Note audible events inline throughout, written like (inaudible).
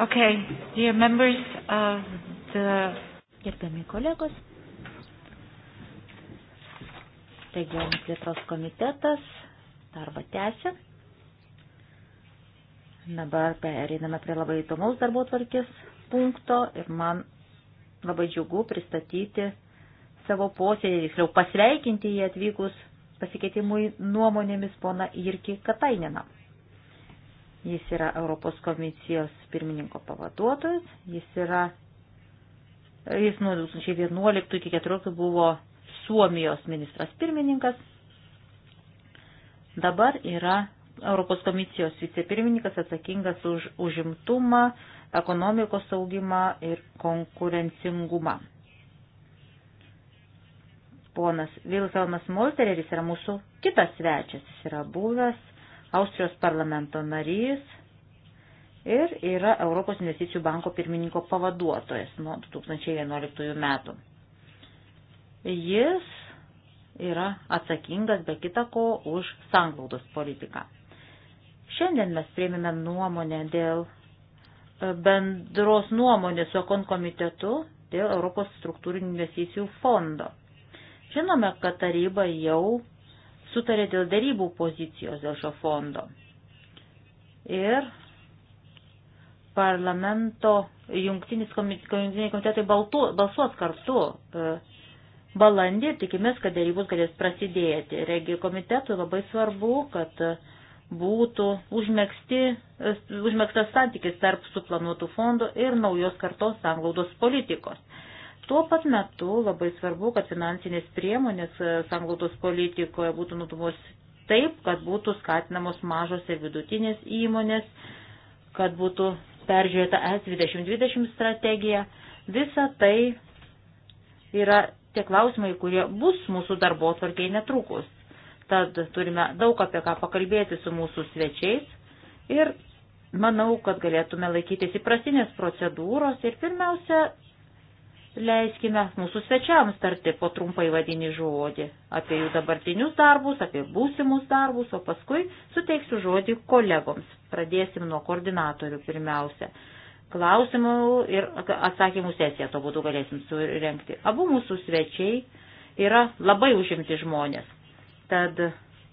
Okay, dear members of the... Gerbiami kolegos, regionų plėtros komitetas darbą tęsia. Dabar pereiname prie labai įdomaus darbo tvarkės punkto ir man labai džiugu pristatyti savo posėdį, tiksliau pasveikinti jį atvykus pasikeitimui nuomonėmis pona Irki Kataineną. Jis yra Europos komisijos pirmininko pavaduotojas, jis yra, jis nuo 2011 iki 2014 buvo Suomijos ministras pirmininkas, dabar yra Europos komisijos vicepirmininkas atsakingas už užimtumą, ekonomikos saugimą ir konkurencingumą. Ponas Vilhelmas Moltereris yra mūsų kitas svečias, jis yra buvęs Austrijos parlamento narys ir yra Europos investicijų banko pirmininko pavaduotojas nuo 2011 metų. Jis yra atsakingas be kitako už sanglaudos politiką. Šiandien mes priėmėme nuomonę dėl e, bendros nuomonės su ekon komitetu dėl Europos struktūrinių investicijų fondo. Žinome, kad taryba jau sutarė dėl darybų pozicijos dėl šio fondo. Ir parlamento jungtinis komitetai, komitetai baltu, balsuos kartu e, balandį ir tikimės, kad darybus galės prasidėti. Regijų komitetui labai svarbu, kad būtų užmėgsti, e, užmėgstas santykis tarp suplanuotų fondų ir naujos kartos sanglaudos politikos. Tuo pat metu labai svarbu, kad finansinės priemonės e, sanglautos politikoje būtų nutumos taip, kad būtų skatinamos mažos ir vidutinės įmonės, kad būtų peržiūrėta S2020 strategija. Visa tai yra tie klausimai, kurie bus mūsų darbo tvarkiai netrukus. Tad turime daug apie ką pakalbėti su mūsų svečiais ir manau, kad galėtume laikytis įprastinės procedūros ir pirmiausia Leiskime mūsų svečiams tarti po trumpą įvadinį žodį apie jų dabartinius darbus, apie būsimus darbus, o paskui suteiksiu žodį kolegoms. Pradėsim nuo koordinatorių pirmiausia. Klausimų ir atsakymų sesiją to būdu galėsim surenkti. Abu mūsų svečiai yra labai užimti žmonės. Tad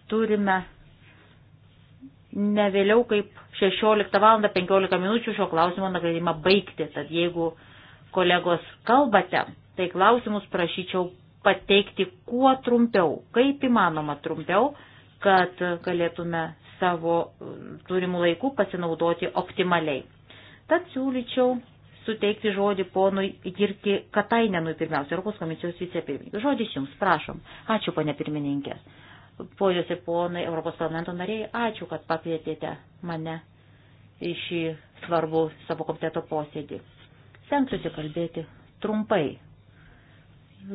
turime ne vėliau kaip 16 val. 15 minučių šio klausimo nagrinimą baigti. Tad jeigu kolegos kalbate, tai klausimus prašyčiau pateikti kuo trumpiau, kaip įmanoma trumpiau, kad galėtume savo mm, turimų laikų pasinaudoti optimaliai. Tad siūlyčiau suteikti žodį ponui Girki Katainenui pirmiausia, Europos komisijos vicepirmininkui. Žodis jums, prašom. Ačiū, ponė pirmininkė. Ponios ir ponai, Europos parlamento nariai, ačiū, kad pakvietėte mane į šį svarbų savo komiteto posėdį. Stengsiuosi kalbėti trumpai.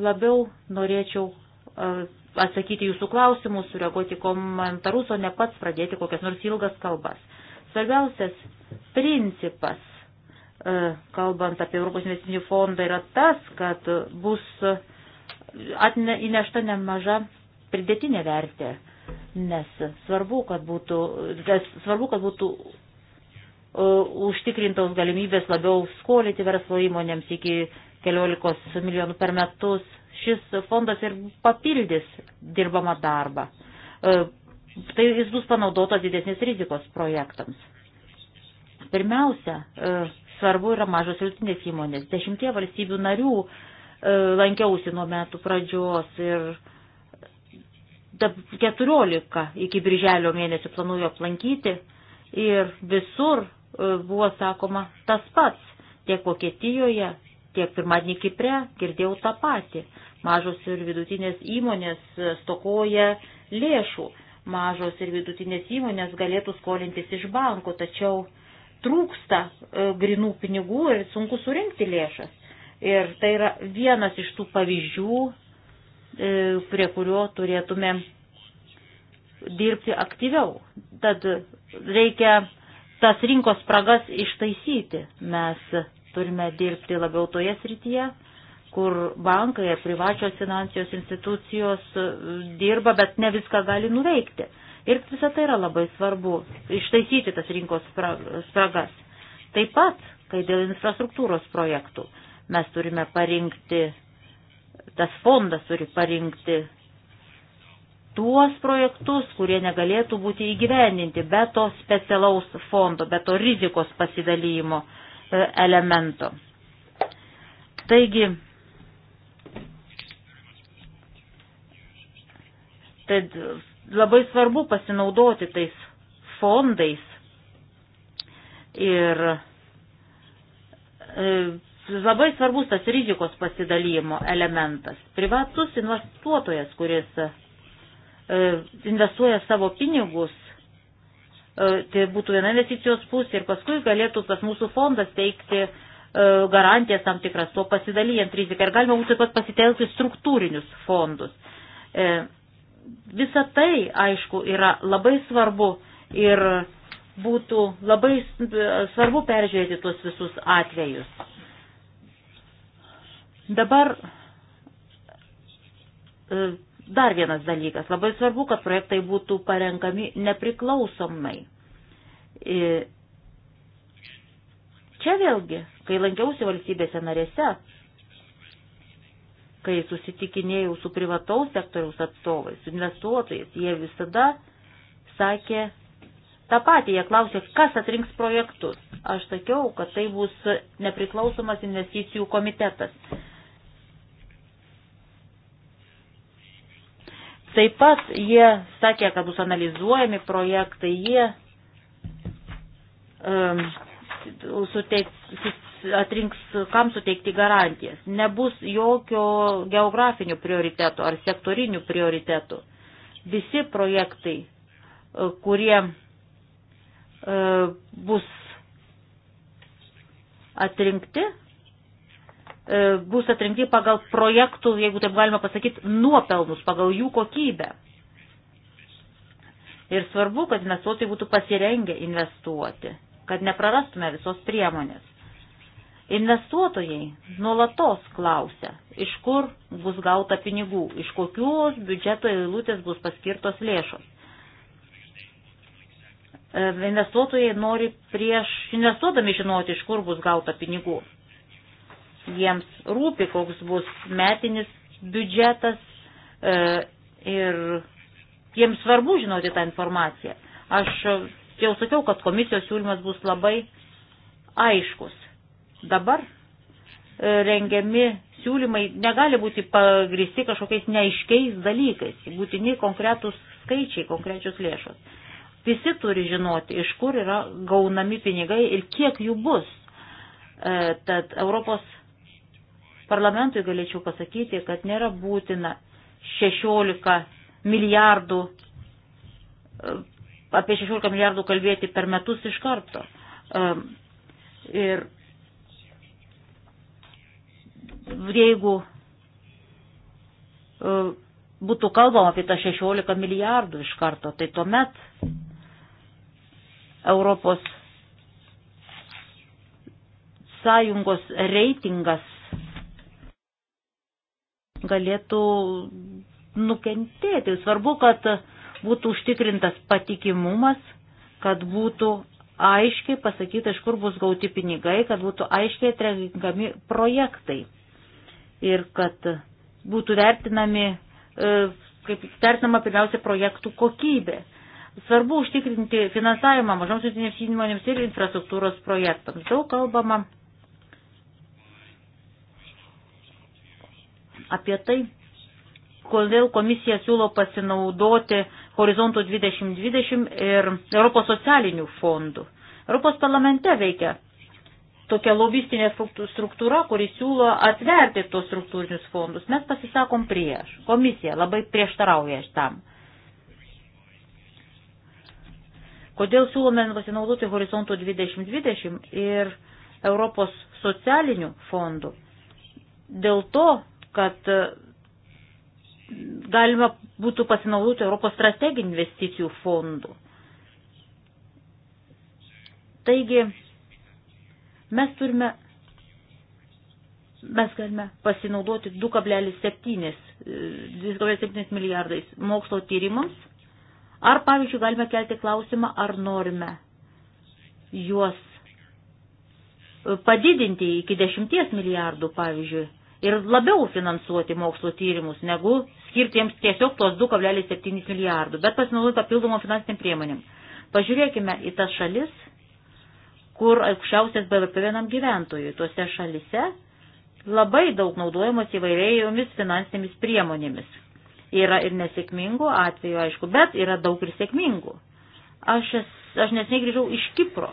Labiau norėčiau e, atsakyti jūsų klausimus, sureaguoti komentarus, o ne pats pradėti kokias nors ilgas kalbas. Svarbiausias principas, e, kalbant apie Europos investicinį fondą, yra tas, kad bus atne, įnešta nemaža pridėtinė vertė, nes svarbu, kad būtų, nes svarbu, kad būtų Uh, užtikrintos galimybės labiau skolyti verslo įmonėms iki keliolikos milijonų per metus. Šis fondas ir papildys dirbamą darbą. Uh, tai jis bus panaudotas didesnės rizikos projektams. Pirmiausia, uh, svarbu yra mažos viltinės įmonės. Dešimtie valstybių narių lankiausi nuo metų pradžios ir 14 iki birželio mėnesio planuoju aplankyti ir visur E, buvo sakoma tas pats tiek Vokietijoje, tiek pirmadienį Kipre, girdėjau tą patį. Mažos ir vidutinės įmonės e, stokoja lėšų, mažos ir vidutinės įmonės galėtų skolintis iš banko, tačiau trūksta e, grinų pinigų ir sunku surinkti lėšas. Ir tai yra vienas iš tų pavyzdžių, prie kurio turėtume dirbti aktyviau. Tad reikia tas rinkos spragas ištaisyti. Mes turime dirbti labiau toje srityje, kur bankai ir privačios finansijos institucijos e, dirba, bet ne viską gali nuveikti. Ir visą tai yra labai svarbu - ištaisyti tas rinkos spragas. Taip pat, kai dėl infrastruktūros projektų mes turime parinkti, tas fondas turi parinkti tuos projektus, kurie negalėtų būti įgyvendinti be to specialaus fondo, be to rizikos pasidalymo e, elemento. Taigi, tad labai svarbu pasinaudoti tais fondais ir e, labai svarbus tas rizikos pasidalymo elementas. Privatus investuotojas, kuris E, investuoja savo pinigus, e, tai būtų viena investicijos pusė ir paskui galėtų pas mūsų fondas teikti e, garantijas tam tikras, tuo pasidalyjant riziką. Ir galima būtų taip pat pasitelkti struktūrinius fondus. Visa tai, aišku, yra labai svarbu ir būtų labai svarbu peržiūrėti tuos visus atvejus. Dabar Dar vienas dalykas. Labai svarbu, kad projektai būtų parenkami nepriklausomai. Čia vėlgi, kai lankiausi valstybėse narėse, kai susitikinėjau su privataus sektoriaus atstovais, su investuotojais, jie visada sakė tą patį, jie klausė, kas atrinks projektus. Aš sakiau, kad tai bus nepriklausomas investicijų komitetas. Taip pat jie sakė, kad bus analizuojami projektai, jie um, suteiks, atrinks, kam suteikti garantijas. Nebus jokio geografinių prioritetų ar sektorinių prioritetų. Visi projektai, uh, kurie uh, bus atrinkti, E, bus atrinkti pagal projektų, jeigu taip galima pasakyti, nuopelnus, pagal jų kokybę. Ir svarbu, kad investuotojai būtų pasirengę investuoti, kad neprarastume visos priemonės. Investuotojai nuolatos klausia, iš kur bus gauta pinigų, iš kokios biudžeto eilutės bus paskirtos lėšos e, investuotojai nori prieš investuodami žinoti, iš kur bus gauta pinigų jiems rūpi, koks bus metinis biudžetas e, ir jiems svarbu žinoti tą informaciją. Aš jau sakiau, kad komisijos siūlymas bus labai aiškus. Dabar e, rengiami siūlymai negali būti pagristi kažkokiais neaiškiais dalykais, būtini konkretus skaičiai, konkrečios lėšos. Visi turi žinoti, iš kur yra gaunami pinigai ir kiek jų bus. E, tad Europos Parlamentui galėčiau pasakyti, kad nėra būtina 16 milijardų, e, apie 16 milijardų kalbėti per metus iš karto. E, ir jeigu e, būtų kalbama apie tą 16 milijardų iš karto, tai tuomet Europos sąjungos reitingas galėtų nukentėti. Svarbu, kad būtų užtikrintas patikimumas, kad būtų aiškiai pasakyta, iš kur bus gauti pinigai, kad būtų aiškiai atrenkami projektai ir kad būtų vertinami, e, kaip vertinama pirmiausia, projektų kokybė. Svarbu užtikrinti finansavimą mažoms vidutinėms įmonėms ir infrastruktūros projektams. Daug kalbama apie tai, kodėl komisija siūlo pasinaudoti Horizontų 2020 ir Europos socialinių fondų. Europos parlamente veikia tokia lobistinė struktūra, kuri siūlo atverti tos struktūrinius fondus. Mes pasisakom prieš. Komisija labai prieštarauja šitam. Kodėl siūlome pasinaudoti Horizontų 2020 ir Europos socialinių fondų? Dėl to, kad e, galima būtų pasinaudoti Europos strateginių investicijų fondų. Taigi, mes turime, mes galime pasinaudoti 2,7 e, milijardais mokslo tyrimams, ar, pavyzdžiui, galime kelti klausimą, ar norime juos e, padidinti iki 10 milijardų, pavyzdžiui, ir labiau finansuoti mokslo tyrimus, negu skirti jiems tiesiog tos 2,7 milijardų, bet pasinaudoti papildomom finansiniam priemonėm. Pažiūrėkime į tas šalis, kur aukščiausias BVP vienam gyventojui. Tuose šalise labai daug naudojamas įvairėjomis finansinėmis priemonėmis. Yra ir nesėkmingų atvejų, aišku, bet yra daug ir sėkmingų. Aš, es, aš nesnei grįžau iš Kipro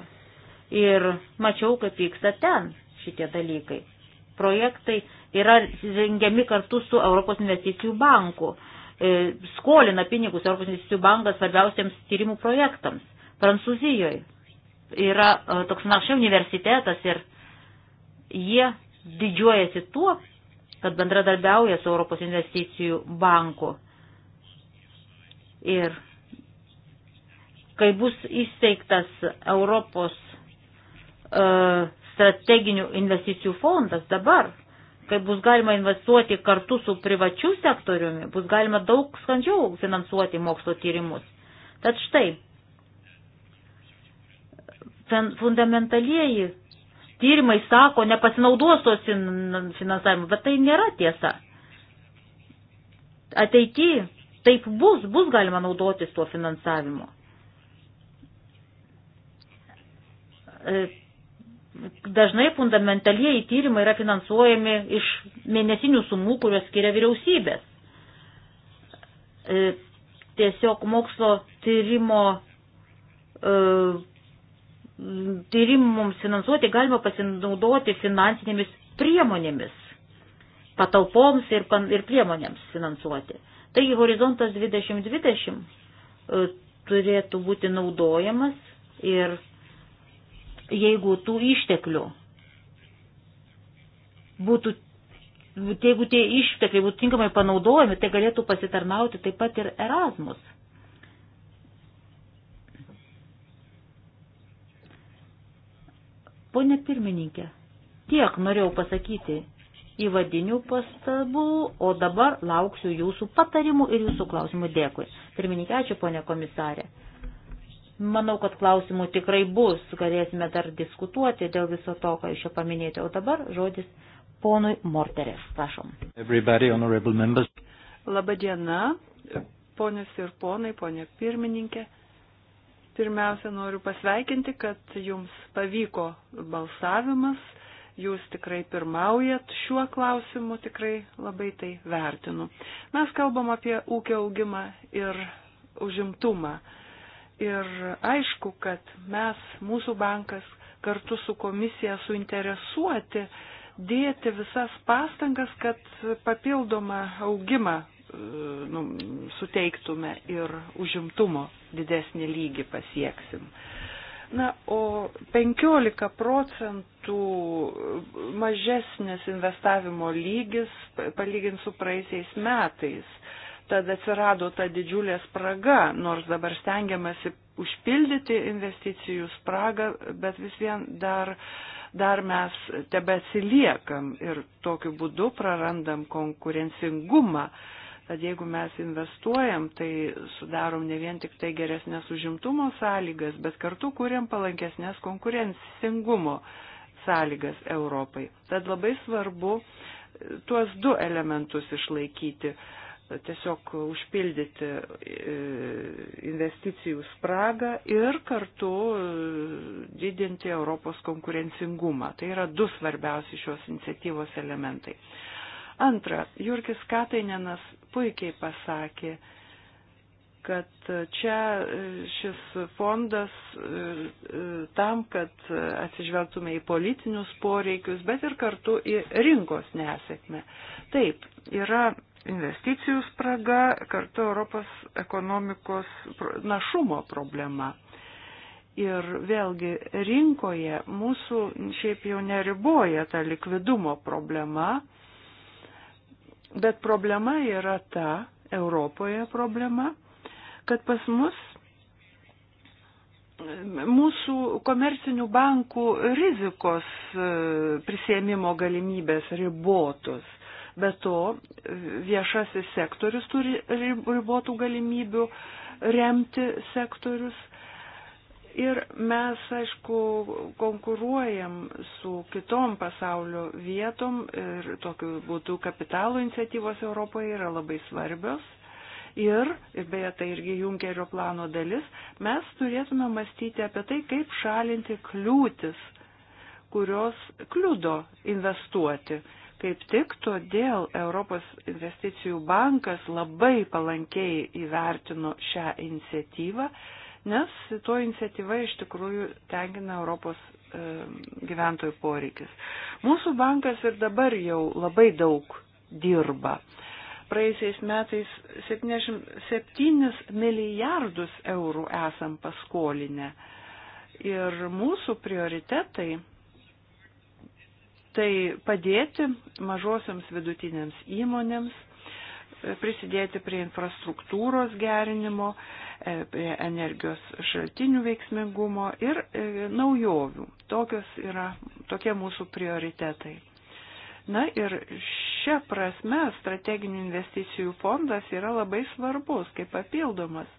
ir mačiau, kaip vyksta ten šitie dalykai projektai yra rengiami kartu su Europos investicijų banku. E, skolina pinigus Europos investicijų bankas svarbiausiams tyrimų projektams. Prancūzijoje yra e, toks našai universitetas ir jie didžiuojasi tuo, kad bendradarbiauja su Europos investicijų banku. Ir kai bus įsteigtas Europos uh, strateginių investicijų fondas dabar, kai bus galima investuoti kartu su privačiu sektoriumi, bus galima daug skandžiau finansuoti mokslo tyrimus. Tad štai, fundamentalieji tyrimai sako, nepasinaudos tos finansavimu, bet tai nėra tiesa. Ateityje taip bus, bus galima naudotis tuo finansavimu. E, dažnai fundamentalieji tyrimai yra finansuojami iš mėnesinių sumų, kurios skiria vyriausybės. E, tiesiog mokslo tyrimo, e, tyrimums finansuoti galima pasinaudoti finansinėmis priemonėmis, patalpoms ir, pan, ir priemonėms finansuoti. Taigi horizontas 2020 e, turėtų būti naudojamas ir jeigu tų išteklių būtų, jeigu tie ištekliai būtų tinkamai panaudojami, tai galėtų pasitarnauti taip pat ir Erasmus. Pone pirmininkė, tiek norėjau pasakyti įvadinių pastabų, o dabar lauksiu jūsų patarimų ir jūsų klausimų. Dėkui. Pirmininkė, ačiū, ponė komisarė. Manau, kad klausimų tikrai bus, galėsime dar diskutuoti dėl viso to, ką iš čia paminėjote. O dabar žodis ponui Morterės, prašom. Labadiena, ponius ir ponai, ponė pirmininkė. Pirmiausia, noriu pasveikinti, kad jums pavyko balsavimas. Jūs tikrai pirmaujat šiuo klausimu, tikrai labai tai vertinu. Mes kalbam apie ūkio augimą ir užimtumą. Ir aišku, kad mes, mūsų bankas, kartu su komisija suinteresuoti dėti visas pastangas, kad papildomą augimą e, nu, suteiktume ir užimtumo didesnį lygį pasieksim. Na, o 15 procentų mažesnis investavimo lygis palygint su praeisiais metais Tad atsirado ta didžiulė spraga, nors dabar stengiamasi užpildyti investicijų spragą, bet vis vien dar, dar mes tebe atsiliekam ir tokiu būdu prarandam konkurencingumą. Tad jeigu mes investuojam, tai sudarom ne vien tik tai geresnės užimtumo sąlygas, bet kartu kuriam palankesnės konkurencingumo sąlygas Europai. Tad labai svarbu tuos du elementus išlaikyti tiesiog užpildyti e, investicijų spragą ir kartu e, didinti Europos konkurencingumą. Tai yra du svarbiausi šios iniciatyvos elementai. Antra, Jurkis Katainenas puikiai pasakė, kad čia e, šis fondas tam, kad atsižvelgtume į politinius poreikius, bet ir kartu į rinkos nesėkmę. Taip, yra investicijų spraga, kartu Europos ekonomikos našumo problema. Ir vėlgi rinkoje mūsų šiaip jau neriboja ta likvidumo problema, bet problema yra ta, Europoje problema, kad pas mus mūsų komercinių bankų rizikos e, prisėmimo galimybės ribotus. Be to, viešasis sektorius turi ribotų galimybių remti sektorius. Ir mes, aišku, konkuruojam su kitom pasaulio vietom ir tokiu būdu kapitalo iniciatyvos Europoje yra labai svarbios. Ir, ir beje, tai irgi Junkerio plano dalis, mes turėtume mąstyti apie tai, kaip šalinti kliūtis, kurios kliudo investuoti Kaip tik todėl Europos investicijų bankas labai palankiai įvertino šią iniciatyvą, nes tuo iniciatyva iš tikrųjų tenkina Europos e, gyventojų poreikis. Mūsų bankas ir dabar jau labai daug dirba. Praėjusiais metais 77 milijardus eurų esam paskolinę. Ir mūsų prioritetai tai padėti mažosiams vidutinėms įmonėms e, prisidėti prie infrastruktūros gerinimo, e, prie energijos šaltinių veiksmingumo ir e, naujovių. Tokios yra, tokie mūsų prioritetai. Na ir šia prasme strateginių investicijų fondas yra labai svarbus kaip papildomas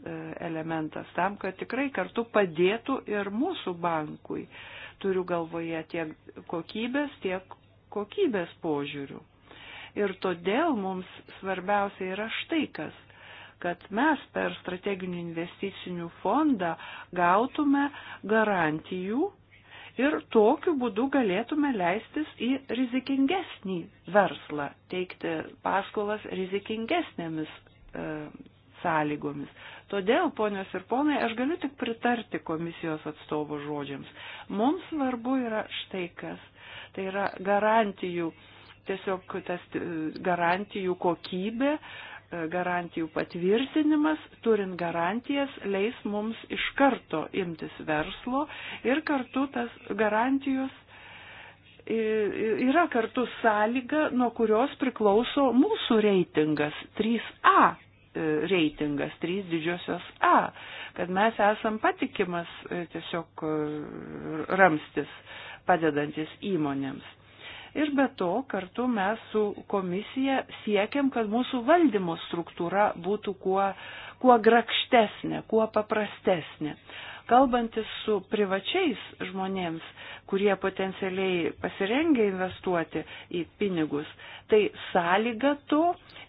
elementas tam, kad tikrai kartu padėtų ir mūsų bankui turiu galvoje tiek kokybės, tiek kokybės požiūrių. Ir todėl mums svarbiausia yra štai kas kad mes per strateginių investicinių fondą gautume garantijų ir tokiu būdu galėtume leistis į rizikingesnį verslą, teikti paskolas rizikingesnėmis e, sąlygomis. Todėl, ponios ir ponai, aš galiu tik pritarti komisijos atstovų žodžiams. Mums svarbu yra štai kas. Tai yra garantijų, tiesiog tas e, garantijų kokybė, e, garantijų patvirtinimas, turint garantijas, leis mums iš karto imtis verslo ir kartu tas garantijos e, yra kartu sąlyga, nuo kurios priklauso mūsų reitingas 3A E, reitingas, trys didžiosios A, kad mes esam patikimas e, tiesiog e, ramstis padedantis įmonėms. Ir be to, kartu mes su komisija siekiam, kad mūsų valdymo struktūra būtų kuo, kuo grakštesnė, kuo paprastesnė kalbantis su privačiais žmonėms, kurie potencialiai pasirengia investuoti į pinigus, tai sąlyga to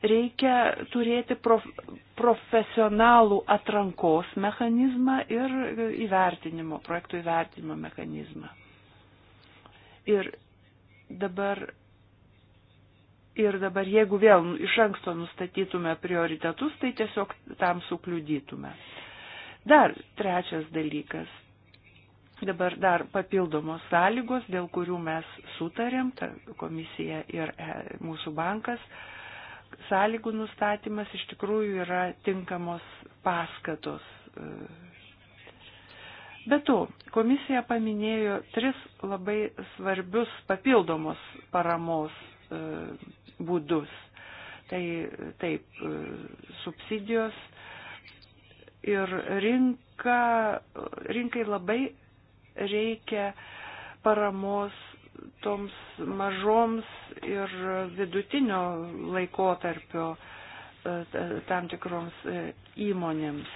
reikia turėti prof, profesionalų atrankos mechanizmą ir įvertinimo, projektų įvertinimo mechanizmą. Ir dabar ir dabar jeigu vėl iš anksto nustatytume prioritetus, tai tiesiog tam sukliudytume. Dar trečias dalykas. Dabar dar papildomos sąlygos, dėl kurių mes sutarėm, ta komisija ir e, mūsų bankas, sąlygų nustatymas iš tikrųjų yra tinkamos paskatos. E. Be to, komisija paminėjo tris labai svarbius papildomos paramos e, būdus. Tai taip, subsidijos, ir rinka, rinkai labai reikia paramos toms mažoms ir vidutinio laikotarpio e, tam tikroms e, įmonėms,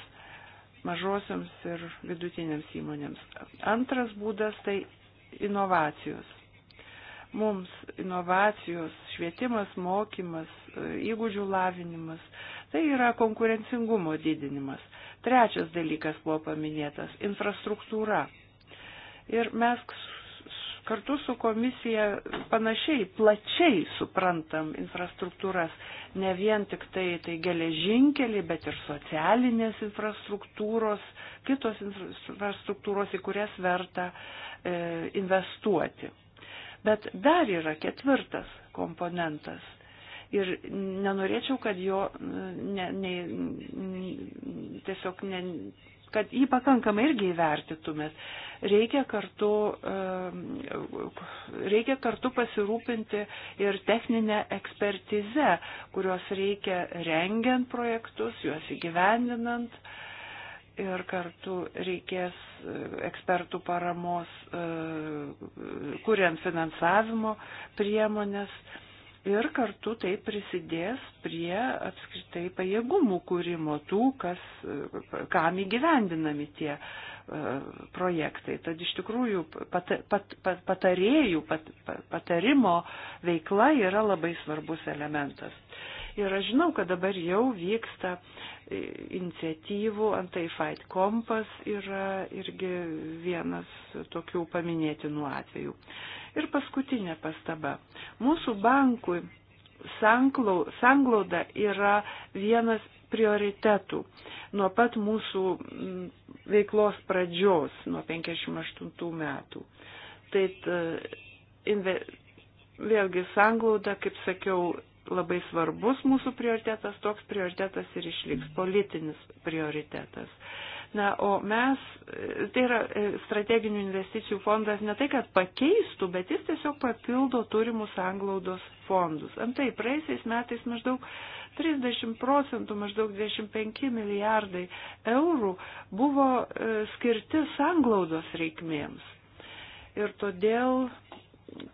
mažosiams ir vidutinėms įmonėms. Antras būdas tai inovacijos. Mums inovacijos, švietimas, mokymas, e, įgūdžių lavinimas Tai yra konkurencingumo didinimas. Trečias dalykas buvo paminėtas - infrastruktūra. Ir mes kartu su komisija panašiai plačiai suprantam infrastruktūras, ne vien tik tai, tai geležinkeliai, bet ir socialinės infrastruktūros, kitos infrastruktūros, į kurias verta e, investuoti. Bet dar yra ketvirtas komponentas ir nenorėčiau, kad jo mm, ne, ne, mm, tiesiog ne, kad jį pakankamai irgi įvertytumėt. Reikia kartu, ehm, reikia kartu pasirūpinti ir techninę ekspertizę, kurios reikia rengiant projektus, juos įgyvendinant. Ir kartu reikės e, ekspertų paramos, e, kuriant finansavimo priemonės ir kartu tai prisidės prie apskritai pajėgumų kūrimo tų, kas, kam įgyvendinami tie e, projektai. Tad iš tikrųjų pat, pat, pat, patarėjų, pat, patarimo veikla yra labai svarbus elementas. Ir aš žinau, kad dabar jau vyksta e, iniciatyvų, antai Fight Compass yra irgi vienas tokių paminėtinų atvejų. Ir paskutinė pastaba. Mūsų bankui sanglauda yra vienas prioritetų nuo pat mūsų mm, veiklos pradžios, nuo 58 metų. Tai inve, vėlgi sanglauda, kaip sakiau, labai svarbus mūsų prioritetas, toks prioritetas ir išliks politinis prioritetas. Uh, Na, o mes, tai yra e, strateginių investicijų fondas ne tai, kad pakeistų, bet jis tiesiog papildo turimus anglaudos fondus. Antai, praeisiais metais maždaug 30 procentų, maždaug 25 milijardai eurų buvo e, skirti sanglaudos reikmėms. Ir todėl,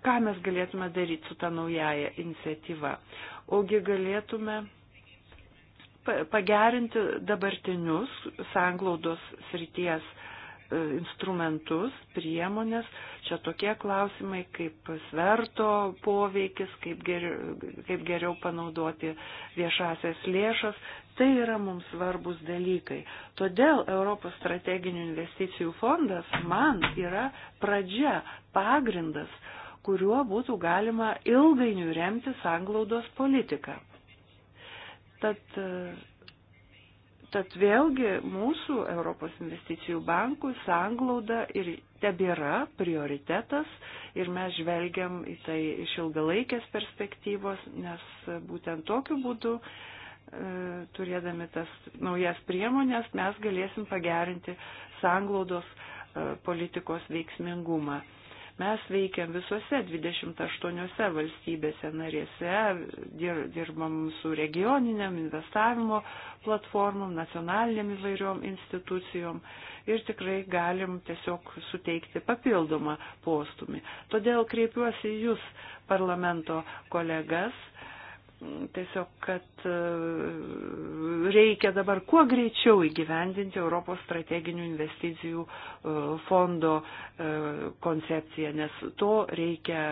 ką mes galėtume daryti su ta naujaja iniciatyva? Ogi galėtume pagerinti dabartinius sanglaudos srities e, instrumentus, priemonės. Čia tokie klausimai kaip sverto poveikis, kaip geriau, kaip geriau panaudoti viešasias lėšas. Tai yra mums svarbus dalykai. Todėl Europos strateginių investicijų fondas man yra pradžia, pagrindas, kuriuo būtų galima ilgainiui remti sanglaudos politiką. Tad, tad vėlgi mūsų Europos investicijų bankų sanglauda ir tebėra prioritetas ir mes žvelgiam į tai iš ilgalaikės perspektyvos, nes būtent tokiu būdu e, turėdami tas naujas priemonės mes galėsim pagerinti sanglaudos e, politikos veiksmingumą. Mes veikiam visose 28 valstybėse narėse, dirbam su regioniniam investavimo platformom, nacionaliniam įvairiom institucijom ir tikrai galim tiesiog suteikti papildomą postumį. Todėl kreipiuosi jūs, parlamento kolegas, tiesiog, kad e, reikia dabar kuo greičiau įgyvendinti Europos strateginių investicijų e, fondo e, koncepciją, nes to reikia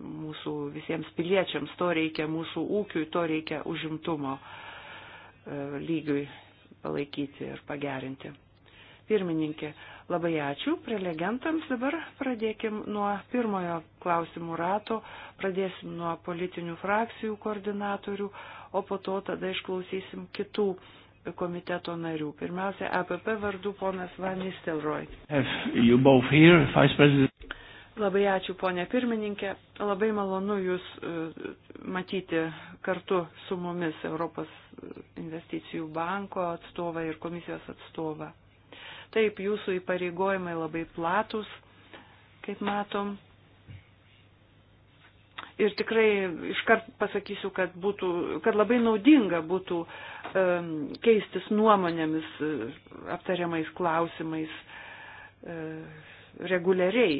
mūsų visiems piliečiams, to reikia mūsų ūkiui, to reikia užimtumo lygiui palaikyti ir pagerinti. Pirmininkė, Labai ačiū prelegentams. Dabar pradėkim nuo pirmojo klausimų rato. Pradėsim nuo politinių frakcijų koordinatorių, o po to tada išklausysim kitų komiteto narių. Pirmiausia, APP e vardu ponas Van Nistelrooy. Labai ačiū, ponė pirmininkė. Labai malonu Jūs e, matyti kartu su mumis Europos e, investicijų banko atstovą ir komisijos atstovą. Taip, jūsų įpareigojimai labai platus, kaip matom. Ir tikrai iškart pasakysiu, kad, būtų, kad labai naudinga būtų um, keistis nuomonėmis e, aptariamais klausimais um, reguliariai.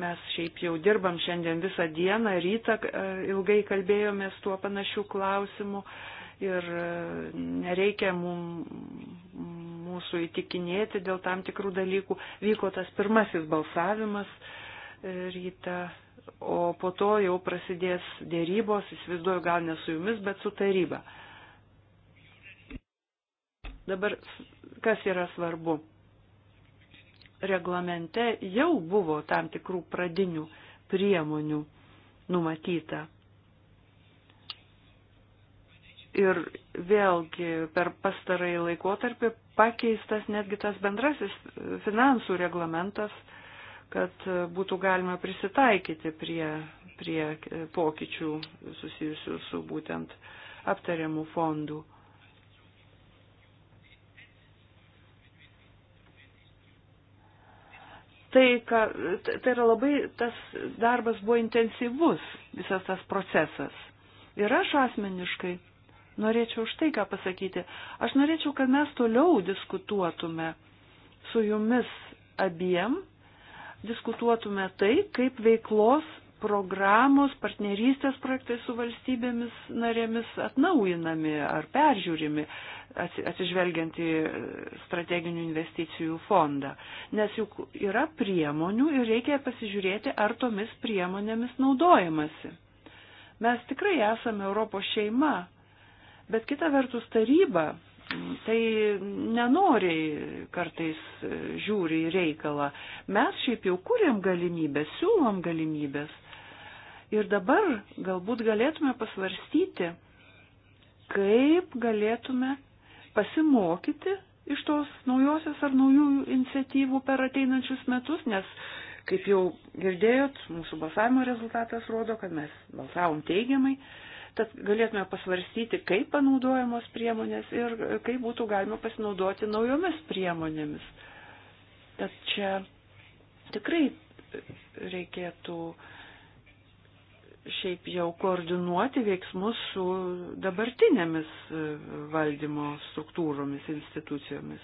Mes šiaip jau dirbam šiandien visą dieną, rytą um, ilgai kalbėjomės tuo panašių klausimų ir nereikia mums mūsų įtikinėti dėl tam tikrų dalykų. Vyko tas pirmasis balsavimas e, rytą, o po to jau prasidės dėrybos, įsivaizduoju gal ne su jumis, bet su taryba. Dabar kas yra svarbu? Reglamente jau buvo tam tikrų pradinių priemonių numatyta. Ir vėlgi per pastarąjį laikotarpį pakeistas netgi tas bendrasis finansų reglamentas, kad būtų galima prisitaikyti prie, prie pokyčių susijusių su būtent aptariamų fondų. Tai, ka, tai, tai yra labai, tas darbas buvo intensyvus, visas tas procesas. Ir aš asmeniškai norėčiau štai ką pasakyti. Aš norėčiau, kad mes toliau diskutuotume su jumis abiem, diskutuotume tai, kaip veiklos programos, partnerystės projektai su valstybėmis narėmis atnaujinami ar peržiūrimi, atsižvelgiant į strateginių investicijų fondą. Nes juk yra priemonių ir reikia pasižiūrėti, ar tomis priemonėmis naudojamasi. Mes tikrai esame Europos šeima, Bet kita vertus taryba mm, tai nenoriai kartais e, žiūri į reikalą. Mes šiaip jau kūrėm galimybės, siūlom galimybės. Ir dabar galbūt galėtume pasvarstyti, kaip galėtume pasimokyti iš tos naujosios ar naujų iniciatyvų per ateinančius metus, nes, kaip jau girdėjot, mūsų balsavimo rezultatas rodo, kad mes balsavom teigiamai. Uh, Tad galėtume pasvarstyti, kaip panaudojamos priemonės ir kaip būtų galima pasinaudoti naujomis priemonėmis. Tad čia tikrai reikėtų šiaip jau koordinuoti veiksmus su dabartinėmis e, valdymo struktūromis, institucijomis.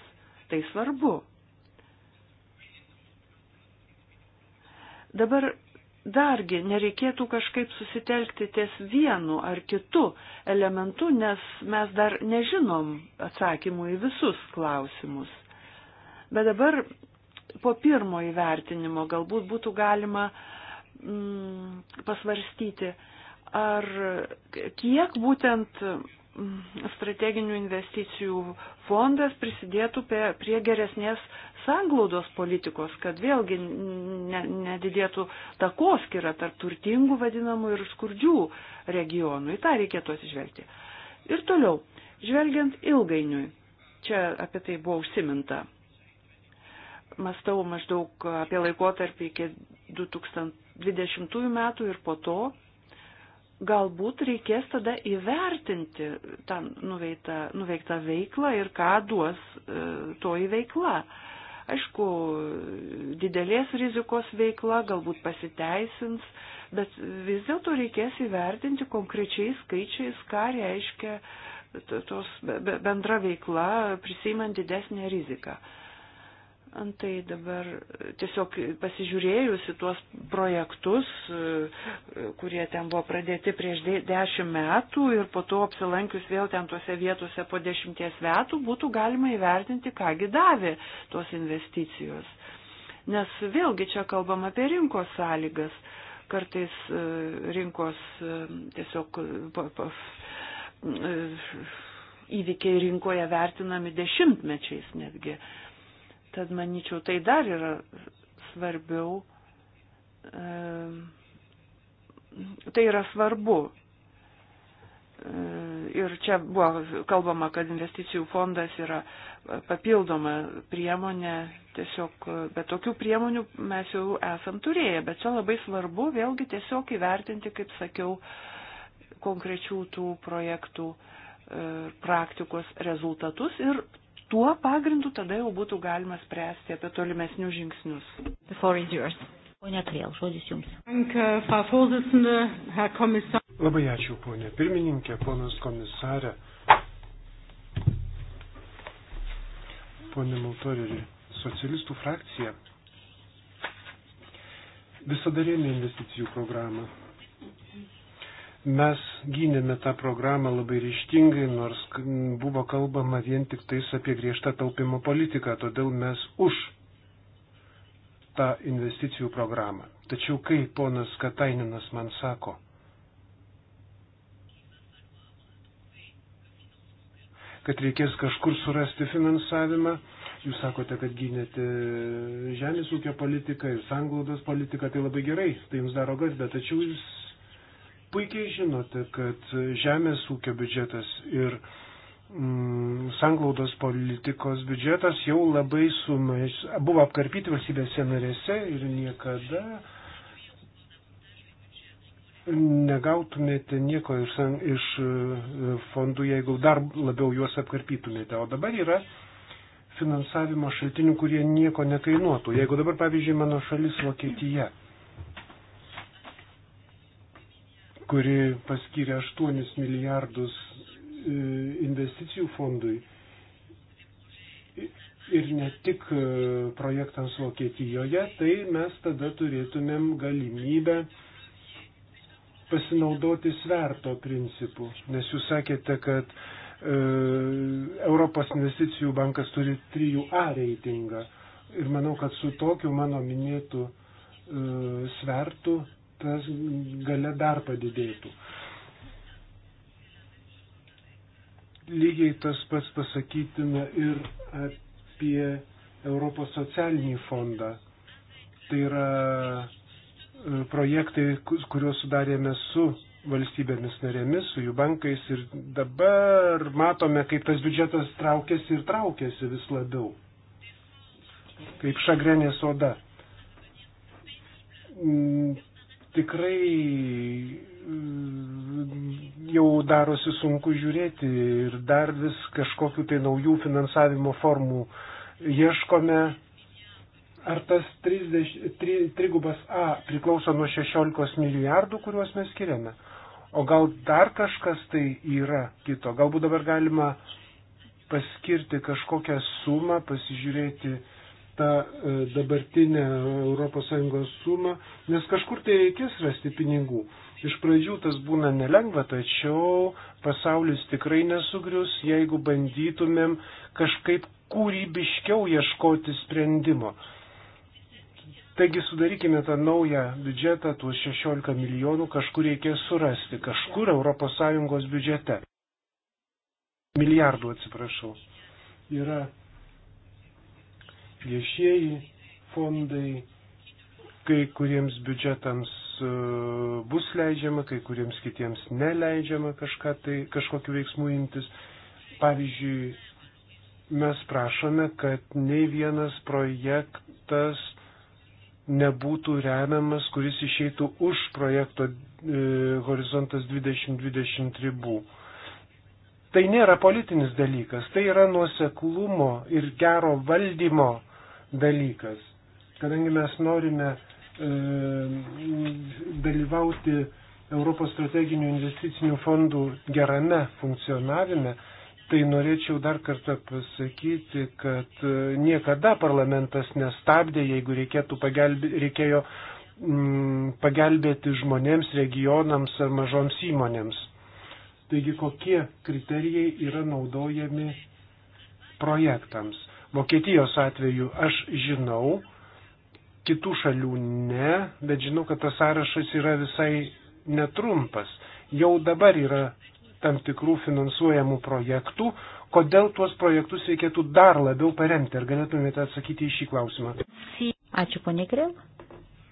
Tai svarbu. Dabar dargi nereikėtų kažkaip susitelkti ties vienu ar kitu elementu, nes mes dar nežinom atsakymų į visus klausimus. Bet dabar po pirmo įvertinimo galbūt būtų galima mm, pasvarstyti, ar kiek būtent strateginių investicijų fondas prisidėtų prie geresnės sanglaudos politikos, kad vėlgi nedidėtų takoskira tarp turtingų vadinamų ir skurdžių regionų. Į tą reikėtų atsižvelgti. Ir toliau, žvelgiant ilgainiui, čia apie tai buvo užsiminta. Mastau maždaug apie laikotarpį iki 2020 metų ir po to galbūt reikės tada įvertinti tą nuveiktą, nuveiktą veiklą ir ką duos e, toji veikla. Aišku, didelės rizikos veikla galbūt pasiteisins, bet vis dėlto reikės įvertinti konkrečiai skaičiais, ką reiškia tos bendra veikla prisimant didesnę riziką. Antai dabar tiesiog pasižiūrėjus į tuos projektus, e, kurie ten buvo pradėti prieš dešimt metų ir po to apsilankius vėl ten tuose vietuose po dešimties metų, būtų galima įvertinti, kągi davė tos investicijos. Nes vėlgi čia kalbam apie rinkos sąlygas. Kartais e, rinkos e, tiesiog įvykiai rinkoje vertinami dešimtmečiais netgi Tad manyčiau, tai dar yra svarbiau. E, tai yra svarbu. E, ir čia buvo kalbama, kad investicijų fondas yra papildoma priemonė, tiesiog, bet tokių priemonių mes jau esam turėję, bet čia labai svarbu vėlgi tiesiog įvertinti, kaip sakiau, konkrečių tų projektų e, praktikos rezultatus ir tuo pagrindu tada jau būtų galima spręsti apie tolimesnius žingsnius. Pone Triel, žodis jums. Labai ačiū, ponė pirmininkė, ponas komisarė, ponė Maltorėri, socialistų frakcija visada rėmė investicijų programą Mes gynėme tą programą labai ryštingai, nors buvo kalbama vien tik tais apie griežtą taupimo politiką, todėl mes už tą investicijų programą. Tačiau kai ponas Kataininas man sako, kad reikės kažkur surasti finansavimą. Jūs sakote, kad gynėte žemės ūkio politiką ir sanglaudos politiką, tai labai gerai, tai jums daro garbę, tačiau jūs Puikiai žinote, kad žemės ūkio biudžetas ir mm, sanglaudos politikos biudžetas jau labai sumaiš, buvo apkarpyti valstybėse narėse ir niekada negautumėte nieko iš, iš e, fondų, jeigu dar labiau juos apkarpytumėte. O dabar yra finansavimo šaltinių, kurie nieko nekainuotų. Jeigu dabar, pavyzdžiui, mano šalis Vokietija. Mm kuri paskyrė 8 milijardus e, investicijų fondui ir ne tik e, projektams Vokietijoje, tai mes tada turėtumėm galimybę pasinaudoti sverto principu. Nes jūs sakėte, kad e, Europos investicijų bankas turi 3A reitingą. Ir manau, kad su tokiu mano minėtu e, svertu tas gale dar padidėtų. Lygiai tas pats pasakytina ir apie Europos socialinį fondą. Tai yra e, projektai, kuriuos sudarėme su valstybėmis narėmis, su jų bankais ir dabar matome, kaip tas biudžetas traukiasi ir traukiasi vis labiau. Kaip šagrenės oda. Mm, tikrai mm, jau darosi sunku žiūrėti ir dar vis kažkokiu tai naujų finansavimo formų ieškome. Ar tas 30, tri, trigubas A priklauso nuo 16 milijardų, kuriuos mes skiriame? O gal dar kažkas tai yra kito? Galbūt dabar galima paskirti kažkokią sumą, pasižiūrėti uh, tą e, dabartinę ES sumą, nes kažkur tai reikės rasti pinigų. Iš pradžių tas būna nelengva, tačiau pasaulis tikrai nesugrius, jeigu bandytumėm kažkaip kūrybiškiau ieškoti sprendimo. Taigi sudarykime tą naują biudžetą, tuos 16 milijonų kažkur reikės surasti, kažkur ES biudžete. Milijardų atsiprašau. Yra viešieji fondai, kai kuriems biudžetams e, bus leidžiama, kai kuriems kitiems neleidžiama kažką tai, kažkokiu veiksmu imtis. Pavyzdžiui, mes prašome, kad nei vienas projektas nebūtų remiamas, kuris išeitų už projekto e, horizontas 2020 ribų. Tai nėra politinis dalykas, tai yra nuoseklumo ir gero valdymo dalykas. Kadangi mes norime e, dalyvauti Europos strateginių investicinių fondų gerame funkcionavime, tai norėčiau dar kartą pasakyti, kad e, niekada parlamentas nestabdė, jeigu reikėtų pagelbė, reikėjo mm, pagelbėti žmonėms, regionams ar mažoms įmonėms. Taigi kokie kriterijai yra naudojami projektams. Vokietijos atveju aš žinau, kitų šalių ne, bet žinau, kad tas sąrašas yra visai netrumpas. Jau dabar yra tam tikrų finansuojamų projektų. Kodėl tuos projektus reikėtų dar labiau paremti? Ar galėtumėte atsakyti į šį klausimą? Ačiū, ponė Grėl.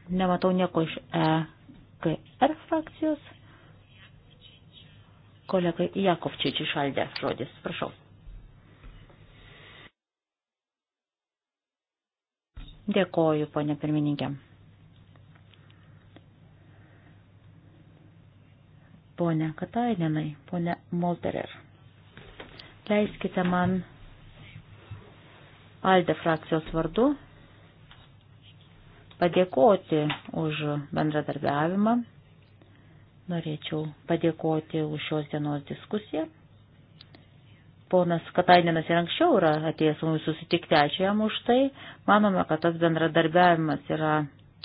Nematau nieko iš EKR frakcijos. Kolegai Jakovčičiui šaldė žodis. Prašau. Dėkoju, ponė pirmininkė. Pone Katainenai, ponė Molterer, leiskite man Alde frakcijos vardu padėkoti už bendradarbiavimą. Norėčiau padėkoti už šios dienos diskusiją. Ponas Katainenas ir anksčiau yra atėjęs mums susitikti, ačiū jam už tai. Manome, kad tas bendradarbiavimas yra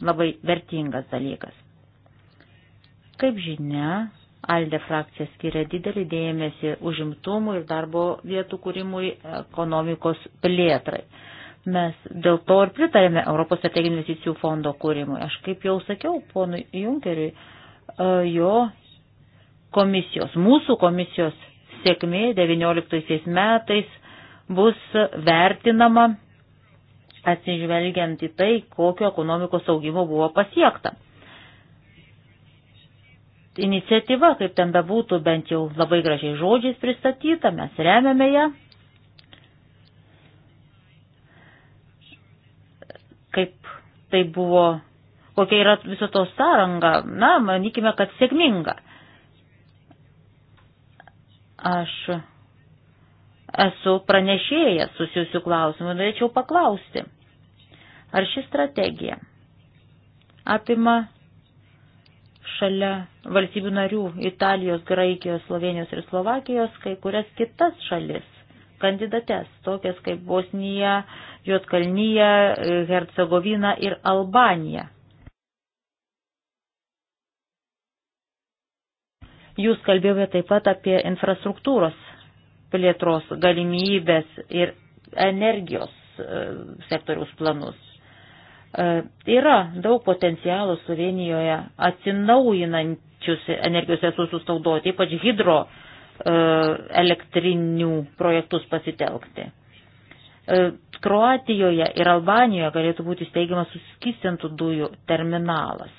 labai vertingas dalykas. Kaip žinia, Alde frakcija skiria didelį dėmesį užimtumui ir darbo vietų kūrimui ekonomikos plėtrai. Mes dėl to ir pritarėme Europos strateginių investicijų fondo kūrimui. Aš kaip jau sakiau ponui Junkeriui, e, jo komisijos, mūsų komisijos sėkmė 19 metais bus vertinama atsižvelgiant į tai, kokio ekonomikos augimo buvo pasiekta. Iniciatyva, kaip ten bebūtų, bent jau labai gražiai žodžiais pristatyta, mes remiame ją. Kaip tai buvo, kokia yra viso to sąranga, na, manykime, kad sėkminga. Aš esu pranešėjęs susijusių klausimų, norėčiau paklausti, ar ši strategija apima šalia valstybių narių Italijos, Graikijos, Slovenijos ir Slovakijos kai kurias kitas šalis kandidates, tokias kaip Bosnija, Jotkalnyja, Hercegovina ir Albanija. Jūs kalbėjote taip pat apie infrastruktūros plėtros galimybės ir energijos e, sektoriaus planus. E, yra daug potencialų Slovenijoje atsinaujinančius energijos resursus naudoti, ypač hidro e, elektrinių projektus pasitelkti. Kroatijoje ir Albanijoje galėtų būti steigiamas suskistintų dujų terminalas.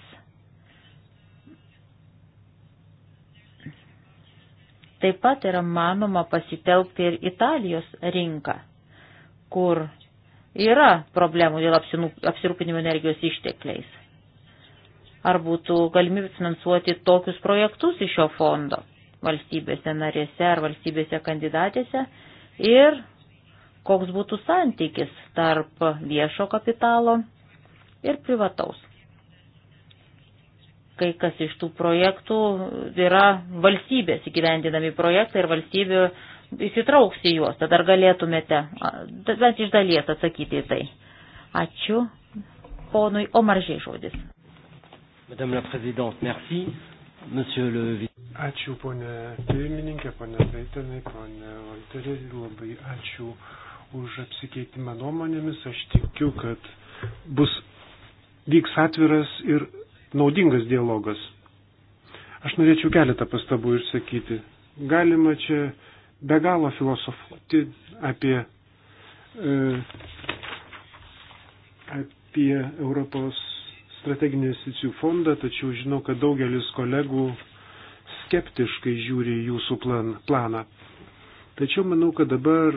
Taip pat yra manoma pasitelkti ir Italijos rinką, kur yra problemų dėl apsirūpinimo energijos ištekliais. Ar būtų galimybė finansuoti tokius projektus iš šio fondo valstybėse narėse ar valstybėse kandidatėse ir koks būtų santykis tarp viešo kapitalo ir privataus kai kas iš tų projektų yra valstybės įgyvendinami projektai ir valstybių įsitrauks į juos. Tad ar galėtumėte bent iš dalies atsakyti į tai? Ačiū. Ponui Omaržiai žodis. Madame la Présidente, merci. Monsieur le Ačiū, ponė pirmininkė, ponė Veitinai, ponė Valterė, labai ačiū už apsikeitimą nuomonėmis. Aš tikiu, kad bus vyks atviras ir naudingas dialogas. Aš norėčiau keletą pastabų išsakyti. Galima čia be galo filosofuoti apie, e, apie Europos strateginį investicijų fondą, tačiau žinau, kad daugelis kolegų skeptiškai žiūri jūsų plan, planą. Tačiau manau, kad dabar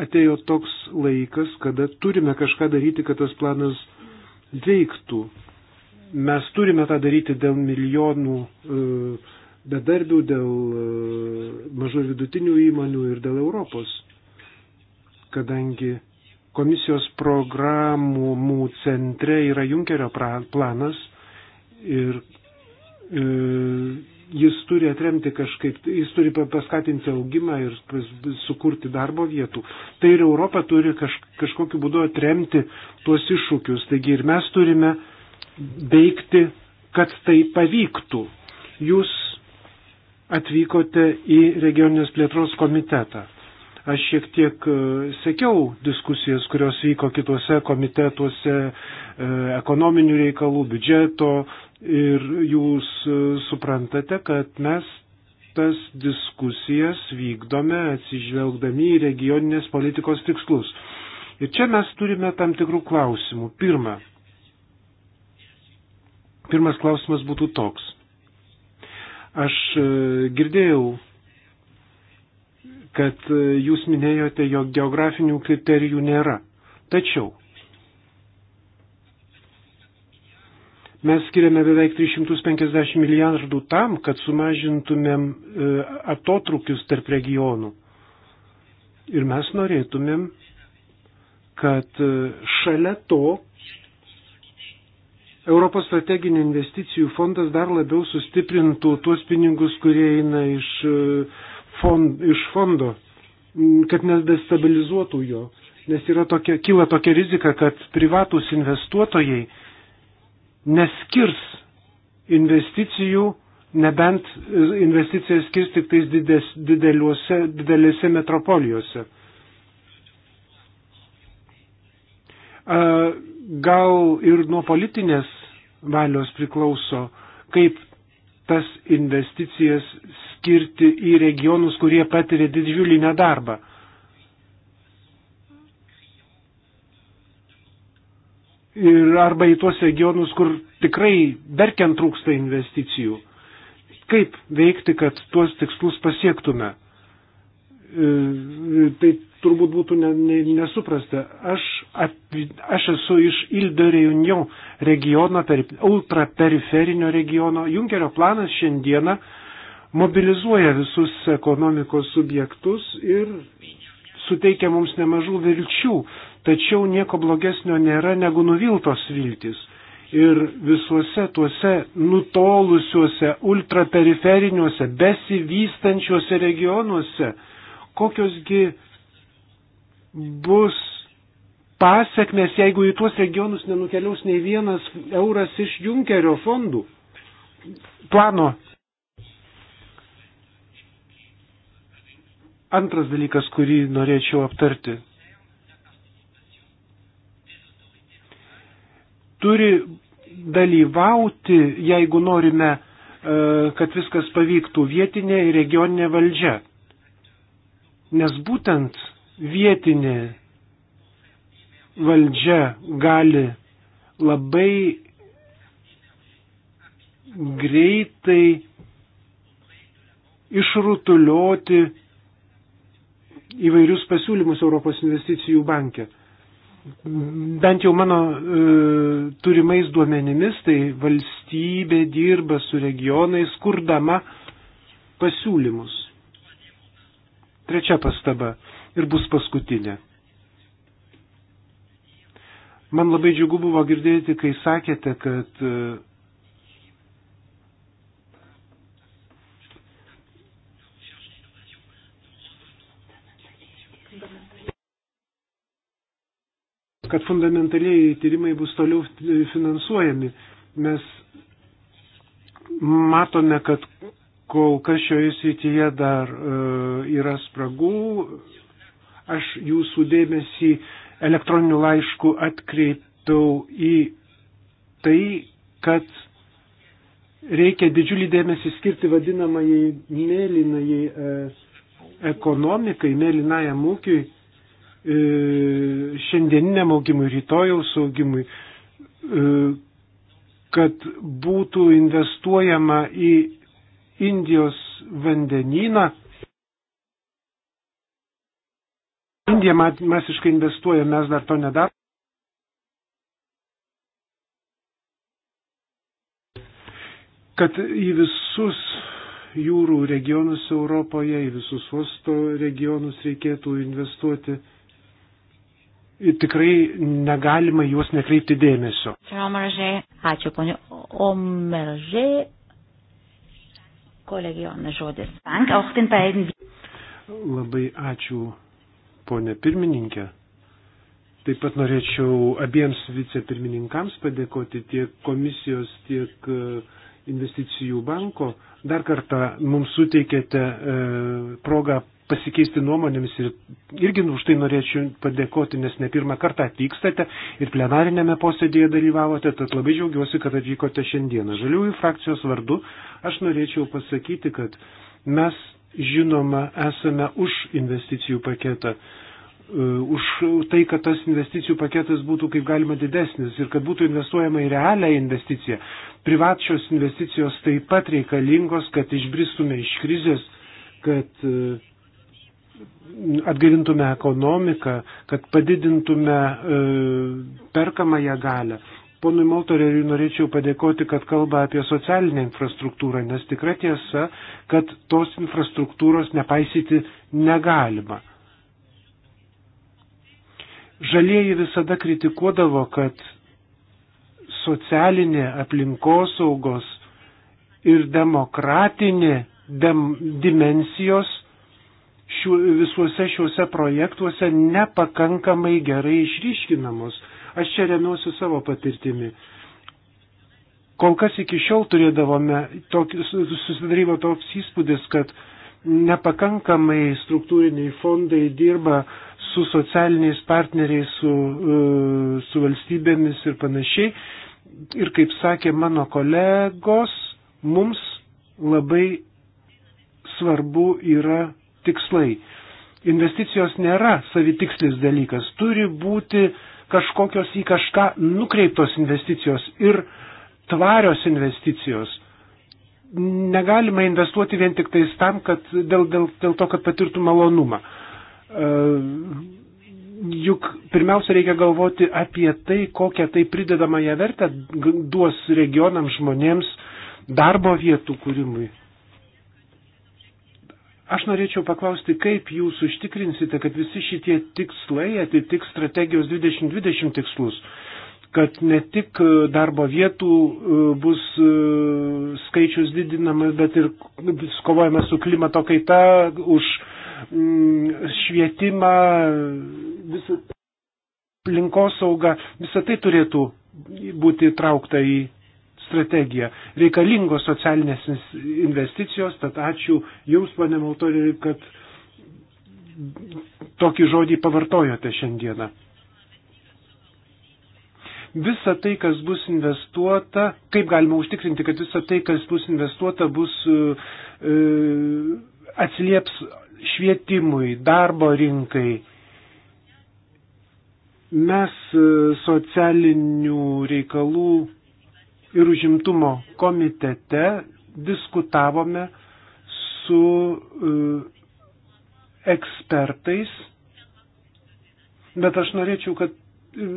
atėjo toks laikas, kada turime kažką daryti, kad tas planas veiktų. Mes turime tą daryti dėl milijonų e, bedarbių, dėl e, mažų ir vidutinių įmonių ir dėl Europos, kadangi komisijos programų centre yra Junkerio planas ir e, jis turi atremti kažkaip, jis turi paskatinti augimą ir sukurti darbo vietų. Tai ir Europa turi kaž, kažkokiu būdu atremti tuos iššūkius. Taigi ir mes turime uh, veikti, kad tai pavyktų. Jūs atvykote į regioninės plėtros komitetą. Aš šiek tiek e, sekiau diskusijas, kurios vyko kitose komitetuose e, ekonominių reikalų, biudžeto ir jūs e, suprantate, kad mes tas diskusijas vykdome atsižvelgdami į regioninės politikos tikslus. Ir čia mes turime tam tikrų klausimų. Pirma, Pirmas klausimas būtų toks. Aš e, girdėjau, kad e, jūs minėjote, jog geografinių kriterijų nėra. Tačiau mes skiriame beveik 350 milijardų tam, kad sumažintumėm e, atotrukius tarp regionų. Ir mes norėtumėm, kad šalia to Europos strateginių investicijų fondas dar labiau sustiprintų tuos pinigus, kurie eina iš, e, fond, iš fondo, kad nedestabilizuotų jo. Nes yra tokia, kyla tokia rizika, kad privatus investuotojai neskirs investicijų, nebent e, investicijas skirs tik tais dides, didelėse metropolijose. Uh, gal ir nuo politinės valios priklauso, kaip tas investicijas skirti į regionus, kurie patiria didžiulį nedarbą. Ir arba į tuos regionus, kur tikrai berkiant trūksta investicijų. Kaip veikti, kad tuos tikslus pasiektume? E, tai turbūt būtų ne, ne, nesuprasta. Aš, ap, aš esu iš Ildo Reunion regiono, per, ultraperiferinio regiono. Junkerio planas šiandieną mobilizuoja visus ekonomikos subjektus ir suteikia mums nemažų vilčių, tačiau nieko blogesnio nėra negu nuviltos viltis. Ir visuose tuose nutolusiuose, ultraperiferiniuose, besivystančiuose regionuose, kokiosgi bus pasiekmes, jeigu į tuos regionus nenukeliaus nei vienas euras iš Junkerio fondų plano. Antras dalykas, kurį norėčiau aptarti. Turi dalyvauti, jeigu norime, e, kad viskas pavyktų vietinė ir regioninė valdžia. Nes būtent vietinė valdžia gali labai greitai išrutulioti įvairius pasiūlymus Europos investicijų banke. Bent jau mano e, turimais duomenimis, tai valstybė dirba su regionais, kurdama pasiūlymus. Trečia pastaba ir bus paskutinė. Man labai džiugu buvo girdėti, kai sakėte, kad kad fundamentaliai tyrimai bus toliau finansuojami. Mes matome, kad kol kas šioje srityje dar e, yra spragų, Aš jūsų dėmesį elektroniniu laišku atkreipiau į tai, kad reikia didžiulį dėmesį skirti vadinamąjai mėlynai e, ekonomikai, mėlynajam ūkiui, e, šiandieniniam augimui, rytojaus augimui, e, kad būtų investuojama į Indijos vandenyną, Indija masiškai investuoja, mes dar to nedarome. Kad į visus jūrų regionus Europoje, į visus uosto regionus reikėtų investuoti. Ir tikrai negalima juos nekreipti dėmesio. Ačiū, ponė Omeržė. Kolegijonas žodis. Labai ačiū ponė pirmininkė. Taip pat norėčiau abiems vicepirmininkams padėkoti tiek komisijos, tiek e, investicijų banko. Dar kartą mums suteikėte e, progą pasikeisti nuomonėmis ir irgi už tai norėčiau padėkoti, nes ne pirmą kartą atvykstate ir plenarinėme posėdėje dalyvavote, tad labai džiaugiuosi, kad atvykote šiandieną. Žaliųjų frakcijos vardu aš norėčiau pasakyti, kad mes žinoma, esame už investicijų paketą, e, už tai, kad tas investicijų paketas būtų kaip galima didesnis ir kad būtų investuojama į realią investiciją. Privatčios investicijos taip pat reikalingos, kad išbristume iš krizės, kad e, atgaivintume ekonomiką, kad padidintume e, perkamąją galę. Ponui Moltoreriui norėčiau padėkoti, kad kalba apie socialinę infrastruktūrą, nes tikra tiesa, kad tos infrastruktūros nepaisyti negalima. Žalieji visada kritikuodavo, kad socialinė aplinkosaugos ir demokratinė dem, dimensijos šiu, visuose šiuose projektuose nepakankamai gerai išryškinamos Aš čia remiuosiu savo patirtimi. Kol kas iki šiol turėdavome, susidarydavo toks įspūdis, kad nepakankamai struktūriniai fondai dirba su socialiniais partneriais, su, e, su valstybėmis ir panašiai. Ir kaip sakė mano kolegos, mums labai svarbu yra tikslai. Investicijos nėra savitikslis dalykas, turi būti uh, kažkokios į kažką nukreiptos investicijos ir tvarios investicijos. Negalima investuoti vien tik tais tam, kad dėl, dėl, dėl to, kad patirtų malonumą. E, juk pirmiausia reikia galvoti apie tai, kokią tai pridedamąją vertę duos regionams žmonėms darbo vietų kūrimui. Aš norėčiau paklausti, kaip jūs užtikrinsite, kad visi šitie tikslai atitiks strategijos 2020 tikslus, kad ne tik e, darbo vietų e, bus e, skaičius didinamas, bet ir kovojame su klimato kaita, už mm, švietimą, visą aplinkosaugą, visą tai turėtų būti traukta į strategiją. Reikalingos socialinės investicijos, tad ačiū Jums, pane Maltoriui, kad tokį žodį pavartojote šiandieną. Visa tai, kas bus investuota, kaip galima užtikrinti, kad visa tai, kas bus investuota, bus e, e atsilieps švietimui, darbo rinkai, mes e, socialinių reikalų ir užimtumo komitete diskutavome su e, ekspertais, bet aš norėčiau, kad e,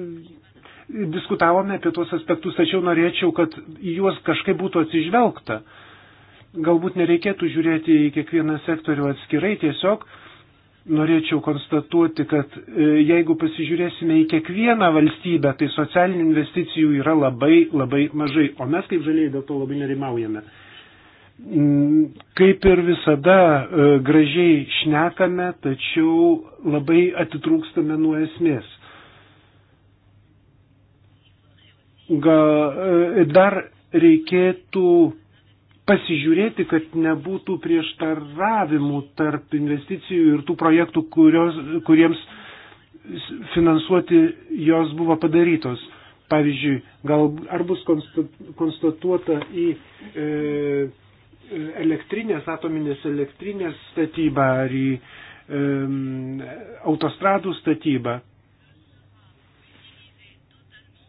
diskutavome apie tuos aspektus, tačiau norėčiau, kad į juos kažkaip būtų atsižvelgta. Galbūt nereikėtų žiūrėti į kiekvieną sektorių atskirai, tiesiog uh, norėčiau konstatuoti, kad e, jeigu pasižiūrėsime į kiekvieną valstybę, tai socialinių investicijų yra labai, labai mažai, o mes kaip žaliai dėl to labai nerimaujame. Mm, kaip ir visada e, gražiai šnekame, tačiau labai atitrūkstame nuo esmės. Gal e, dar reikėtų pasižiūrėti, kad nebūtų prieštaravimų tarp investicijų ir tų projektų, kurios, kuriems finansuoti jos buvo padarytos. Pavyzdžiui, gal, ar bus konstatuota į e, elektrinės, atominės elektrinės statybą ar į e, autostradų statybą.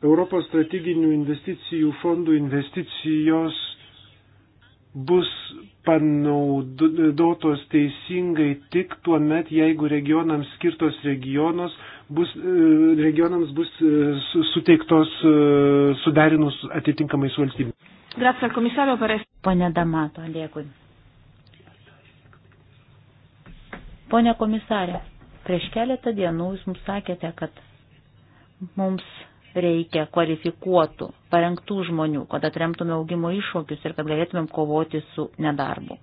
Europos strateginių investicijų fondų investicijos bus panaudotos teisingai tik tuo met, jeigu regionams skirtos regionos bus, e, regionams bus e, suteiktos e, suderinus atitinkamai su valstybė. Grazie al komisario per essere. Pone Damato, dėkui. Pone komisarė, prieš keletą dienų jūs mums sakėte, kad mums reikia kvalifikuotų, parengtų žmonių, kad atremtume augimo iššūkius ir kad galėtumėm kovoti su nedarbu.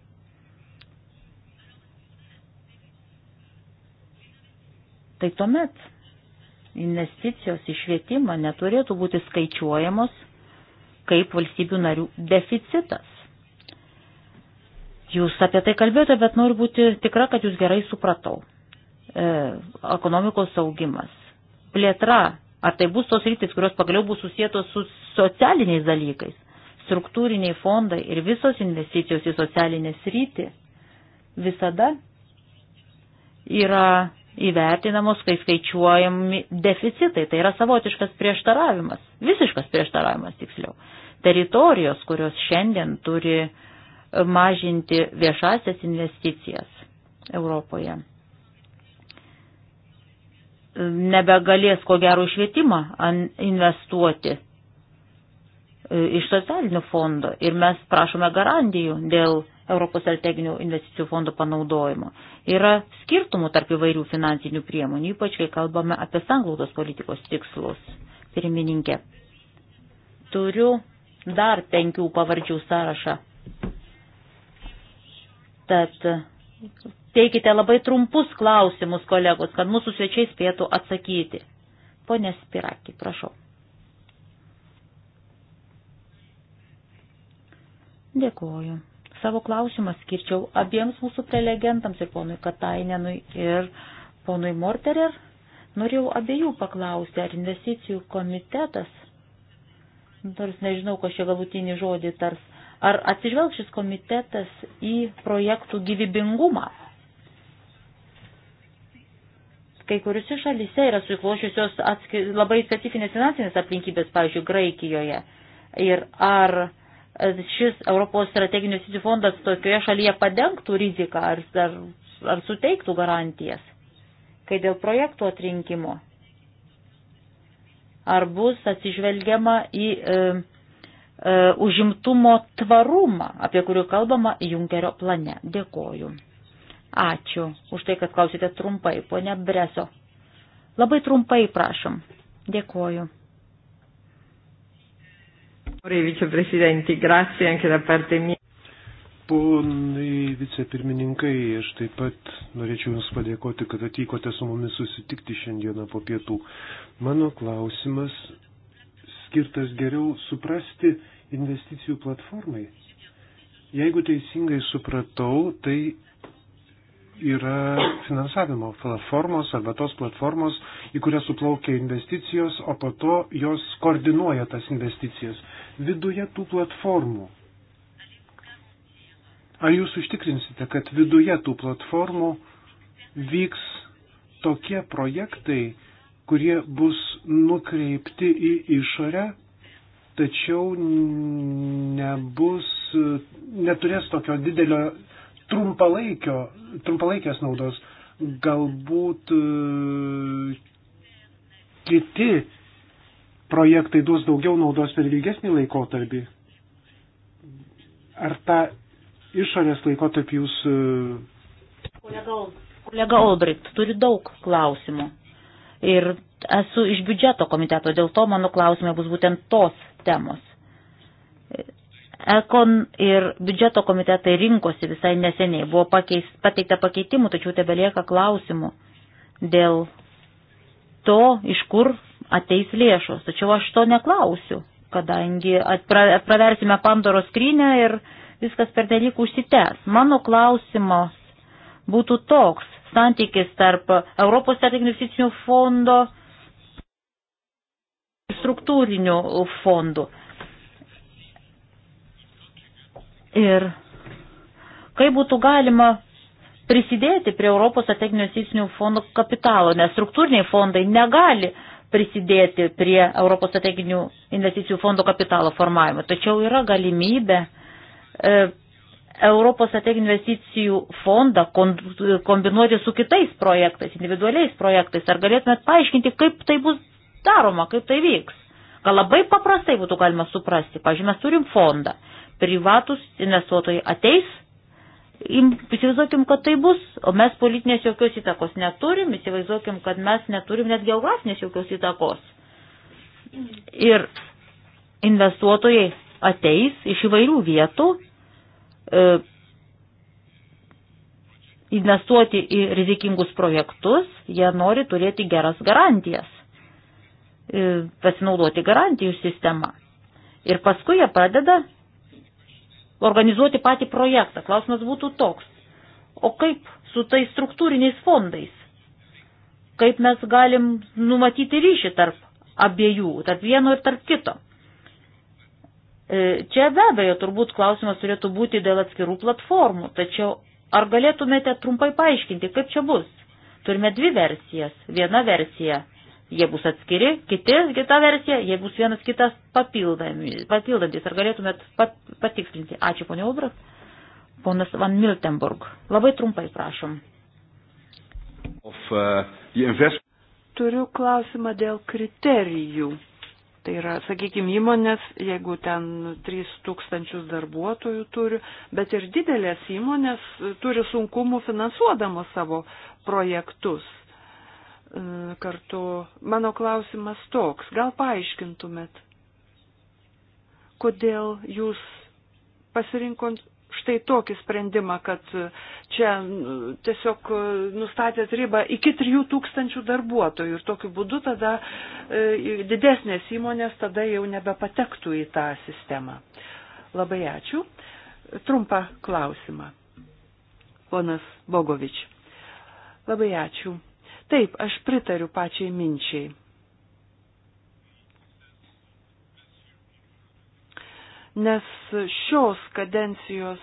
Tai tuomet investicijos į švietimą neturėtų būti skaičiuojamos kaip valstybių narių deficitas. Jūs apie tai kalbėjote, bet noriu būti tikra, kad jūs gerai supratau. E, ekonomikos augimas, plėtra Ar tai bus tos rytis, kurios pagaliau bus susijėtos su socialiniais dalykais? Struktūriniai fondai ir visos investicijos į socialinę sritį visada yra įvertinamos, kai skaičiuojami deficitai. Tai yra savotiškas prieštaravimas, visiškas prieštaravimas tiksliau. Teritorijos, kurios šiandien turi mažinti viešasias investicijas Europoje nebegalės ko gero švietimą investuoti e, iš socialinių fondo ir mes prašome garantijų dėl Europos strateginių investicijų fondo panaudojimo. Yra skirtumų tarp įvairių finansinių priemonių, ypač kai kalbame apie sanglaudos politikos tikslus. Pirmininkė, turiu dar penkių pavardžių sąrašą. Tad teikite labai trumpus klausimus, kolegos, kad mūsų svečiai spėtų atsakyti. Pone Spiraki, prašau. Dėkuoju. Savo klausimą skirčiau abiems mūsų prelegentams ir ponui Katainenui ir ponui Morterer. Norėjau abiejų paklausti, ar investicijų komitetas, nors nežinau, kas čia galutinį žodį tars, ar atsižvelg šis komitetas į projektų gyvybingumą, Kai kuriuose šalyse yra susiklošiusios labai specifinės finansinės aplinkybės, pavyzdžiui, Graikijoje. Ir ar šis Europos strateginių investicijų fondas tokioje šalyje padengtų riziką ar, ar, ar suteiktų garantijas, kai dėl projektų atrinkimo. Ar bus atsižvelgiama į e, e, užimtumo tvarumą, apie kurį kalbama Junkerio plane. Dėkoju. Ačiū už tai, kad klausėte trumpai, ponia Breso. Labai trumpai prašom. Dėkuoju. Ponai vicepirmininkai, aš taip pat norėčiau Jums padėkoti, kad atvykote su mumis susitikti šiandieną po pietų. Mano klausimas skirtas geriau suprasti investicijų platformai. Jeigu teisingai supratau, tai yra finansavimo platformos arba tos platformos, į kurias suplaukia investicijos, o po to jos koordinuoja tas investicijas viduje tų platformų. Ar jūs užtikrinsite, kad viduje tų platformų vyks tokie projektai, kurie bus nukreipti į išorę, tačiau nebus, neturės tokio didelio trumpalaikės naudos. Galbūt e, kiti projektai duos daugiau naudos per ilgesnį laikotarpį. Ar tą išorės laikotarpį jūs. E, kolega Olbrit turi daug klausimų. Ir esu iš biudžeto komiteto, dėl to mano klausimai bus būtent tos temos. Ekon ir biudžeto komitetai rinkosi visai neseniai. Buvo pakeis, pateikta pakeitimų, tačiau tebelieka klausimų dėl to, iš kur ateis lėšos. Tačiau aš to neklausiu, kadangi praversime Pandoro skrynę ir viskas per dalyk užsitęs. Mano klausimas būtų toks santykis tarp Europos strateginių investicinių fondo struktūrinių fondų. Ir kaip būtų galima prisidėti prie Europos strateginio investicinių fondų kapitalo, nes struktūriniai fondai negali prisidėti prie Europos strateginių investicijų fondų kapitalo formavimo. Tačiau yra galimybė e, Europos strateginių investicijų fondą kombinuoti su kitais projektais, individualiais projektais. Ar galėtumėt paaiškinti, kaip tai bus daroma, kaip tai vyks? Gal labai paprastai būtų galima suprasti. Pavyzdžiui, mes turim fondą privatus investuotojai ateis, įsivaizduokim, kad tai bus, o mes politinės jokios įtakos neturim, įsivaizduokim, kad mes neturim net geografinės jokios įtakos. Ir investuotojai ateis iš įvairių vietų e, investuoti į rizikingus projektus, jie nori turėti geras garantijas, e, pasinaudoti garantijų sistemą. Ir paskui jie pradeda organizuoti patį projektą. Klausimas būtų toks. O kaip su tais struktūriniais fondais? Kaip mes galim numatyti ryšį tarp abiejų, tarp vieno ir tarp kito? E, čia be abejo turbūt klausimas turėtų būti dėl atskirų platformų, tačiau ar galėtumėte trumpai paaiškinti, kaip čia bus? Turime dvi versijas. Viena versija jie bus atskiri, kiti, kita versija, jie bus vienas kitas papildantis. Ar galėtumėt pat, patikslinti? Ačiū, ponia Ubras. Ponas Van Miltenburg. Labai trumpai prašom. Of, uh, invest... Turiu klausimą dėl kriterijų. Tai yra, sakykime, įmonės, jeigu ten 3000 darbuotojų turi, bet ir didelės įmonės turi sunkumų finansuodamos savo projektus. E, kartu. Mano klausimas toks, gal paaiškintumėt, kodėl jūs pasirinkot štai tokį sprendimą, kad čia nu, tiesiog nustatėt ribą iki 3000 darbuotojų ir tokiu būdu tada e, didesnės įmonės tada jau nebepatektų į tą sistemą. Labai ačiū. Trumpą klausimą. Ponas Bogovič. Labai ačiū. Taip, aš pritariu pačiai minčiai. Nes šios kadencijos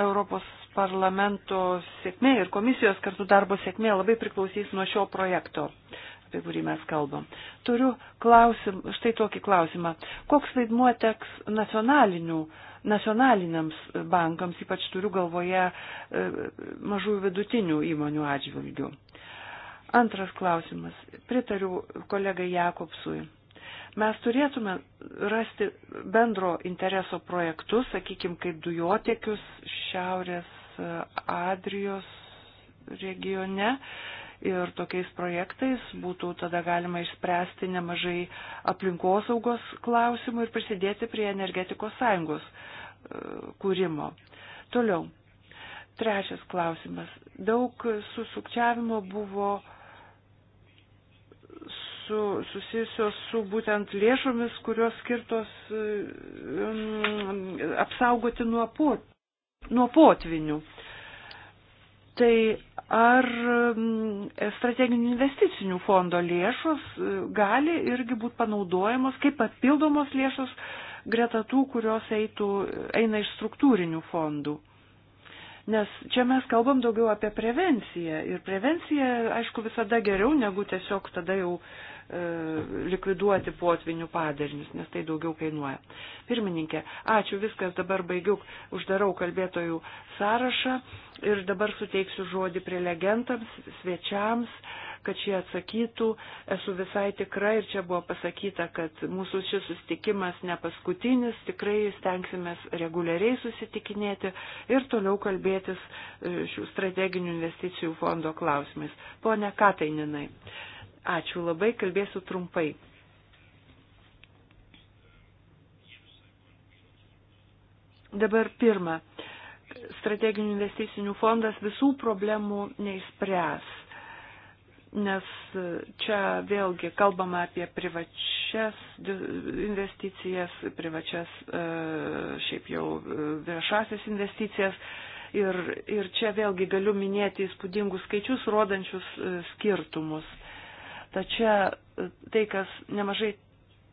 Europos parlamento sėkmė ir komisijos kartu darbo sėkmė labai priklausys nuo šio projekto, apie kurį mes kalbam. Turiu klausim, štai tokį klausimą. Koks vaidmuo teks nacionaliniams bankams, ypač turiu galvoje e, mažų vidutinių įmonių atžvilgių? Antras klausimas. Pritariu kolegai Jakobsui. Mes turėtume rasti bendro intereso projektus, sakykime, kaip dujotiekius Šiaurės Adrijos regione. Ir tokiais projektais būtų tada galima išspręsti nemažai aplinkosaugos klausimų ir prisidėti prie energetikos sąjungos e, kūrimo. Toliau. Trečias klausimas. Daug susukčiavimo buvo uh, su, susijusios su būtent lėšomis, kurios skirtos um, apsaugoti nuo, pot, nuo potvinių. Tai ar um, strateginių investicinių fondo lėšos uh, gali irgi būti panaudojamos kaip papildomos lėšos greta tų, kurios eitų, eina iš struktūrinių fondų? Nes čia mes kalbam daugiau apie prevenciją. Ir prevencija, aišku, visada geriau negu tiesiog tada jau e, likviduoti potvinių padarinius, nes tai daugiau kainuoja. Pirmininkė, ačiū, viskas dabar baigiu, uždarau kalbėtojų sąrašą ir dabar suteiksiu žodį prelegentams, svečiams kad šie atsakytų. Esu visai tikra ir čia buvo pasakyta, kad mūsų šis susitikimas ne paskutinis, tikrai stengsimės reguliariai susitikinėti ir toliau kalbėtis e, šių strateginių investicijų fondo klausimais. Pone Kataininai, ačiū labai, kalbėsiu trumpai. Dabar pirma strateginių investicinių fondas visų problemų neišspręs nes čia vėlgi kalbama apie privačias investicijas, privačias e, šiaip jau e, viešasias investicijas. Ir, ir čia vėlgi galiu minėti įspūdingus skaičius, rodančius e, skirtumus. Tačiau tai, kas nemažai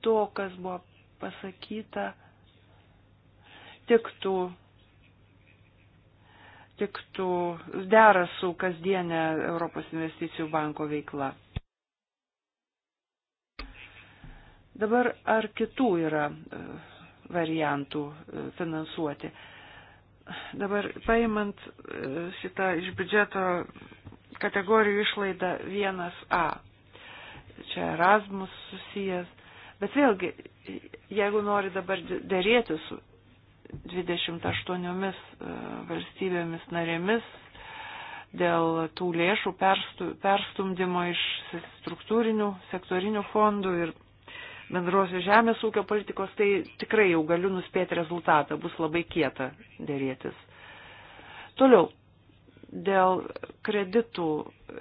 to, kas buvo pasakyta, tiktų tiktų, dera su kasdienė Europos investicijų banko veikla. Dabar ar kitų yra e, variantų e, finansuoti? Dabar paimant e, šitą iš biudžeto kategorijų išlaidą 1A. Čia Erasmus susijęs. Bet vėlgi, jeigu nori dabar dėrėti su 28 e, valstybėmis narėmis dėl tų lėšų perstumdymo iš struktūrinių, sektorinių fondų ir bendrosios žemės ūkio politikos, tai tikrai jau galiu nuspėti rezultatą, bus labai kieta dėrėtis. Toliau, dėl kreditų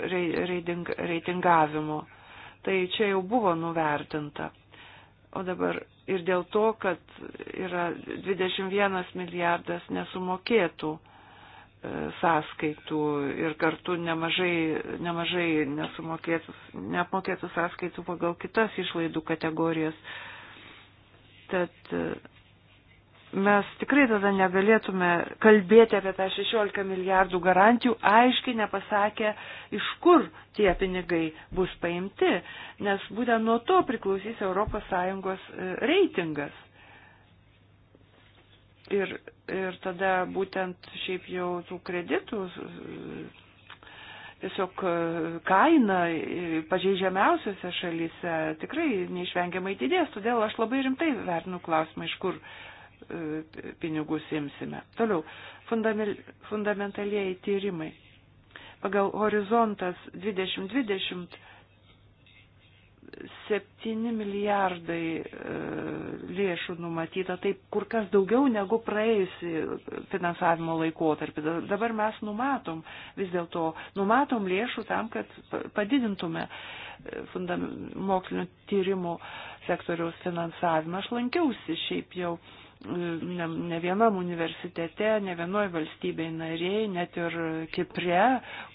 reiting, reitingavimo, tai čia jau buvo nuvertinta. O dabar ir dėl to, kad yra 21 milijardas nesumokėtų e, sąskaitų ir kartu nemažai, nemažai neapmokėtų sąskaitų pagal kitas išlaidų kategorijas. Tad e, mes tikrai tada negalėtume kalbėti apie tą 16 milijardų garantijų, aiškiai nepasakę, iš kur tie pinigai bus paimti, nes būtent nuo to priklausys ES e, reitingas. Ir, ir tada būtent šiaip jau tų kreditų e, tiesiog e, kaina pažeidžiamiausiose šalyse tikrai neišvengiamai didės, todėl aš labai rimtai vertinu klausimą, iš kur E, pinigus imsime. Toliau, fundamentalieji tyrimai. Pagal horizontas 2020 7 milijardai e, lėšų numatyta, taip kur kas daugiau negu praėjusi finansavimo laikotarpį. Dabar mes numatom vis dėlto, numatom lėšų tam, kad padidintume e, mokslinio tyrimų sektoriaus finansavimą. Aš lankiausi šiaip jau uh, ne, ne vienam universitete, ne vienoj valstybei nariai, net ir Kipre,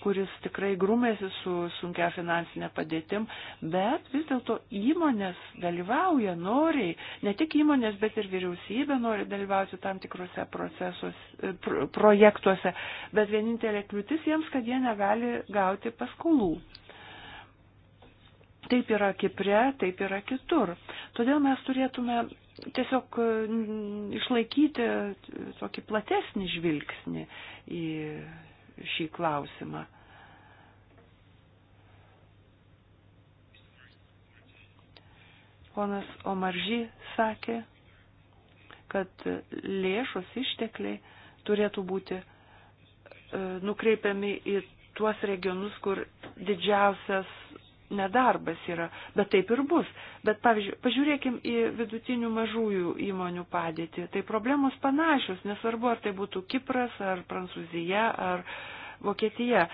kuris tikrai grumėsi su sunkia finansinė padėtim, bet vis dėlto įmonės dalyvauja noriai, ne tik įmonės, bet ir vyriausybė nori dalyvauti tam tikrose procesus, e, pro, projektuose, bet vienintelė kliūtis jiems, kad jie negali gauti paskolų. Taip yra Kipre, taip yra kitur. Todėl mes turėtume tiesiog e, išlaikyti tokį platesnį žvilgsnį į šį klausimą. Ponas Omaržy sakė, kad lėšos ištekliai turėtų būti e, nukreipiami į tuos regionus, kur didžiausias nedarbas yra, bet taip ir bus. Bet pavyzdžiui, pažiūrėkim į vidutinių mažųjų įmonių padėtį. Tai problemos panašios, nesvarbu ar tai būtų Kipras, ar Prancūzija, ar Vokietija.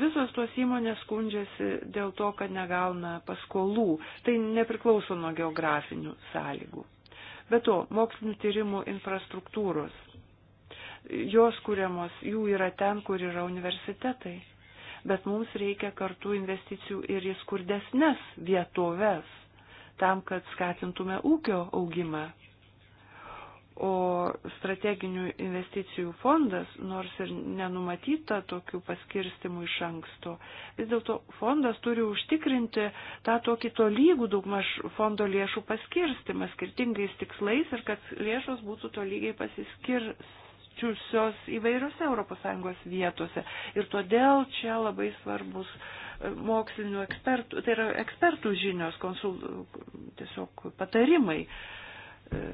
Visos tos įmonės skundžiasi dėl to, kad negauna paskolų. Tai nepriklauso nuo geografinių sąlygų. Be to, mokslinių tyrimų infrastruktūros. Jos kūriamos, jų yra ten, kur yra universitetai bet mums reikia kartu investicijų ir į skurdesnės vietoves, tam, kad skatintume ūkio augimą. O strateginių investicijų fondas, nors ir nenumatyta tokių paskirstimų iš anksto, vis dėlto fondas turi užtikrinti tą tokį tolygų daugmaž fondo lėšų paskirstimą skirtingais tikslais ir kad lėšos būtų tolygiai pasiskirst paplitusios įvairiose ES vietose. Ir todėl čia labai svarbus e, mokslinių ekspertų, tai yra ekspertų žinios, konsul, tiesiog patarimai. E,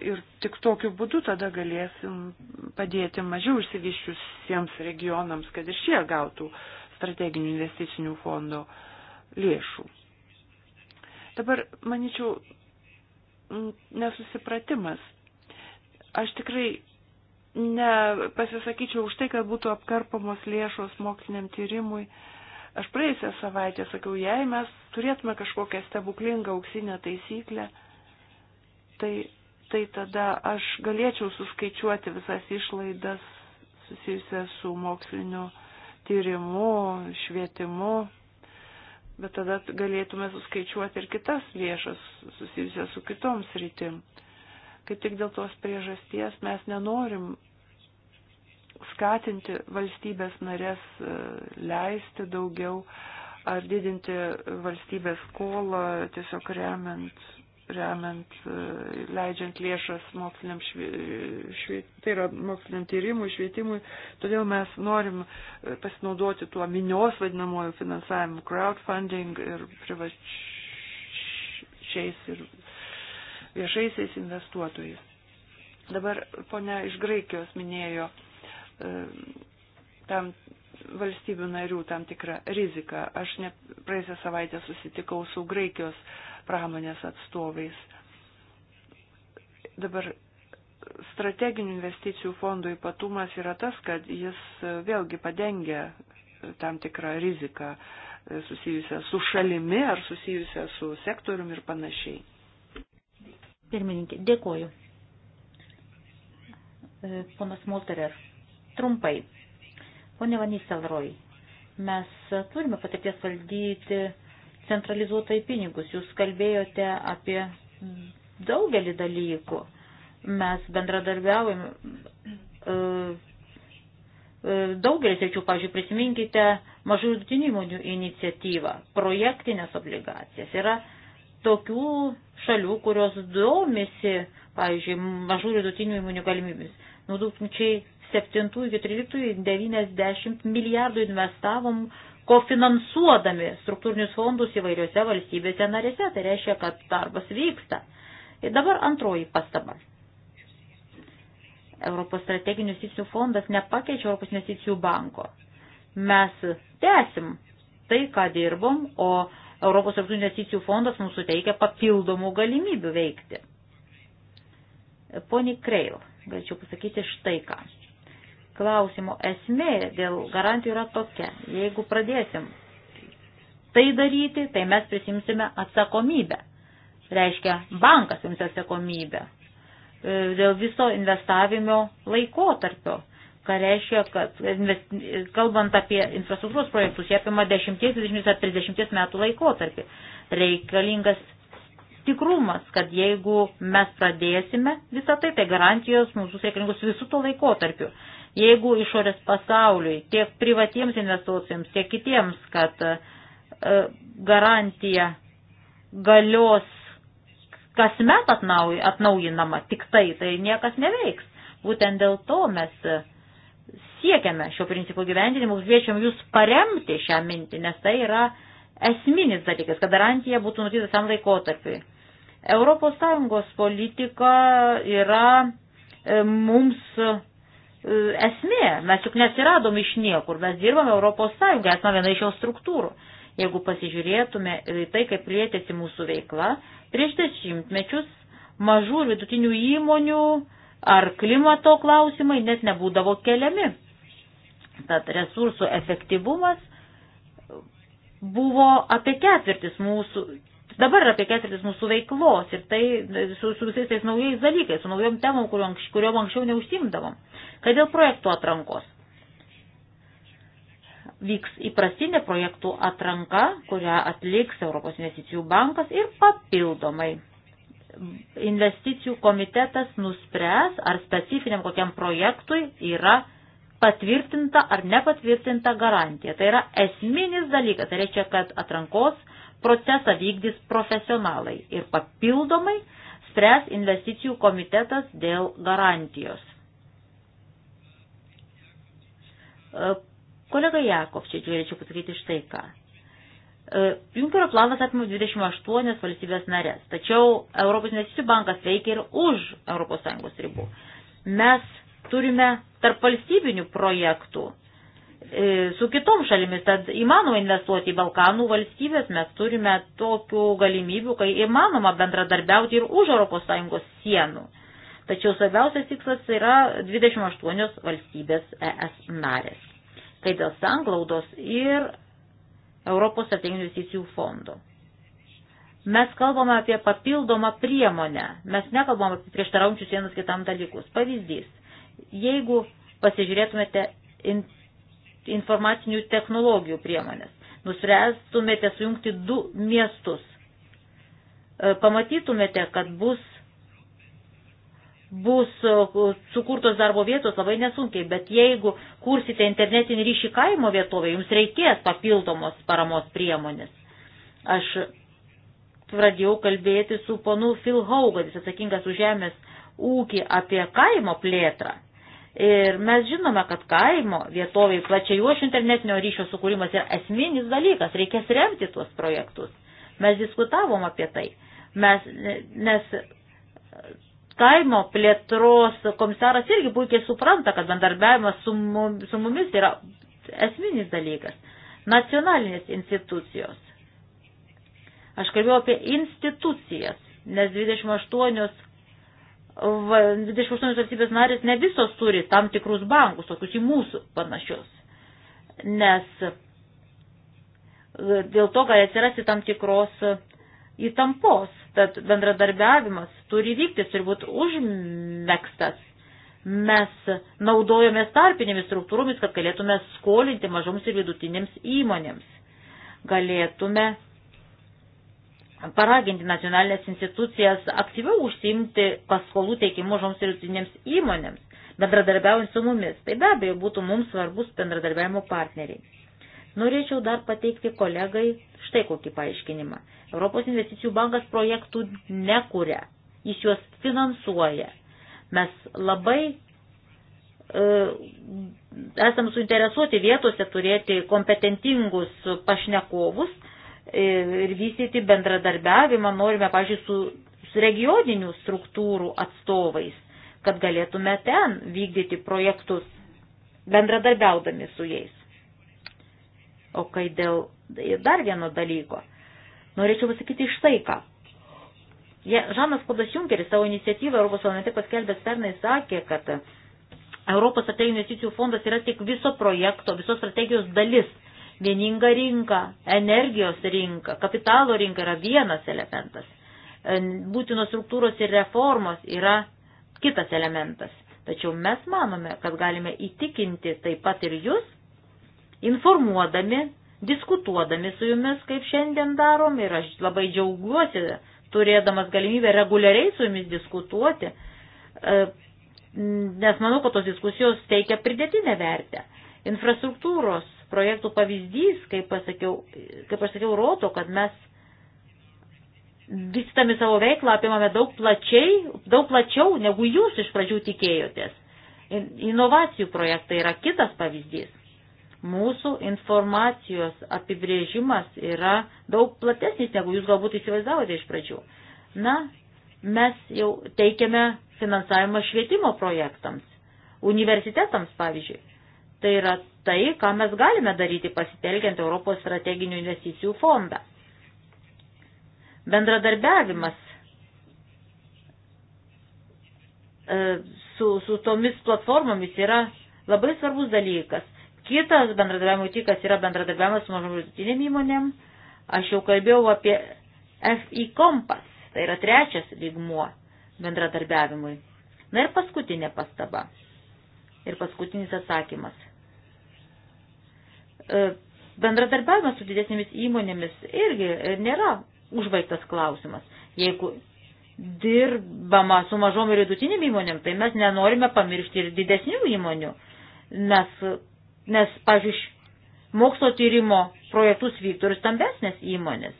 ir tik tokiu būdu tada galėsim padėti mažiau išsivyščiusiems regionams, kad ir šie gautų strateginių investicinių fondo lėšų. Dabar, manyčiau, nesusipratimas. Aš tikrai nepasisakyčiau už tai, kad būtų apkarpamos lėšos moksliniam tyrimui. Aš praėjusią savaitę sakiau, jei mes turėtume kažkokią stebuklingą auksinę taisyklę, tai, tai tada aš galėčiau suskaičiuoti visas išlaidas susijusias su moksliniu tyrimu, švietimu, bet tada galėtume suskaičiuoti ir kitas lėšas susijusias su kitoms rytim. Kaip tik dėl tos priežasties mes nenorim skatinti valstybės narės e, leisti daugiau ar didinti valstybės skolą, tiesiog remiant, remiant e, leidžiant lėšas moksliniam, švi, tai yra moksliniam tyrimui, švietimui. Todėl mes norim e, pasinaudoti tuo minios vadinamoju finansavimu, crowdfunding ir privačiais ir viešaisiais investuotojais. Dabar ponia iš Graikijos minėjo E, tam valstybių narių tam tikrą riziką. Aš ne praėjusią savaitę susitikau su Graikijos pramonės atstovais. Dabar strateginių investicijų fondo ypatumas yra tas, kad jis vėlgi padengia tam tikrą riziką e, susijusią su šalimi ar susijusią su sektoriumi ir panašiai. Pirmininkė, dėkoju. E, ponas Molterer. Trumpai. Pone Vanistelroj, mes turime patirties valdyti centralizuotai pinigus. Jūs kalbėjote apie daugelį dalykų. Mes bendradarbiaujame e, daugelis sričių, pavyzdžiui, prisiminkite mažų vidutinių įmonių iniciatyvą, projektinės obligacijas. Yra tokių šalių, kurios domisi, pavyzdžiui, mažų vidutinių įmonių galimybėmis. Nuo 2000 7 iki 13 90 milijardų investavom, kofinansuodami struktūrinius fondus įvairiose valstybėse narėse. Tai reiškia, kad darbas vyksta. Ir dabar antroji pastaba. Europos strateginių investicijų fondas nepakeičia Europos investicijų banko. Mes tęsim tai, ką dirbom, o Europos strateginių investicijų fondas mums suteikia papildomų galimybių veikti. Poni Kreil, galėčiau pasakyti štai ką klausimo esmė dėl garantijų yra tokia. Jeigu pradėsim tai daryti, tai mes prisimsime atsakomybę. Reiškia, bankas jums atsakomybę e, dėl viso investavimo laikotarpio. Ką reiškia, kad kalbant apie infrastruktūros projektus, jie apima 10, 20 ar 30 metų laikotarpį. Reikalingas tikrumas, kad jeigu mes pradėsime visą tai, tai garantijos mums bus reikalingos visų to laikotarpiu jeigu išorės pasauliui, tiek privatiems investuotojams, tiek kitiems, kad e, garantija galios kasmet atnaujinama tik tai, tai niekas neveiks. Būtent dėl to mes e, siekiame šio principo gyvendinimo, kviečiam jūs paremti šią mintį, nes tai yra esminis dalykas, kad garantija būtų nutyta tam laikotarpiui. ES politika yra e, mums E, esmė. Mes juk nesiradom iš niekur, mes dirbame Europos Sąjungą, esame viena iš jos struktūrų. Jeigu pasižiūrėtume į tai, kaip plėtėsi mūsų veikla, prieš dešimtmečius mažų ir vidutinių įmonių ar klimato klausimai net nebūdavo keliami. Tad resursų efektyvumas buvo apie ketvirtis mūsų Dabar yra apie ketvirtis mūsų veiklos ir tai su, su visais tais naujais dalykais, su naujom temom, kuriuom, kuriuom anksčiau neužsimdavom. Kad dėl projektų atrankos vyks įprastinė projektų atranka, kurią atliks Europos investicijų bankas ir papildomai. Investicijų komitetas nuspręs, ar specifiniam kokiam projektui yra patvirtinta ar nepatvirtinta garantija. Tai yra esminis dalykas. Tai reiškia, kad atrankos procesą vykdys profesionalai ir papildomai spręs investicijų komitetas dėl garantijos. E, kolega Jakovčiai, žiūrėčiau pasakyti štai ką. E, Junkerio planas apima 28 valstybės narės, tačiau Europos investicijų bankas veikia ir už ES ribų. Mes turime tarp valstybinių projektų E, su kitom šalimis, tad įmanoma investuoti į Balkanų valstybės, mes turime tokių galimybių, kai įmanoma bendradarbiauti ir už ES sienų. Tačiau svarbiausias tikslas yra 28 valstybės ES narės, kai dėl sanglaudos ir Europos strateginių investicijų fondo. Mes kalbame apie papildomą priemonę, mes nekalbame apie prieštaraujančius vienas kitam dalykus. Pavyzdys, jeigu pasižiūrėtumėte informacinių technologijų priemonės. Nuspręstumėte sujungti du miestus. E, pamatytumėte, kad bus, bus e, sukurtos darbo vietos labai nesunkiai, bet jeigu kursite internetinį ryšį kaimo vietovė, jums reikės papildomos paramos priemonės. Aš pradėjau kalbėti su ponu Phil Haugadis, atsakingas už žemės ūkį apie kaimo plėtrą. Ir mes žinome, kad kaimo vietoviai plačiai juošių internetinio ryšio sukūrimas yra esminis dalykas, reikės remti tuos projektus. Mes diskutavom apie tai. Mes, nes kaimo plėtros komisaras irgi puikiai supranta, kad bendarbiavimas su mumis yra esminis dalykas. Nacionalinės institucijos. Aš kalbėjau apie institucijas, nes 28 28 valstybės narės ne visos turi tam tikrus bankus, tokius į mūsų panašius. Nes e, dėl to gali atsirasti tam tikros e, įtampos, tad bendradarbiavimas turi vykti, turi būti užmekstas. Mes naudojomės tarpinėmis struktūromis, kad galėtume skolinti mažoms ir vidutinėms įmonėms. Galėtume paraginti nacionalinės institucijas aktyviau užsimti paskolų teikimu žoms ir jūtinėms įmonėms, bendradarbiaujant su mumis. Tai be abejo būtų mums svarbus bendradarbiavimo partneriai. Norėčiau dar pateikti kolegai štai kokį paaiškinimą. Europos investicijų bankas projektų nekuria, jis juos finansuoja. Mes labai e, esam suinteresuoti vietose turėti kompetentingus pašnekovus, ir vystyti bendradarbiavimą norime, pažiūrėjau, su, su regioninių struktūrų atstovais, kad galėtume ten vykdyti projektus bendradarbiaudami su jais. O kai dėl dar vieno dalyko, norėčiau pasakyti iš tai, ką. Ja, Žanas Kodas Junkeris savo iniciatyvą Europos parlamente paskelbęs pernai sakė, kad Europos strateginių investicijų fondas yra tik viso projekto, visos strategijos dalis Vieninga rinka, energijos rinka, kapitalo rinka yra vienas elementas. E, būtinos struktūros ir reformos yra kitas elementas. Tačiau mes manome, kad galime įtikinti taip pat ir jūs, informuodami, diskutuodami su jumis, kaip šiandien darom, ir aš labai džiaugiuosi, turėdamas galimybę reguliariai su jumis diskutuoti, e, nes manau, kad tos diskusijos teikia pridėtinę vertę. Infrastruktūros projektų pavyzdys, kaip, pasakiau, kaip aš sakiau, rodo, kad mes vystami savo veiklą apimame daug, plačiai, daug plačiau, negu jūs iš pradžių tikėjotės. Inovacijų projektai yra kitas pavyzdys. Mūsų informacijos apibrėžimas yra daug platesnis, negu jūs galbūt įsivaizdavote iš pradžių. Na, mes jau teikiame finansavimą švietimo projektams, universitetams, pavyzdžiui. Tai yra tai, ką mes galime daryti pasitelkiant Europos strateginių investicijų fondą. Bendradarbiavimas e, su, su tomis platformomis yra labai svarbus dalykas. Kitas bendradarbiavimo tikas yra bendradarbiavimas su mažomis įmonėm. Aš jau kalbėjau apie FI kompas, tai yra trečias lygmuo bendradarbiavimui. Na ir paskutinė pastaba. Ir paskutinis atsakymas. E, bendradarbiavimas su didesnėmis įmonėmis irgi nėra užbaigtas klausimas. Jeigu dirbama su mažom ir vidutinėm įmonėm, tai mes nenorime pamiršti ir didesnių įmonių. Mes, nes, pavyzdžiui, mokslo tyrimo projektus vyktų ir stambesnės įmonės.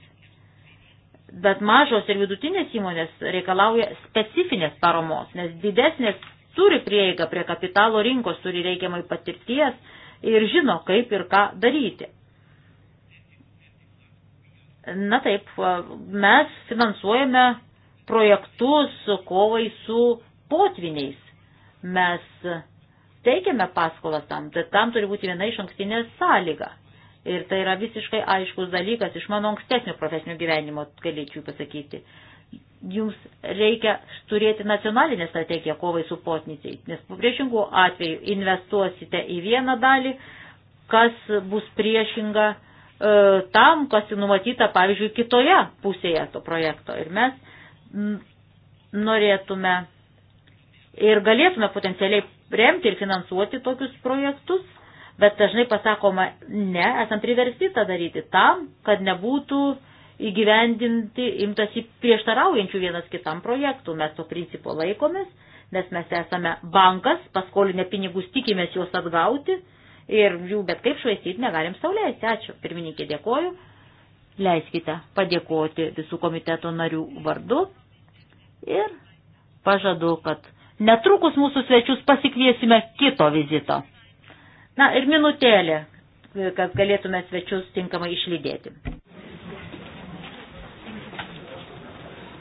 Bet mažos ir vidutinės įmonės reikalauja specifinės paromos, nes didesnės turi prieigą prie kapitalo rinkos, turi reikiamai patirties, ir žino, kaip ir ką daryti. Na taip, mes finansuojame projektus kovai su potviniais. Mes teikiame paskolas tam, bet tai tam turi būti viena iš ankstinė sąlyga. Ir tai yra visiškai aiškus dalykas iš mano ankstesnio profesinio gyvenimo, galėčiau pasakyti jums reikia turėti nacionalinę strategiją kovai su potnyciais, nes priešingų atveju investuosite į vieną dalį, kas bus priešinga e, tam, kas numatyta, pavyzdžiui, kitoje pusėje to projekto. Ir mes norėtume ir galėtume potencialiai remti ir finansuoti tokius projektus, bet dažnai pasakoma, ne, esam priversti tą daryti tam, kad nebūtų uh, įgyvendinti imtasi prieštaraujančių vienas kitam projektų. Mes to principo laikomės, nes mes esame bankas, paskolinę pinigus tikimės juos atgauti ir jų bet kaip švaistyti negalim sauliaisti. Ačiū. Pirmininkė, dėkoju. Leiskite padėkoti visų komiteto narių vardu ir pažadu, kad netrukus mūsų svečius pasikviesime kito vizito. Na ir minutėlė, kad galėtume svečius tinkamai išlydėti.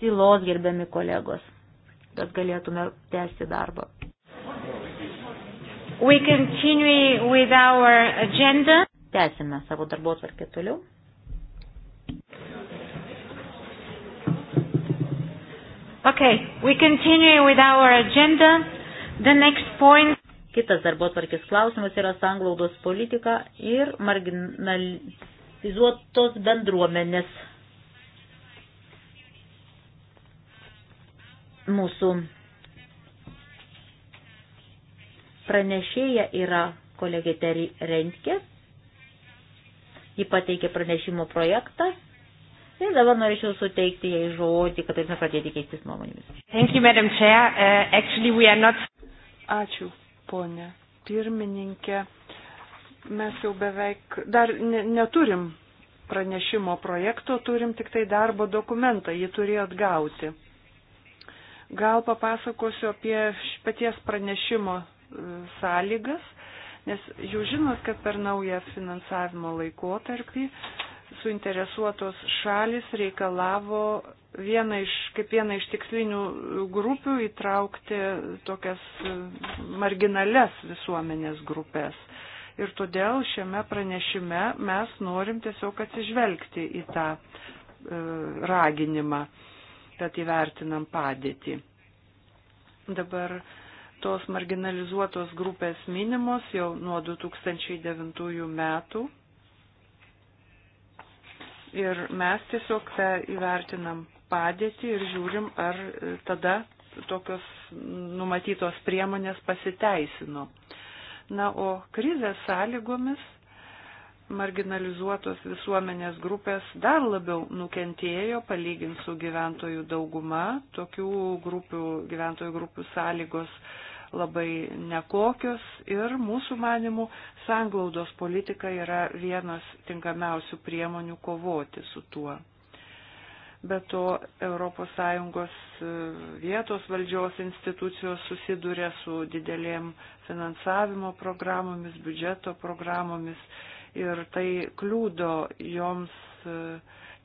Tylos gerbiami kolegos, kad galėtume tęsti darbą. Tęsime savo darbo tvarkę toliau. Okay, we continue with our agenda. The next point. Kitas darbo tvarkės klausimas yra sanglaudos politika ir marginalizuotos bendruomenės Mūsų pranešėja yra kolegė Terry Rentke. Ji pateikė pranešimo projektą. Ir dabar norėčiau suteikti jai žodį, kad galime pradėti keistis nuomonėmis. Thank you, Madam Chair. Uh, actually, we are not. Ačiū, ponė pirmininkė. Mes jau beveik dar ne, neturim pranešimo projekto, turim tik tai darbo dokumentą, jį turėjot gauti. Gal papasakosiu apie paties pranešimo e, sąlygas, nes jūs žinot, kad per naują finansavimo laikotarpį suinteresuotos šalis reikalavo vieną iš, kaip vieną iš tikslinių grupių įtraukti tokias e, marginales visuomenės grupės. Ir todėl šiame pranešime mes norim tiesiog atsižvelgti į tą e, raginimą. E, kad įvertinam padėtį. Dabar tos marginalizuotos grupės minimos jau nuo 2009 metų. Ir mes tiesiog įvertinam padėtį ir žiūrim, ar tada tokios numatytos priemonės pasiteisino. Na, o krizės sąlygomis marginalizuotos visuomenės grupės dar labiau nukentėjo, palygint su gyventojų dauguma. Tokių grupių, gyventojų grupių sąlygos labai nekokios ir mūsų manimų sanglaudos politika yra vienas tinkamiausių priemonių kovoti su tuo. Be to, ES e, vietos valdžios institucijos susiduria su didelėm finansavimo programomis, biudžeto programomis ir tai kliūdo joms e,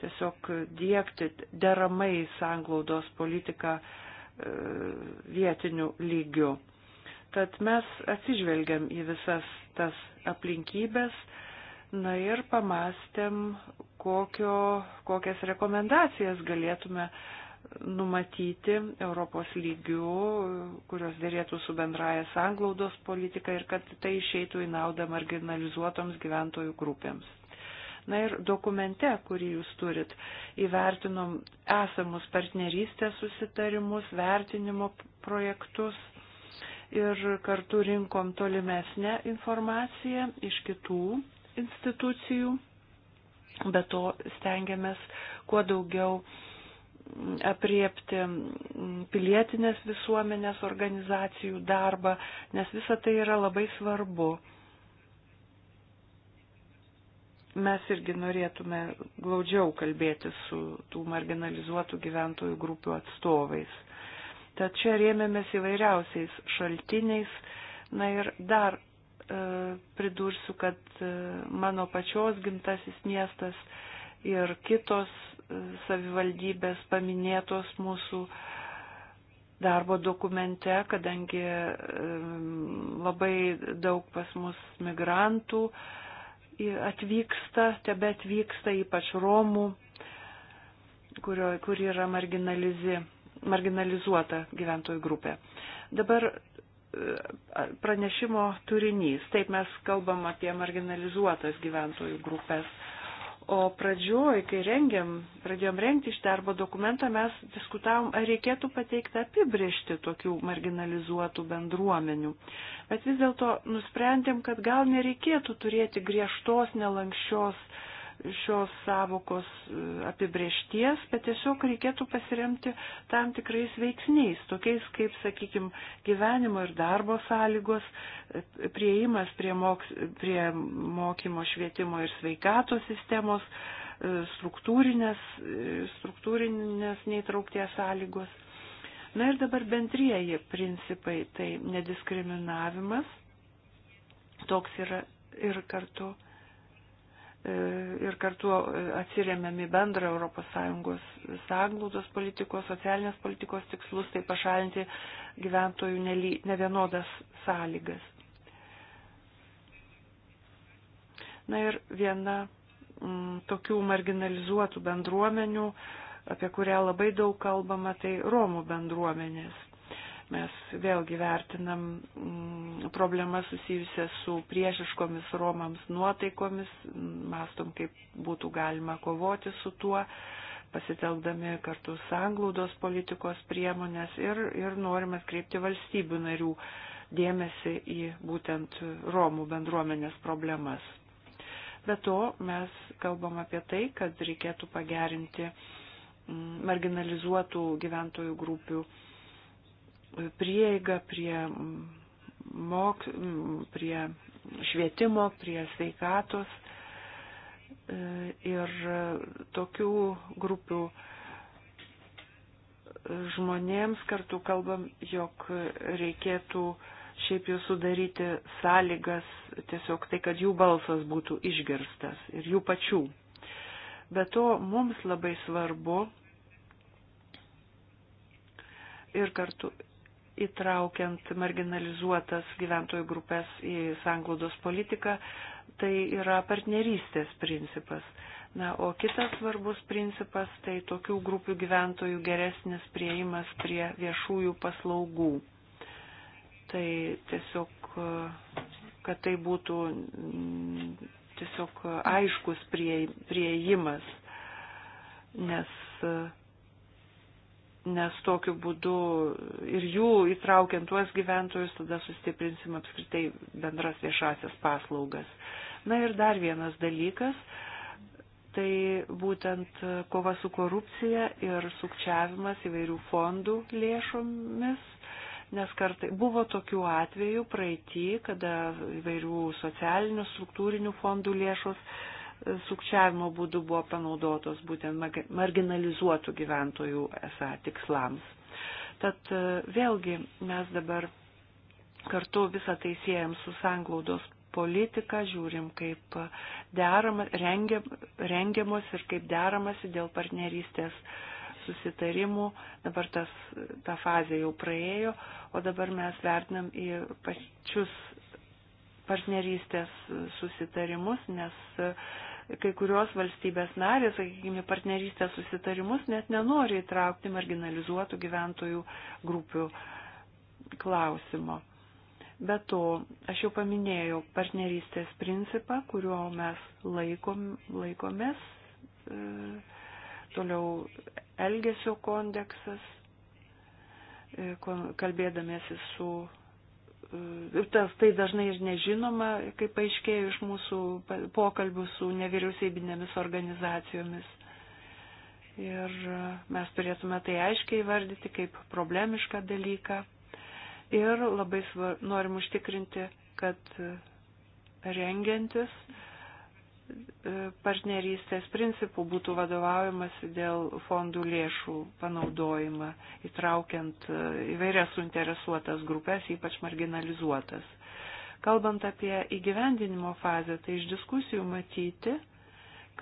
tiesiog dėkti deramai sanglaudos politiką e, vietiniu lygiu. Tad mes atsižvelgiam į visas tas aplinkybės, na ir pamastėm, kokio, kokias rekomendacijas galėtume uh, numatyti Europos lygių, kurios dėrėtų su bendraja sanglaudos politika ir kad tai išeitų į naudą marginalizuotoms gyventojų grupėms. Na ir dokumente, kurį jūs turit, įvertinom esamus partnerystės susitarimus, vertinimo projektus ir kartu rinkom tolimesnę informaciją iš kitų institucijų. Be to stengiamės kuo daugiau uh, apriepti pilietinės visuomenės organizacijų darbą, nes visa tai yra labai svarbu. Mes irgi norėtume glaudžiau kalbėti su tų marginalizuotų gyventojų grupių atstovais. Tad čia rėmėmės įvairiausiais šaltiniais. Na ir dar e, pridursiu, kad e, mano pačios gimtasis miestas ir kitos savivaldybės paminėtos mūsų darbo dokumente, kadangi labai daug pas mus migrantų atvyksta, tebe atvyksta ypač Romų, kurio, kur yra marginalizuota gyventojų grupė. Dabar e, pranešimo turinys. Taip mes kalbam apie marginalizuotas gyventojų grupės O pradžioj, kai rengiam, pradėjom rengti iš darbo dokumentą, mes diskutavom, ar reikėtų pateikti apibriežti tokių marginalizuotų bendruomenių. Bet vis dėlto nusprendėm, kad gal nereikėtų turėti griežtos, nelankščios uh, šios savokos e, apibriešties, bet tiesiog reikėtų pasiremti tam tikrais veiksniais, tokiais kaip, sakykime, gyvenimo ir darbo sąlygos, e, prieimas prie, moks, prie mokymo, švietimo ir sveikatos sistemos, e, struktūrinės, struktūrinės neįtraukties sąlygos. Na ir dabar bendrieji principai - tai nediskriminavimas, toks yra ir kartu E, ir kartu e, atsiriamėmi bendrą ES sąglaudos politikos, socialinės politikos tikslus, tai pašalinti gyventojų nevienodas sąlygas. Na ir viena m, mm, tokių marginalizuotų bendruomenių, apie kurią labai daug kalbama, tai Romų bendruomenės. Mes vėlgi vertinam mm, problemas susijusias su priešiškomis Romams nuotaikomis, mastom, kaip būtų galima kovoti su tuo, pasitelkdami kartu sanglaudos politikos priemonės ir, ir norim atkreipti valstybių narių dėmesį į būtent Romų bendruomenės problemas. Be to, mes kalbam apie tai, kad reikėtų pagerinti mm, marginalizuotų gyventojų grupių prieigą prie, mok, prie švietimo, prie sveikatos ir tokių grupių žmonėms kartu kalbam, jog reikėtų šiaip jau sudaryti sąlygas tiesiog tai, kad jų balsas būtų išgirstas ir jų pačių. Be to mums labai svarbu ir kartu įtraukiant marginalizuotas gyventojų grupės į sanglaudos politiką, tai yra partnerystės principas. Na, o kitas svarbus principas - tai tokių grupių gyventojų geresnis prieimas prie viešųjų paslaugų. Tai tiesiog, kad tai būtų tiesiog aiškus prie, prieimas, nes nes tokiu būdu ir jų įtraukiant tuos gyventojus, tada sustiprinsim apskritai bendras viešasias paslaugas. Na ir dar vienas dalykas, tai būtent kova su korupcija ir sukčiavimas įvairių fondų lėšomis. Nes kartai buvo tokių atvejų praeitį, kada įvairių socialinių struktūrinių fondų lėšos uh, sukčiavimo būdu buvo panaudotos būtent marginalizuotų gyventojų esą tikslams. Tad e, vėlgi mes dabar kartu visą tai siejam su sanglaudos politika, žiūrim, kaip derama, rengia, rengiamos ir kaip deramasi dėl partnerystės susitarimų. Dabar tas, ta fazė jau praėjo, o dabar mes vertinam į pačius partnerystės susitarimus, nes e, kai kurios valstybės narės, sakykime, partnerystės susitarimus net nenori įtraukti marginalizuotų gyventojų grupių klausimo. Be to, aš jau paminėjau partnerystės principą, kuriuo mes laikom, laikomės, e, toliau elgesio kondeksas, e, kalbėdamėsi su ir tas tai dažnai ir nežinoma, kaip paaiškėjo iš mūsų pokalbių su nevyriausybinėmis organizacijomis. Ir e, mes turėtume tai aiškiai vardyti kaip problemišką dalyką. Ir labai svar, norim užtikrinti, kad e, rengiantis uh, E, partnerystės principų būtų vadovaujamas dėl fondų lėšų panaudojimą, įtraukiant e, įvairias suinteresuotas grupės, ypač marginalizuotas. Kalbant apie įgyvendinimo fazę, tai iš diskusijų matyti,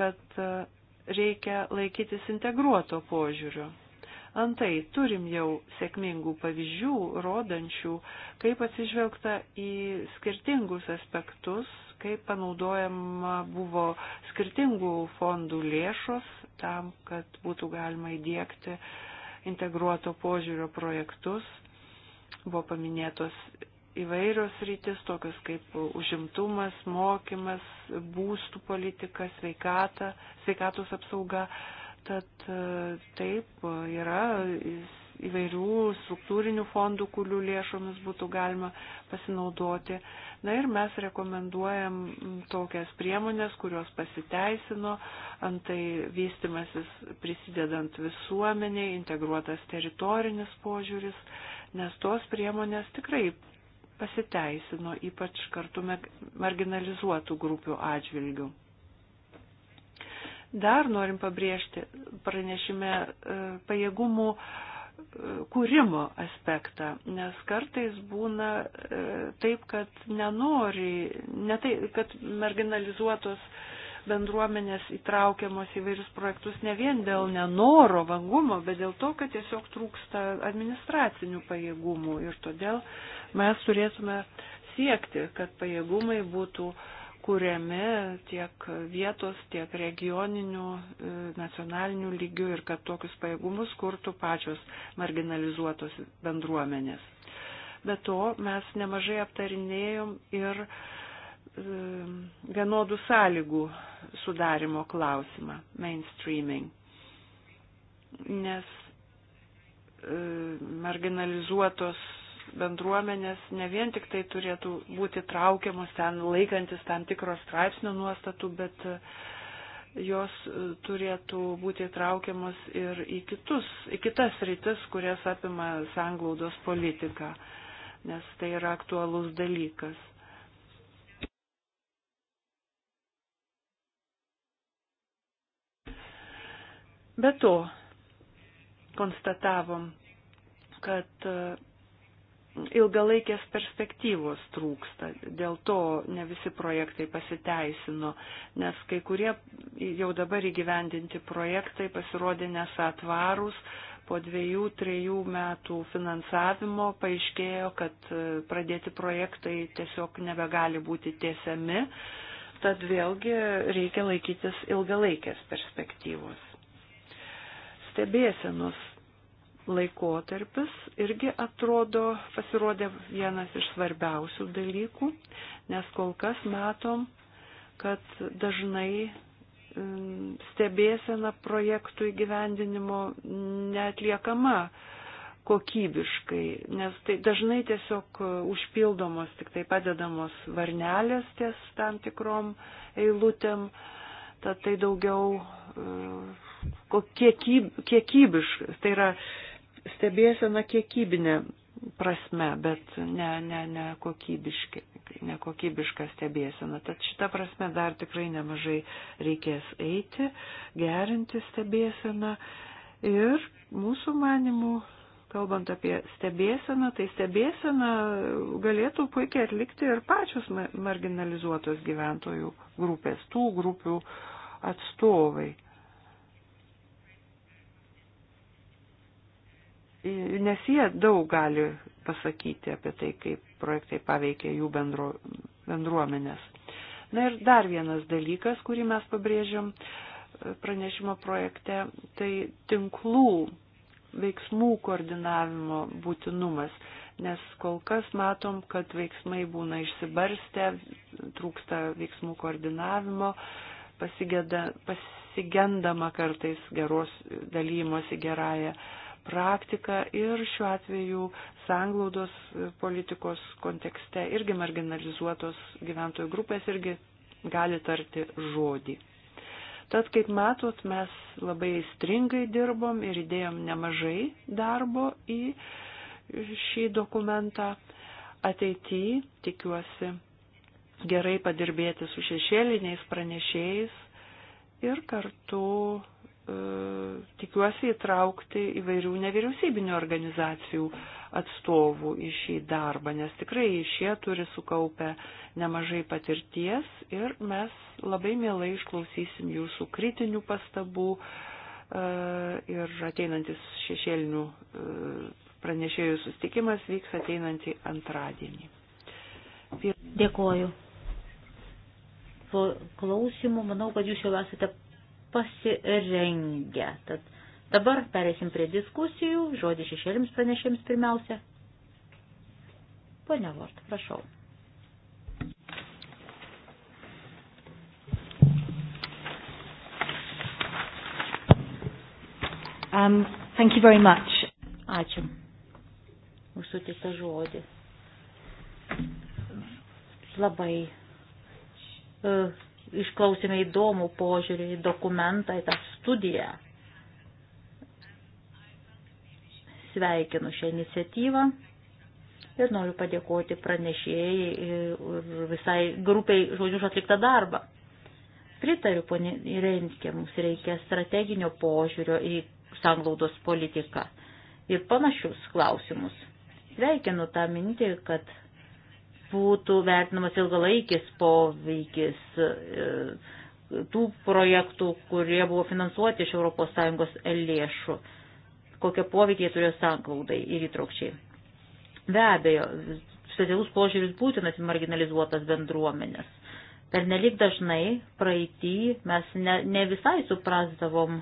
kad e, reikia laikytis integruoto požiūrio. Antai, turim jau sėkmingų pavyzdžių, rodančių, kaip atsižvelgta į skirtingus aspektus, kaip panaudojama buvo skirtingų fondų lėšos tam, kad būtų galima įdėkti integruoto požiūrio projektus. Buvo paminėtos įvairios rytis, tokios kaip užimtumas, mokymas, būstų politika, sveikata, sveikatos apsauga Tad e, taip, yra įvairių struktūrinių fondų, kurių lėšomis būtų galima pasinaudoti. Na ir mes rekomenduojam tokias priemonės, kurios pasiteisino, antai vystimasis prisidedant visuomeniai, integruotas teritorinis požiūris, nes tos priemonės tikrai pasiteisino, ypač kartu marginalizuotų grupių atžvilgių. Dar norim pabrėžti pranešime e, pajėgumų e, kūrimo aspektą, nes kartais būna e, taip, kad nenori, ne tai, kad marginalizuotos bendruomenės įtraukiamos į vairius projektus ne vien dėl nenoro vangumo, bet dėl to, kad tiesiog trūksta administracinių pajėgumų ir todėl mes turėtume siekti, kad pajėgumai būtų uh, kuriami tiek vietos, tiek regioninių, e, nacionalinių lygių ir kad tokius pajėgumus kurtų pačios marginalizuotos bendruomenės. Be to mes nemažai aptarinėjom ir e, vienodų sąlygų sudarimo klausimą, mainstreaming. Nes e, marginalizuotos bendruomenės ne vien tik tai turėtų būti traukiamos ten laikantis tam tikros straipsnio nuostatų, bet e, jos e, turėtų būti traukiamos ir į, kitus, į kitas rytis, kurias apima sanglaudos politika, nes tai yra aktualus dalykas. Be to, konstatavom, kad e, ilgalaikės perspektyvos trūksta. Dėl to ne visi projektai pasiteisino, nes kai kurie jau dabar įgyvendinti projektai pasirodė nesatvarūs. Po dviejų, trejų metų finansavimo paaiškėjo, kad e, pradėti projektai tiesiog nebegali būti tiesiami. Tad vėlgi reikia laikytis ilgalaikės perspektyvos. Stebėsenos laikotarpis irgi atrodo pasirodė vienas iš svarbiausių dalykų, nes kol kas matom, kad dažnai mm, stebėsena projektų įgyvendinimo netliekama kokybiškai, nes tai dažnai tiesiog užpildomos, tik tai padedamos varnelės ties tam tikrom eilutėm, tad tai daugiau e, kiekybiškas, tai yra stebėsena kiekybinė prasme, bet ne, ne, ne, kokybiški, ne kokybiška stebėsena. Tad šitą prasme dar tikrai nemažai reikės eiti, gerinti stebėseną ir mūsų manimų kalbant apie stebėseną, tai stebėseną galėtų puikiai atlikti ir pačios marginalizuotos gyventojų grupės, tų grupių atstovai. nes jie daug gali pasakyti apie tai, kaip projektai paveikia jų bendro, bendruomenės. Na ir dar vienas dalykas, kurį mes pabrėžiam e, pranešimo projekte, tai tinklų veiksmų koordinavimo būtinumas, nes kol kas matom, kad veiksmai būna išsibarstę, trūksta veiksmų koordinavimo, pasigeda, pasigendama kartais geros dalymosi gerąją praktiką ir šiuo atveju sanglaudos politikos kontekste irgi marginalizuotos gyventojų grupės irgi gali tarti žodį. Tad, kaip matot, mes labai stringai dirbom ir įdėjom nemažai darbo į šį dokumentą. Ateityje tikiuosi gerai padirbėti su šešėliniais pranešėjais ir kartu E, tikiuosi įtraukti įvairių nevyriausybinių organizacijų atstovų į šį darbą, nes tikrai šie turi sukaupę nemažai patirties ir mes labai mielai išklausysim jūsų kritinių pastabų e, ir ateinantis šešėlinių e, pranešėjų sustikimas vyks ateinantį antradienį. Dėkoju. Po klausimų manau, kad jūs jau esate pasirengę. Tad dabar perėsim prie diskusijų. Žodį šešėlims pranešėms pirmiausia. Pone Vort, prašau. Um, thank you very much. Ačiū. Mūsų tiesa žodį. Labai uh, išklausėme įdomų požiūrį į dokumentą, į tą studiją. Sveikinu šią iniciatyvą ir noriu padėkoti pranešėjai ir visai grupiai žodžiu už atliktą darbą. Pritariu, ponė Irenskė, mums reikia strateginio požiūrio į sanglaudos politiką ir panašius klausimus. Sveikinu tą mintį, kad būtų vertinamas ilgalaikis poveikis e, tų projektų, kurie buvo finansuoti iš ES lėšų, kokie poveikiai turėjo sanklaudai ir įtraukčiai. Be abejo, specialus požiūris būtinas į marginalizuotas bendruomenės. Per nelik dažnai praeitį mes ne, ne visai suprasdavom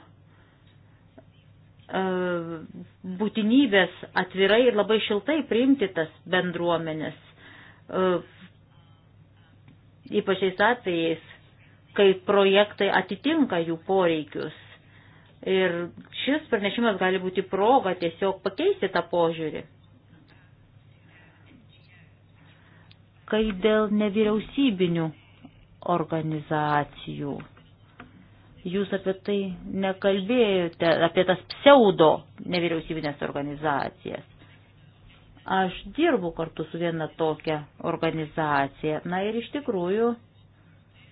e, būtinybės atvirai ir labai šiltai priimti tas bendruomenės ypač šiais atvejais, kai projektai atitinka jų poreikius. Ir šis pranešimas gali būti proga tiesiog pakeisti tą požiūrį. Kai dėl nevyriausybinių organizacijų. Jūs apie tai nekalbėjote, apie tas pseudo nevyriausybinės organizacijas. Aš dirbu kartu su viena tokia organizacija. Na ir iš tikrųjų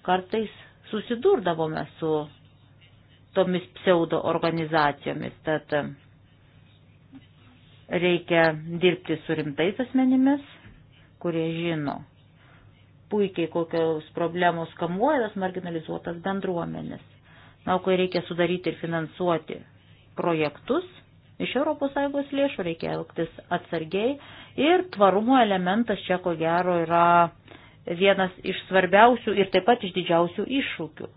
kartais susidurdavome su tomis pseudo organizacijomis. Tad reikia dirbti su rimtais asmenimis, kurie žino puikiai kokios problemos kamuoja tas marginalizuotas bendruomenės. Na, kai reikia sudaryti ir finansuoti projektus, Iš ES lėšų reikia elgtis atsargiai ir tvarumo elementas čia ko gero yra vienas iš svarbiausių ir taip pat iš didžiausių iššūkių.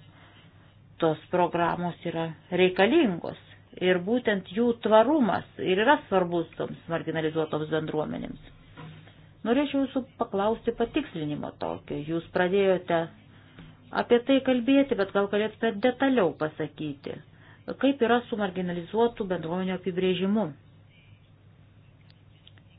Tos programos yra reikalingos ir būtent jų tvarumas ir yra svarbus toms marginalizuotoms bendruomenėms. Norėčiau jūsų paklausti patikslinimo tokio. Jūs pradėjote apie tai kalbėti, bet gal galėtumėte detaliau pasakyti kaip yra su marginalizuotų bendruomenio apibrėžimu.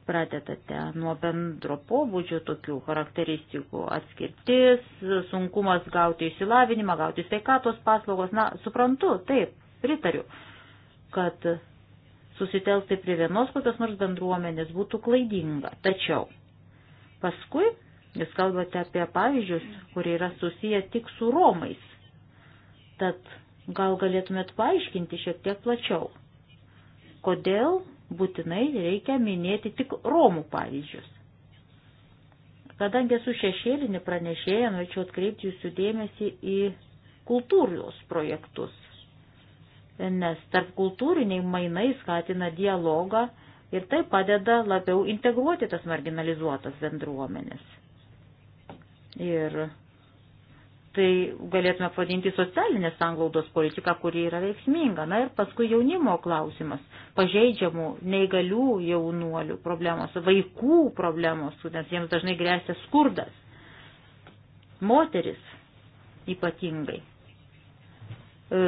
Pradedate nuo bendro pobūdžio tokių charakteristikų - atskirtis, sunkumas gauti išsilavinimą, gauti sveikatos paslaugos. Na, suprantu, taip, pritariu, kad susitelkti prie vienos kokios nors bendruomenės būtų klaidinga. Tačiau paskui jūs kalbate apie pavyzdžius, kurie yra susiję tik su Romais. Tad Gal galėtumėt paaiškinti šiek tiek plačiau, kodėl būtinai reikia minėti tik Romų pavyzdžius. Kadangi esu šešėlinį pranešėją, norėčiau atkreipti jūsų dėmesį į kultūrijos projektus, nes tarp kultūriniai mainai skatina dialogą ir tai padeda labiau integruoti tas marginalizuotas bendruomenės. Ir tai galėtume pavadinti socialinės sanglaudos politiką, kuri yra veiksminga. Na ir paskui jaunimo klausimas, pažeidžiamų, neįgalių jaunuolių problemos, vaikų problemos, nes jiems dažnai grėsia skurdas. Moteris ypatingai. E,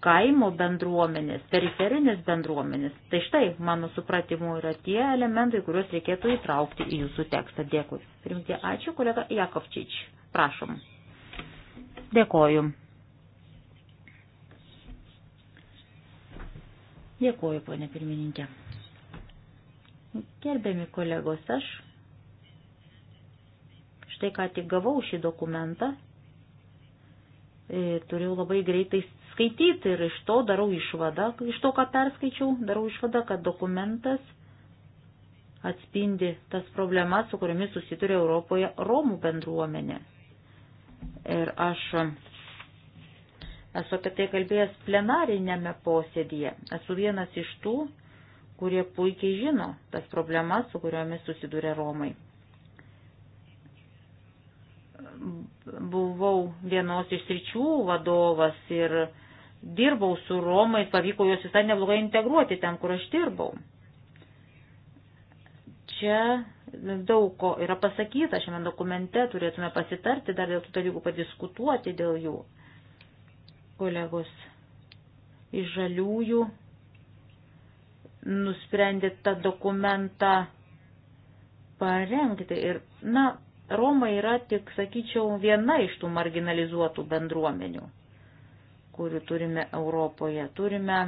kaimo bendruomenės, periferinės bendruomenės. Tai štai, mano supratimu, yra tie elementai, kuriuos reikėtų įtraukti į jūsų tekstą. Dėkui. Primti, ačiū, kolega Jakovčič. Prašom. Dėkoju. Dėkoju, ponė pirmininkė. Gerbiami kolegos, aš štai ką tik gavau šį dokumentą, e, turėjau labai greitai skaityti ir iš to darau išvadą, iš to, ką perskaičiau, darau išvadą, kad dokumentas atspindi tas problemas, su kuriomis susituria Europoje Romų bendruomenė. Ir aš esu apie tai kalbėjęs plenarinėme posėdėje. Esu vienas iš tų, kurie puikiai žino tas problemas, su kuriomis susidūrė Romai. Buvau vienos iš sričių vadovas ir dirbau su Romais, pavyko juos visai neblogai integruoti ten, kur aš dirbau. Čia daug ko yra pasakyta šiame dokumente, turėtume pasitarti dar dėl tų dalykų, padiskutuoti dėl jų. Kolegos iš žaliųjų nusprendė tą dokumentą parengti. Ir, na, Roma yra tik, sakyčiau, viena iš tų marginalizuotų bendruomenių, kurių turime Europoje. Turime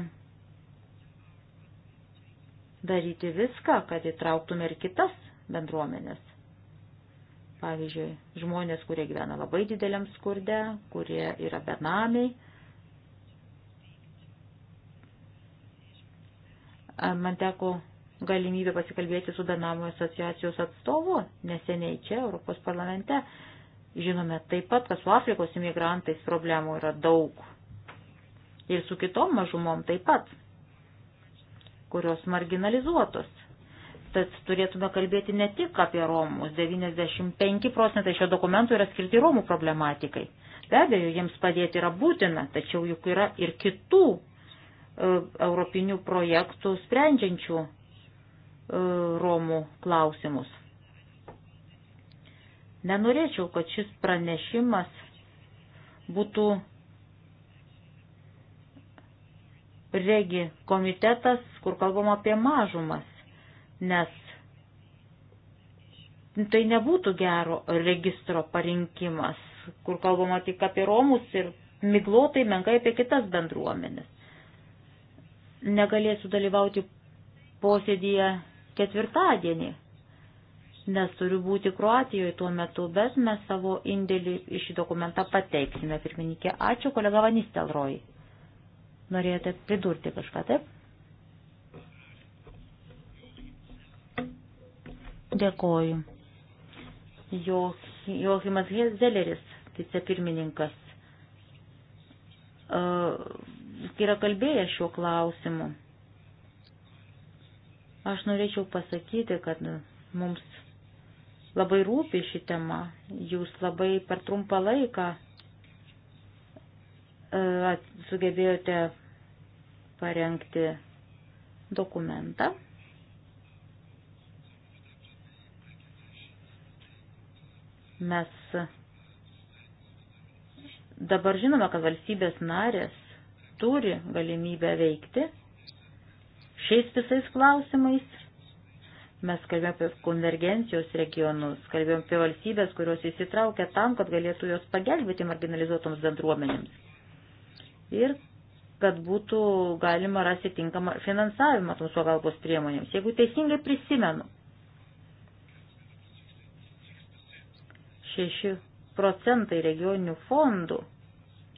daryti viską, kad įtrauktume ir kitas bendruomenės. Pavyzdžiui, žmonės, kurie gyvena labai dideliam skurde, kurie yra benamiai. Man teko galimybę pasikalbėti su benamų asociacijos atstovu neseniai čia Europos parlamente. Žinome taip pat, kad su Afrikos imigrantais problemų yra daug. Ir su kitom mažumom taip pat kurios marginalizuotos. Tad turėtume kalbėti ne tik apie Romus. 95 procentai šio dokumento yra skirti Romų problematikai. Be abejo, jiems padėti yra būtina, tačiau juk yra ir kitų e, europinių projektų sprendžiančių e, Romų klausimus. Nenorėčiau, kad šis pranešimas būtų regi komitetas, kur kalbama apie mažumas, nes tai nebūtų gero registro parinkimas, kur kalbama tik apie Romus ir miglotai menkai apie kitas bendruomenės. Negalėsiu dalyvauti posėdėje ketvirtadienį, nes turiu būti Kroatijoje tuo metu, bet mes savo indėlį iš šį dokumentą pateiksime. Pirmininkė, ačiū kolega Vanistelroj. Norėjote pridurti kažką, taip? Dėkoju. Joachimas Zeleris, vicepirmininkas, e, yra kalbėjęs šiuo klausimu. Aš norėčiau pasakyti, kad mums labai rūpi ši tema. Jūs labai per trumpą laiką e, sugebėjote parengti dokumentą. Mes dabar žinome, kad valstybės narės turi galimybę veikti šiais visais klausimais. Mes kalbėjome apie konvergencijos regionus, kalbėjome apie valstybės, kurios įsitraukia tam, kad galėtų jos pagelbėti marginalizuotoms bendruomenėms. Ir kad būtų galima rasti tinkamą finansavimą toms pagalbos priemonėms. Jeigu teisingai prisimenu, 6 procentai regioninių fondų,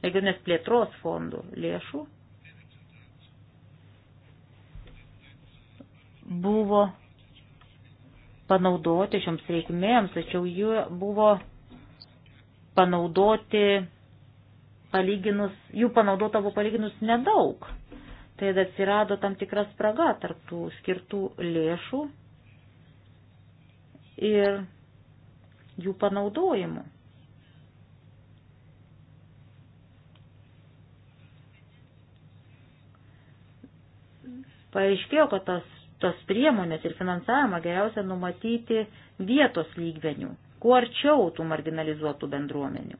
regioninės plėtros fondų lėšų buvo panaudoti šioms reikmėms, tačiau jų buvo panaudoti palyginus, jų panaudota buvo palyginus nedaug. Tai atsirado tam tikra spraga tarptų skirtų lėšų ir jų panaudojimu. Paaiškėjo, kad tas, tos priemonės ir finansavimą geriausia numatyti vietos lygmenių, kuo arčiau tų marginalizuotų bendruomenių.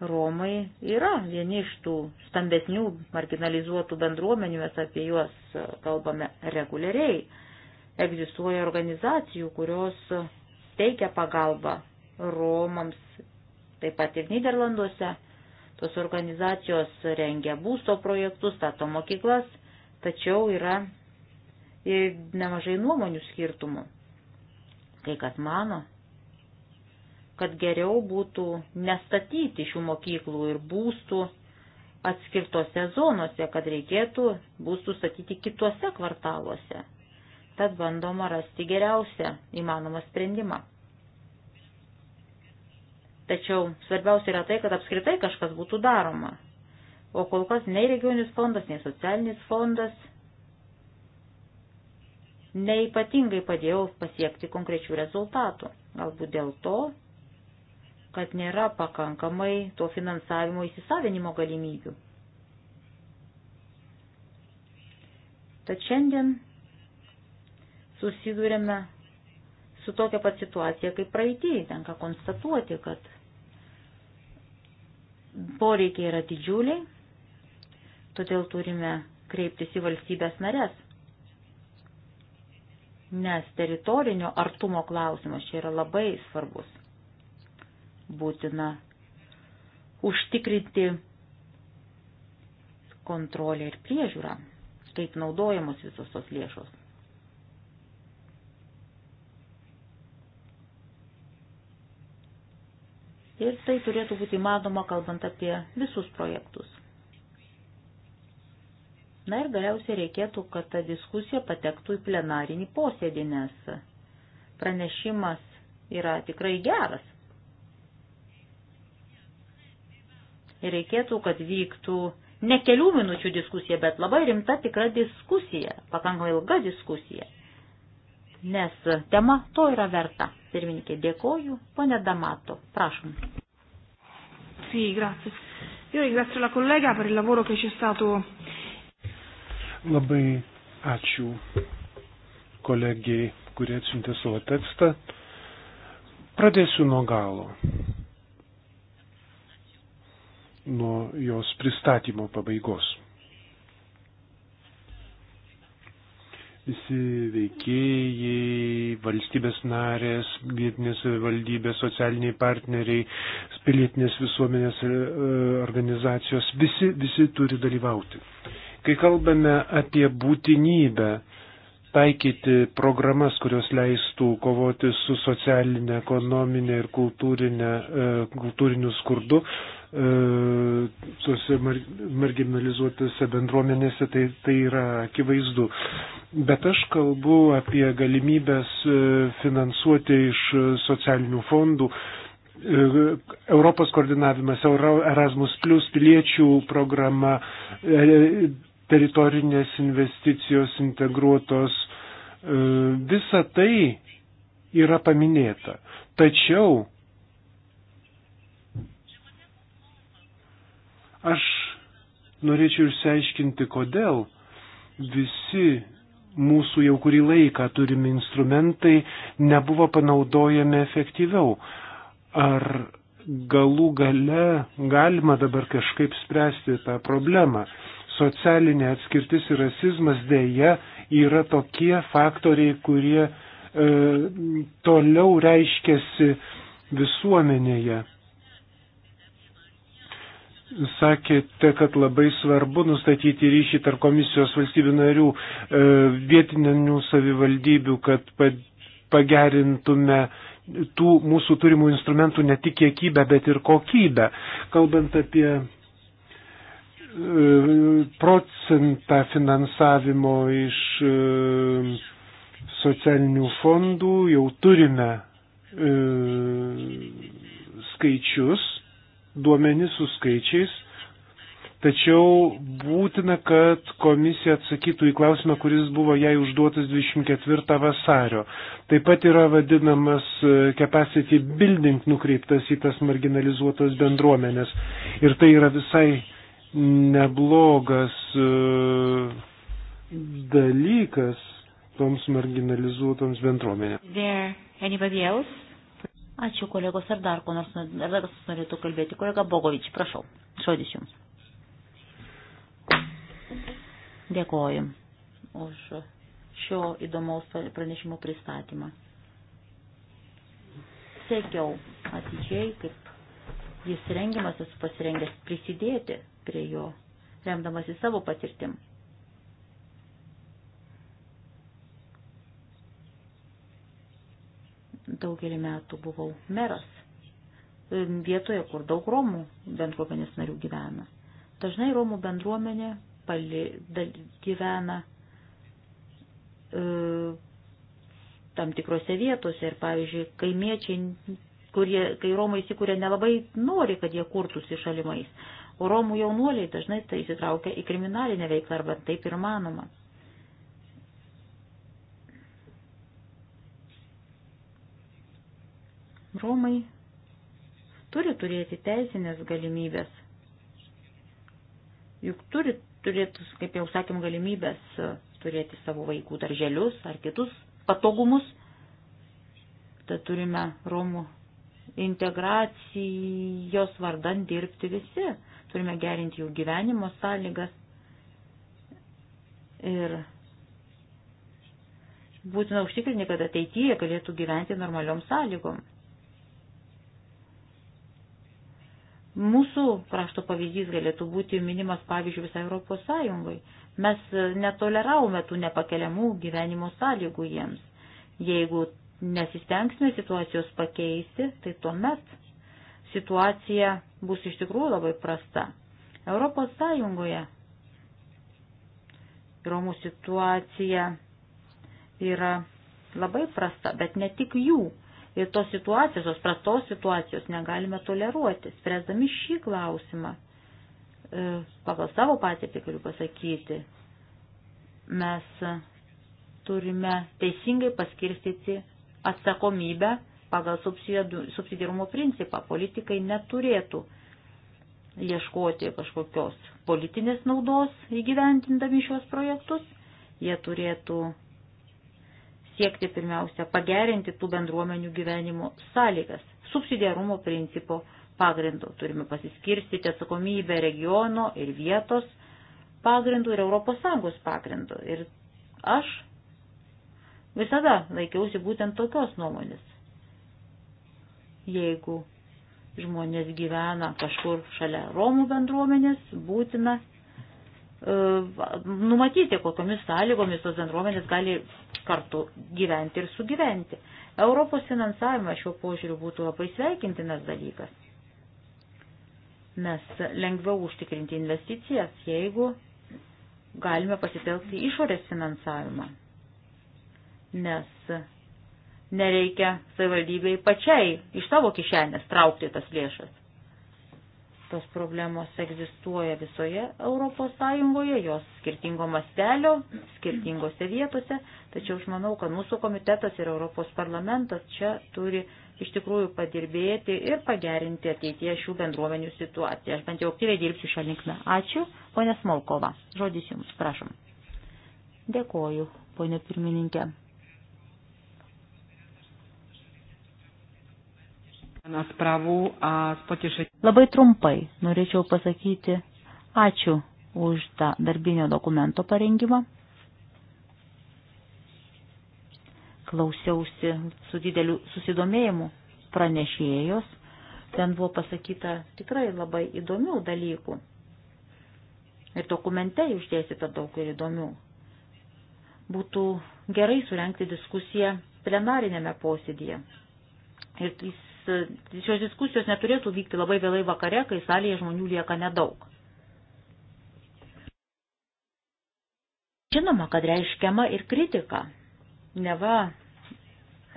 Romai yra vieni iš tų stambesnių marginalizuotų bendruomenių, mes apie juos e, kalbame reguliariai. Egzistuoja organizacijų, kurios teikia pagalbą Romams, taip pat ir Niderlanduose. Tos organizacijos rengia būsto projektus, stato mokyklas, tačiau yra ir nemažai nuomonių skirtumų. Kai kas mano, kad geriau būtų nestatyti šių mokyklų ir būstų atskirtose zonose, kad reikėtų būstų statyti kituose kvartaluose. Tad bandoma rasti geriausią įmanomą sprendimą. Tačiau svarbiausia yra tai, kad apskritai kažkas būtų daroma. O kol kas nei regioninis fondas, nei socialinis fondas neipatingai padėjo pasiekti konkrečių rezultatų. Galbūt dėl to kad nėra pakankamai to finansavimo įsisavinimo galimybių. Tad šiandien susidurėme su tokia pat situacija kaip praeitį. Tenka konstatuoti, kad poreikiai yra didžiuliai, todėl turime kreiptis į valstybės narės. Nes teritorinio artumo klausimas čia yra labai svarbus būtina užtikrinti kontrolę ir priežiūrą, kaip naudojamos visos tos lėšos. Ir tai turėtų būti įmanoma, kalbant apie visus projektus. Na ir galiausiai reikėtų, kad ta diskusija patektų į plenarinį posėdį, nes pranešimas yra tikrai geras. reikėtų, kad vyktų ne kelių minučių diskusija, bet labai rimta tikra diskusija, pakankamai ilga diskusija. Nes tema to yra verta. Pirmininkė, dėkoju. Pone Damato, prašom. Sì, grazie. Io ringrazio la collega per il lavoro che c'è stato. Labai ačiū kolegijai, kurie atsiuntė savo tekstą. Pradėsiu nuo galo nuo jos pristatymo pabaigos. Visi veikėjai, valstybės narės, vietinės valdybės, socialiniai partneriai, pilietinės visuomenės e, organizacijos, visi, visi turi dalyvauti. Kai kalbame apie būtinybę taikyti programas, kurios leistų kovoti su socialinė, ekonominė ir kultūrinė, e, kultūriniu skurdu, E, tuose marginalizuotose bendruomenėse, tai, tai yra akivaizdu. Bet aš kalbu apie galimybės e, finansuoti iš socialinių fondų. E, Europos koordinavimas, Erasmus, piliečių programa, teritorinės investicijos integruotos, visa tai yra paminėta. Tačiau Aš norėčiau išsiaiškinti, kodėl visi mūsų jau kurį laiką turimi instrumentai nebuvo panaudojami efektyviau. Ar galų gale galima dabar kažkaip spręsti tą problemą? Socialinė atskirtis ir rasizmas dėja yra tokie faktoriai, kurie e, toliau reiškiasi visuomenėje. Sakėte, kad labai svarbu nustatyti ryšį tarp komisijos valstybių narių, e, vietinių savivaldybių, kad pagerintume tų mūsų turimų instrumentų ne tik kiekybę, bet ir kokybę. Kalbant apie e, procentą finansavimo iš e, socialinių fondų, jau turime skaičius duomenis su skaičiais, tačiau būtina, kad komisija atsakytų į klausimą, kuris buvo jai užduotas 24 vasario. Taip pat yra vadinamas e, capacity building nukreiptas į tas marginalizuotas bendruomenės. Ir tai yra visai neblogas e, dalykas toms marginalizuotoms bendruomenėms. Ačiū kolegos, ar dar ko nors, ar dar kas norėtų kalbėti. Kolega Bogovič, prašau, žodis jums. Dėkoju už šio įdomaus pranešimo pristatymą. Sekiau atidžiai, kaip jis rengiamas, esu pasirengęs prisidėti prie jo, remdamasi savo patirtim. daugelį metų buvau meras e, vietoje, kur daug Romų bendruomenės narių gyvena. Dažnai Romų bendruomenė pali, da, gyvena e, tam tikrose vietose ir, pavyzdžiui, kaimiečiai, kurie, kai Romai įsikūrė, nelabai nori, kad jie kurtųsi šalimais. O Romų jaunuoliai dažnai tai įsitraukia į kriminalinę veiklą arba taip ir manoma. Romai turi turėti teisinės galimybės. Juk turi turėti, kaip jau sakėm, galimybės e, turėti savo vaikų darželius ar kitus patogumus. Tad turime Romų integracijos vardan dirbti visi. Turime gerinti jų gyvenimo sąlygas. Ir būtina užtikrinti, kad ateityje galėtų gyventi normaliom sąlygom. Mūsų krašto pavyzdys galėtų būti minimas pavyzdžių visai Europos Sąjungai. Mes e, netoleravome tų nepakeliamų gyvenimo sąlygų jiems. Jeigu nesistengsime situacijos pakeisti, tai tuomet situacija bus iš tikrųjų labai prasta. Europos Sąjungoje Romų situacija yra labai prasta, bet ne tik jų Ir tos situacijos, tos prastos situacijos negalime toleruoti. Spręsdami šį klausimą, e, pagal savo patirtį galiu pasakyti, mes turime teisingai paskirstyti atsakomybę pagal subsidiarumo principą. Politikai neturėtų ieškoti kažkokios politinės naudos įgyventindami šios projektus. Jie turėtų siekti pirmiausia pagerinti tų bendruomenių gyvenimo sąlygas. Subsidiarumo principo pagrindu turime pasiskirstyti atsakomybę regiono ir vietos pagrindu ir ES pagrindu. Ir aš visada laikiausi būtent tokios nuomonės. Jeigu žmonės gyvena kažkur šalia Romų bendruomenės, būtina E, numatyti, kokiomis sąlygomis tos bendruomenės gali kartu gyventi ir sugyventi. Europos finansavimas šiuo požiūriu būtų labai sveikintinas dalykas. Mes lengviau užtikrinti investicijas, jeigu galime pasitelkti išorės finansavimą. Nes nereikia savivaldybei pačiai iš savo kišenės traukti tas lėšas. Tos problemos egzistuoja visoje Europos Sąjungoje, jos skirtingo mastelio, skirtingose vietose, tačiau aš manau, kad mūsų komitetas ir Europos parlamentas čia turi iš tikrųjų padirbėti ir pagerinti ateitie šių bendruomenių situaciją. Aš bent jau aktyviai dirbsiu šią linkmę. Ačiū, ponė Smolkova. Žodis Jums, prašom. Dėkoju, ponė pirmininkė. Labai trumpai norėčiau pasakyti ačiū už tą darbinio dokumento parengimą. Klausiausi su dideliu susidomėjimu pranešėjos. Ten buvo pasakyta tikrai labai įdomių dalykų. Ir dokumente išdėstyta daug ir įdomių. Būtų gerai surenkti diskusiją plenarinėme posėdėje. Ir jis šios diskusijos neturėtų vykti labai vėlai vakare, kai salėje žmonių lieka nedaug. Žinoma, kad reiškiama ir kritika. Neva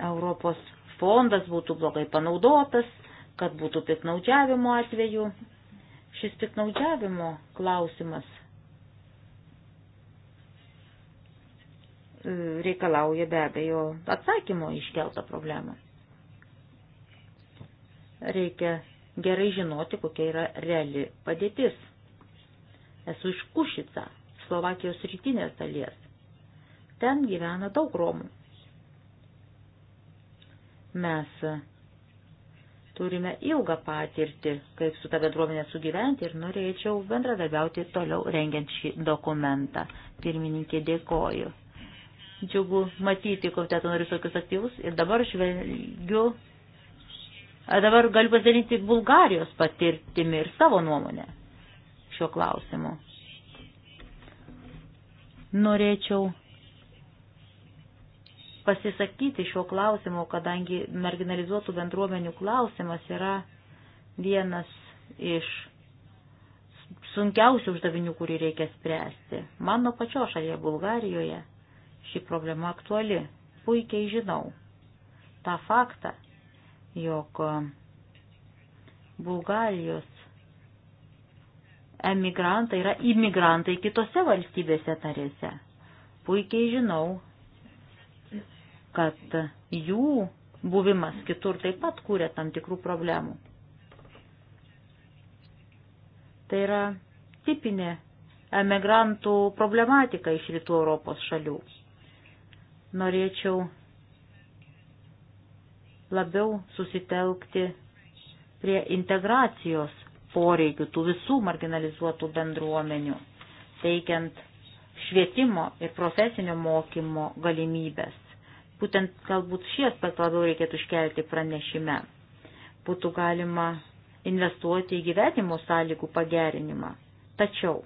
Europos fondas būtų blogai panaudotas, kad būtų piknaudžiavimo atveju. Šis piknaudžiavimo klausimas e, reikalauja be abejo atsakymo iškeltą problemą. Reikia gerai žinoti, kokia yra reali padėtis. Esu iš Kušica, Slovakijos rytinės dalies. Ten gyvena daug romų. Mes turime ilgą patirtį, kaip su ta bendruomenė sugyventi ir norėčiau bendradarbiauti toliau rengiant šį dokumentą. Pirmininkė, dėkoju. Džiugu matyti komiteto narius tokius aktyvus ir dabar žvelgiu Dabar galiu pasidalinti Bulgarijos patirtimi ir savo nuomonę šiuo klausimu. Norėčiau pasisakyti šiuo klausimu, kadangi marginalizuotų bendruomenių klausimas yra vienas iš sunkiausių uždavinių, kurį reikia spręsti. Mano pačio šalyje Bulgarijoje ši problema aktuali. Puikiai žinau tą faktą, jog Bulgarijos emigrantai yra imigrantai kitose valstybėse tarėse. Puikiai žinau, kad jų buvimas kitur taip pat kūrė tam tikrų problemų. Tai yra tipinė emigrantų problematika iš rytų Europos šalių. Norėčiau labiau susitelkti prie integracijos poreikių tų visų marginalizuotų bendruomenių, teikiant švietimo ir profesinio mokymo galimybės. Būtent galbūt šį aspektą labiau reikėtų iškelti pranešime. Būtų galima investuoti į gyvenimo sąlygų pagerinimą. Tačiau,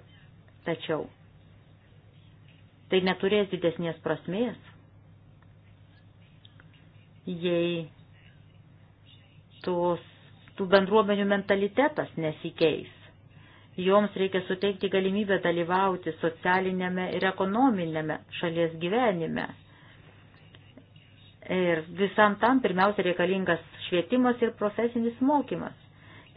tačiau, tai neturės didesnės prasmės, jei tos, tų bendruomenių mentalitetas nesikeis. Joms reikia suteikti galimybę dalyvauti socialinėme ir ekonominėme šalies gyvenime. Ir visam tam pirmiausia reikalingas švietimas ir profesinis mokymas.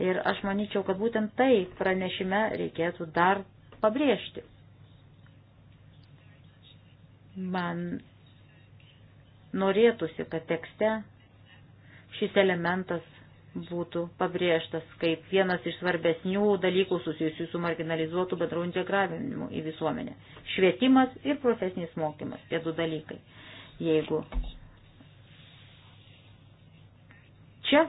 Ir aš manyčiau, kad būtent tai pranešime reikėtų dar pabrėžti. Man norėtųsi, kad tekste šis elementas būtų pabrėžtas kaip vienas iš svarbesnių dalykų susijusių su marginalizuotų bendrų integravimu į visuomenę. Švietimas ir profesinis mokymas, tie du dalykai. Jeigu čia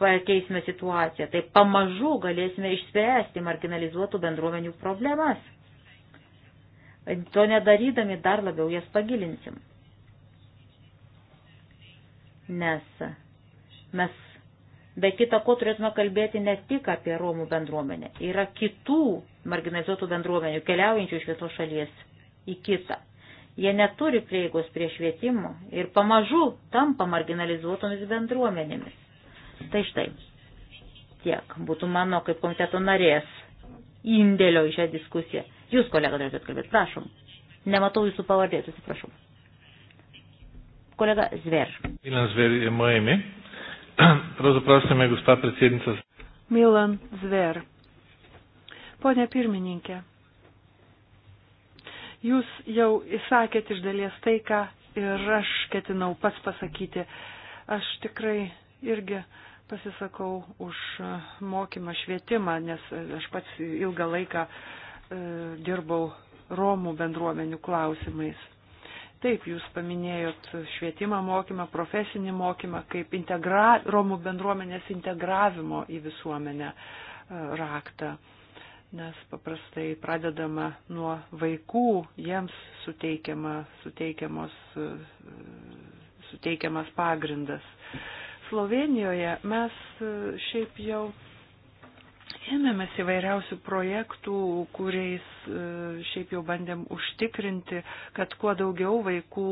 pakeisime situaciją, tai pamažu galėsime išspręsti marginalizuotų bendruomenių problemas. To nedarydami dar labiau jas pagilinsim. Nes mes Be kita ko turėtume kalbėti ne tik apie Romų bendruomenę. Yra kitų marginalizuotų bendruomenių keliaujančių iš vietos šalies į kitą. Jie neturi prieigos prie švietimo ir pamažu tampa marginalizuotomis bendruomenėmis. Tai štai tiek būtų mano kaip komiteto narės indėlio į šią diskusiją. Jūs, kolega, turėtumėte kalbėti. Prašom. Nematau jūsų pavardės, atsiprašau. Kolega Zver. Zver, Miami. (clears throat) Pravzaprav se me, gospa predsednica. Milan Zver. Pone pirmininkė, jūs jau įsakėt iš dalies tai, ką ir aš ketinau pats pasakyti. Aš tikrai irgi pasisakau už mokymą, švietimą, nes aš pats ilgą laiką e, dirbau Romų bendruomenių klausimais. Taip, jūs paminėjot švietimą, mokymą, profesinį mokymą kaip integra, Romų bendruomenės integravimo į visuomenę e, raktą, nes paprastai pradedama nuo vaikų, jiems suteikiama, suteikiamos, e, suteikiamas pagrindas. Slovenijoje mes e, šiaip jau ėmėmės įvairiausių projektų, kuriais e, šiaip jau bandėm užtikrinti, kad kuo daugiau vaikų,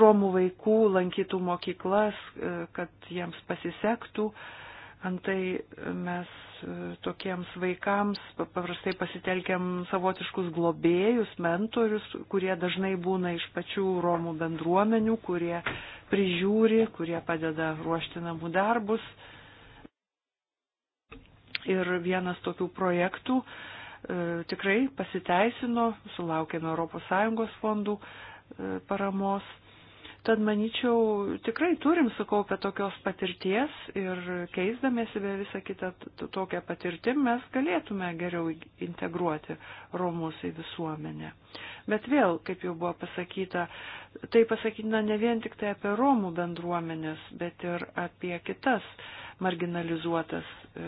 romų vaikų lankytų mokyklas, e, kad jiems pasisektų. Antai mes e, tokiems vaikams paprastai pasitelkiam savotiškus globėjus, mentorius, kurie dažnai būna iš pačių Romų bendruomenių, kurie prižiūri, kurie padeda ruošti namų darbus. Ir vienas tokių projektų e, tikrai pasiteisino, sulaukėme ES fondų e, paramos. Tad manyčiau, tikrai turim sukaupę tokios patirties ir keisdamėsi be visą kitą tokią patirtim mes galėtume geriau integruoti Romus į visuomenę. Bet vėl, kaip jau buvo pasakyta, tai pasakytina ne vien tik tai apie Romų bendruomenės, bet ir apie kitas uh, marginalizuotas e,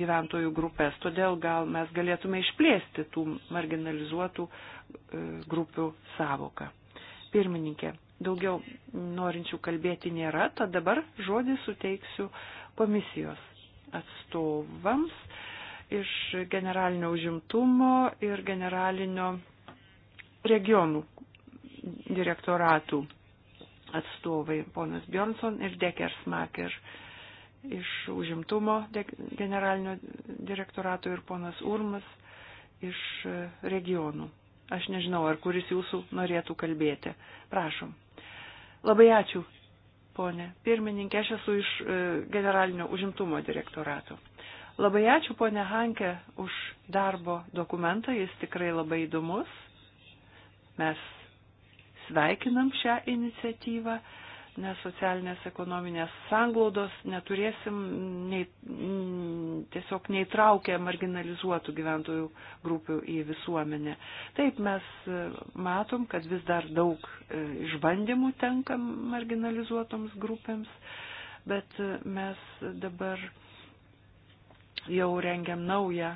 gyventojų grupės. Todėl gal mes galėtume išplėsti tų marginalizuotų e, grupių savoką. Pirmininkė, daugiau norinčių kalbėti nėra, tad dabar žodį suteiksiu komisijos atstovams iš generalinio užimtumo ir generalinio regionų direktoratų atstovai, ponas Bjornson ir Dekersmaker iš užimtumo generalinio direktorato ir ponas Urmas iš e, regionų. Aš nežinau, ar kuris jūsų norėtų kalbėti. Prašom. Labai ačiū, ponė. Pirmininkė, aš esu iš e, generalinio užimtumo direktorato. Labai ačiū, ponė Hanke, už darbo dokumentą. Jis tikrai labai įdomus. Mes sveikinam šią iniciatyvą nes socialinės ekonominės sanglaudos neturėsim nei, tiesiog neįtraukę marginalizuotų gyventojų grupių į visuomenę. Taip mes e, matom, kad vis dar daug e, išbandymų tenka marginalizuotoms grupėms, bet e, mes dabar jau rengiam naują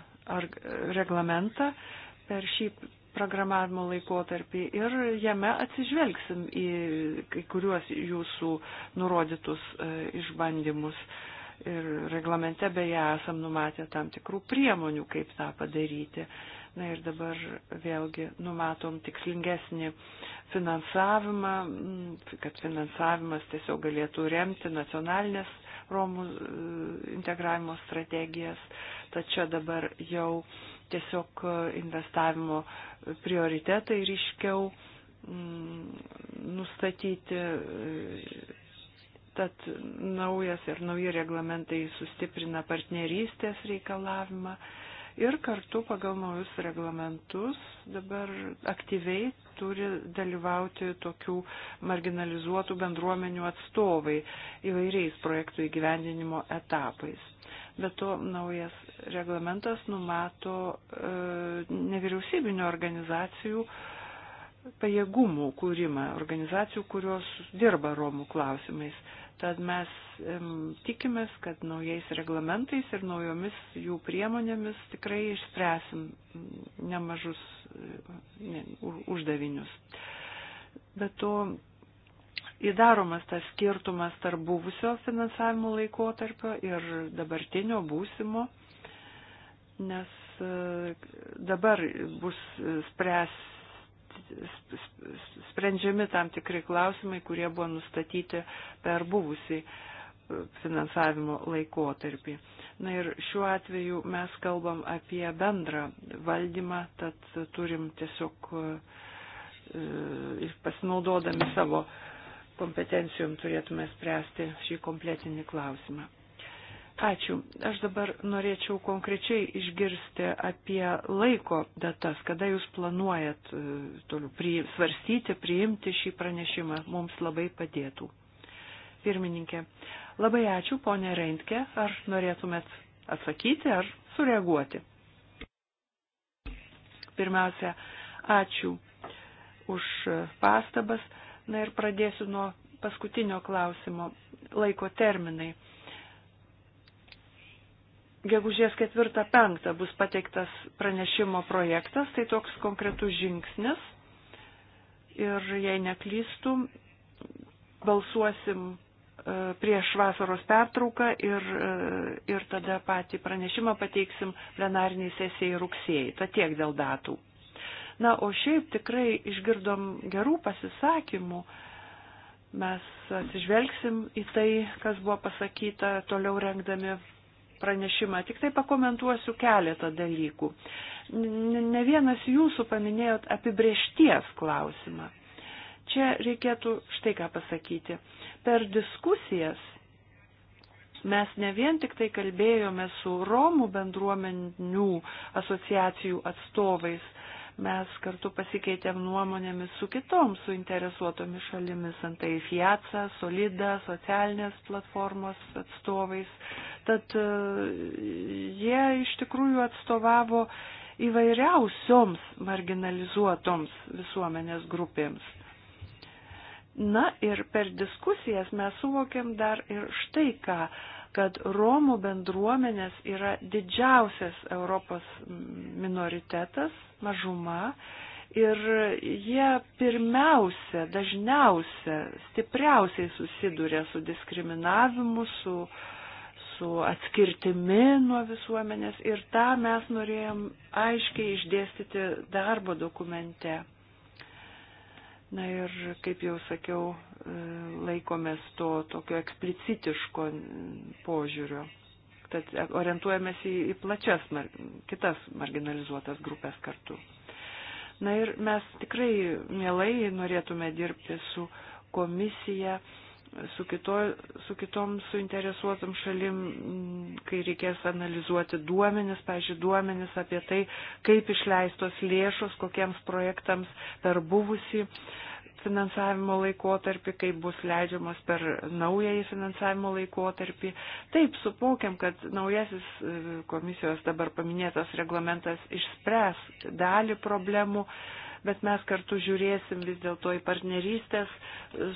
reglamentą per šį programavimo laikotarpį ir jame atsižvelgsim į kai kuriuos jūsų nurodytus e, išbandymus. Ir reglamente beje esam numatę tam tikrų priemonių, kaip tą padaryti. Na ir dabar vėlgi numatom tikslingesnį finansavimą, kad finansavimas tiesiog galėtų remti nacionalinės Romų e, integravimo strategijas. Tačiau dabar jau uh, tiesiog e, investavimo prioritetai ryškiau mm, nustatyti, e, tad naujas ir nauji reglamentai sustiprina partnerystės reikalavimą ir kartu pagal naujus reglamentus dabar aktyviai turi dalyvauti tokių marginalizuotų bendruomenių atstovai įvairiais projektų įgyvendinimo etapais. Bet to naujas reglamentas numato e, nevyriausybinio organizacijų pajėgumų kūrimą, organizacijų, kurios dirba Romų klausimais. Tad mes em, tikimės, kad naujais reglamentais ir naujomis jų priemonėmis tikrai išspręsim nemažus e, ne, uždavinius. Bet to įdaromas tas skirtumas tarp buvusio finansavimo laikotarpio ir dabartinio būsimo, nes e, dabar bus spręs, sprendžiami tam tikri klausimai, kurie buvo nustatyti per buvusį e, finansavimo laikotarpį. Na ir šiuo atveju mes kalbam apie bendrą valdymą, tad turim tiesiog e, pasinaudodami savo uh, kompetencijom turėtume spręsti šį kompletinį klausimą. Ačiū. Aš dabar norėčiau konkrečiai išgirsti apie laiko datas, kada jūs planuojat e, toliau pri, svarstyti, priimti šį pranešimą. Mums labai padėtų. Pirmininkė, labai ačiū, ponė Reintke. Ar norėtumėt atsakyti ar sureaguoti? Pirmiausia, ačiū už pastabas. Na ir pradėsiu nuo paskutinio klausimo - laiko terminai. Gegužės 4-5 bus pateiktas pranešimo projektas, tai toks konkretus žingsnis. Ir jei neklystų, balsuosim e, prieš vasaros pertrauką ir, e, ir tada patį pranešimą pateiksim plenariniai sesijai rugsėjai. Ta tiek dėl datų. Na, o šiaip tikrai išgirdom gerų pasisakymų. Mes atsižvelgsim į tai, kas buvo pasakyta toliau rengdami pranešimą. Tik tai pakomentuosiu keletą dalykų. Ne vienas jūsų paminėjot apibriešties klausimą. Čia reikėtų štai ką pasakyti. Per diskusijas mes ne vien tik tai kalbėjome su Romų bendruomenių asociacijų atstovais, mes kartu pasikeitėm nuomonėmis su kitom suinteresuotomis šalimis, antai FIACA, Solida, socialinės platformos atstovais. Tad e, jie iš tikrųjų atstovavo įvairiausioms marginalizuotoms visuomenės grupėms. Na ir per diskusijas mes suvokėm dar ir štai ką kad Romų bendruomenės yra didžiausias Europos minoritetas, mažuma ir jie pirmiausia, dažniausia, stipriausiai susiduria su diskriminavimu, su, su atskirtimi nuo visuomenės ir tą mes norėjom aiškiai išdėstyti darbo dokumente. Na ir, kaip jau sakiau, e, laikomės to tokio eksplicitiško požiūrio. Tad e, orientuojamės į, į plačias, mar, kitas marginalizuotas grupės kartu. Na ir mes tikrai mielai norėtume dirbti su komisija su, kito, su kitom suinteresuotam šalim, mm, kai reikės analizuoti duomenis, pažiūrėjau, duomenis apie tai, kaip išleistos lėšos, kokiems projektams per buvusį finansavimo laikotarpį, kaip bus leidžiamas per naująjį finansavimo laikotarpį. Taip, supokiam, kad naujasis e, komisijos dabar paminėtas reglamentas išspręs dalį problemų, bet mes kartu žiūrėsim vis dėlto į partnerystės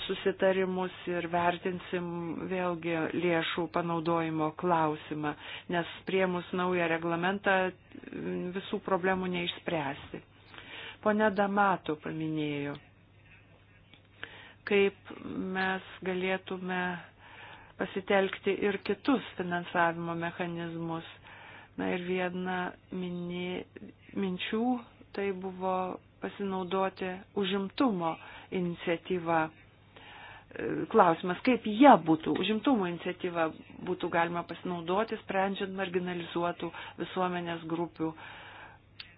susitarimus ir vertinsim vėlgi lėšų panaudojimo klausimą, nes prie mus naują reglamentą visų problemų neišspręsti. Pone Damato paminėjo, kaip mes galėtume pasitelkti ir kitus finansavimo mechanizmus. Na ir viena mini, minčių tai buvo pasinaudoti užimtumo iniciatyva. E, klausimas, kaip jie būtų, užimtumo iniciatyva būtų galima pasinaudoti, sprendžiant marginalizuotų visuomenės grupių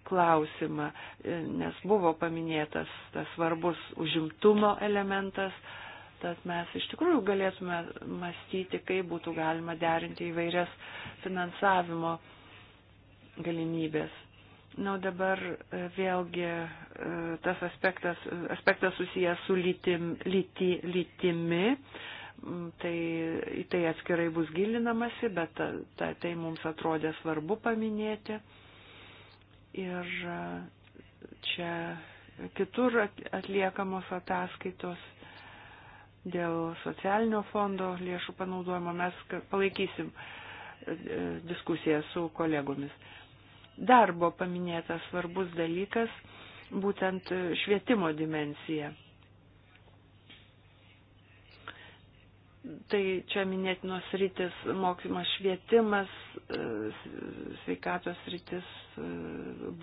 klausimą, e, nes buvo paminėtas tas svarbus užimtumo elementas, tad mes iš tikrųjų galėtume mąstyti, kaip būtų galima derinti įvairias finansavimo galimybės. Na, dabar e, vėlgi e, tas aspektas, aspektas susijęs su lytim, lyti, lytimi, mm, tai į tai atskirai bus gilinamasi, bet ta, ta, tai mums atrodė svarbu paminėti. Ir e, čia kitur atliekamos ataskaitos dėl socialinio fondo lėšų panaudojimo mes palaikysim diskusiją su kolegomis dar buvo paminėtas svarbus dalykas, būtent švietimo dimensija. Tai čia minėtinos rytis mokymas, švietimas, e, sveikatos rytis, e,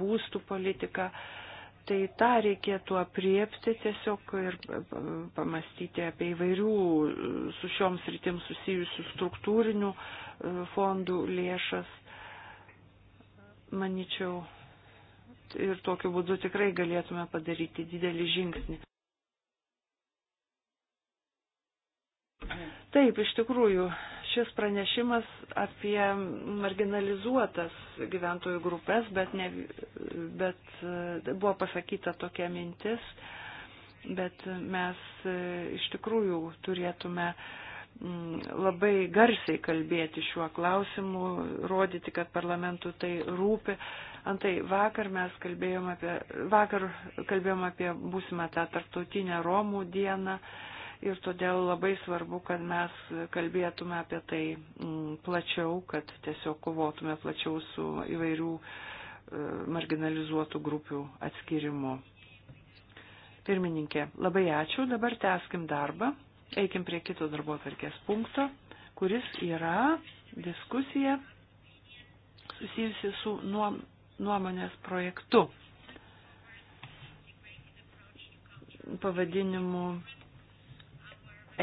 būstų politika. Tai tą reikėtų apriepti tiesiog ir pamastyti apie įvairių e, su šioms rytims susijusių struktūrinių fondų lėšas manyčiau, ir tokiu būdu tikrai galėtume padaryti didelį žingsnį. Taip, iš tikrųjų, šis pranešimas apie marginalizuotas gyventojų grupės, bet, ne, bet e, buvo pasakyta tokia mintis, bet mes e, iš tikrųjų turėtume uh, Mm, labai garsiai kalbėti šiuo klausimu, rodyti, kad parlamentų tai rūpi. Antai vakar mes kalbėjom apie, vakar kalbėjom apie būsimą tą tarptautinę Romų dieną ir todėl labai svarbu, kad mes kalbėtume apie tai mm, plačiau, kad tiesiog kovotume plačiau su įvairių e, marginalizuotų grupių atskirimu. Pirmininkė, labai ačiū, dabar teskim darbą. Eikim prie kito darbo atvarkės punkto, kuris yra diskusija susijusi su nuomonės projektu pavadinimu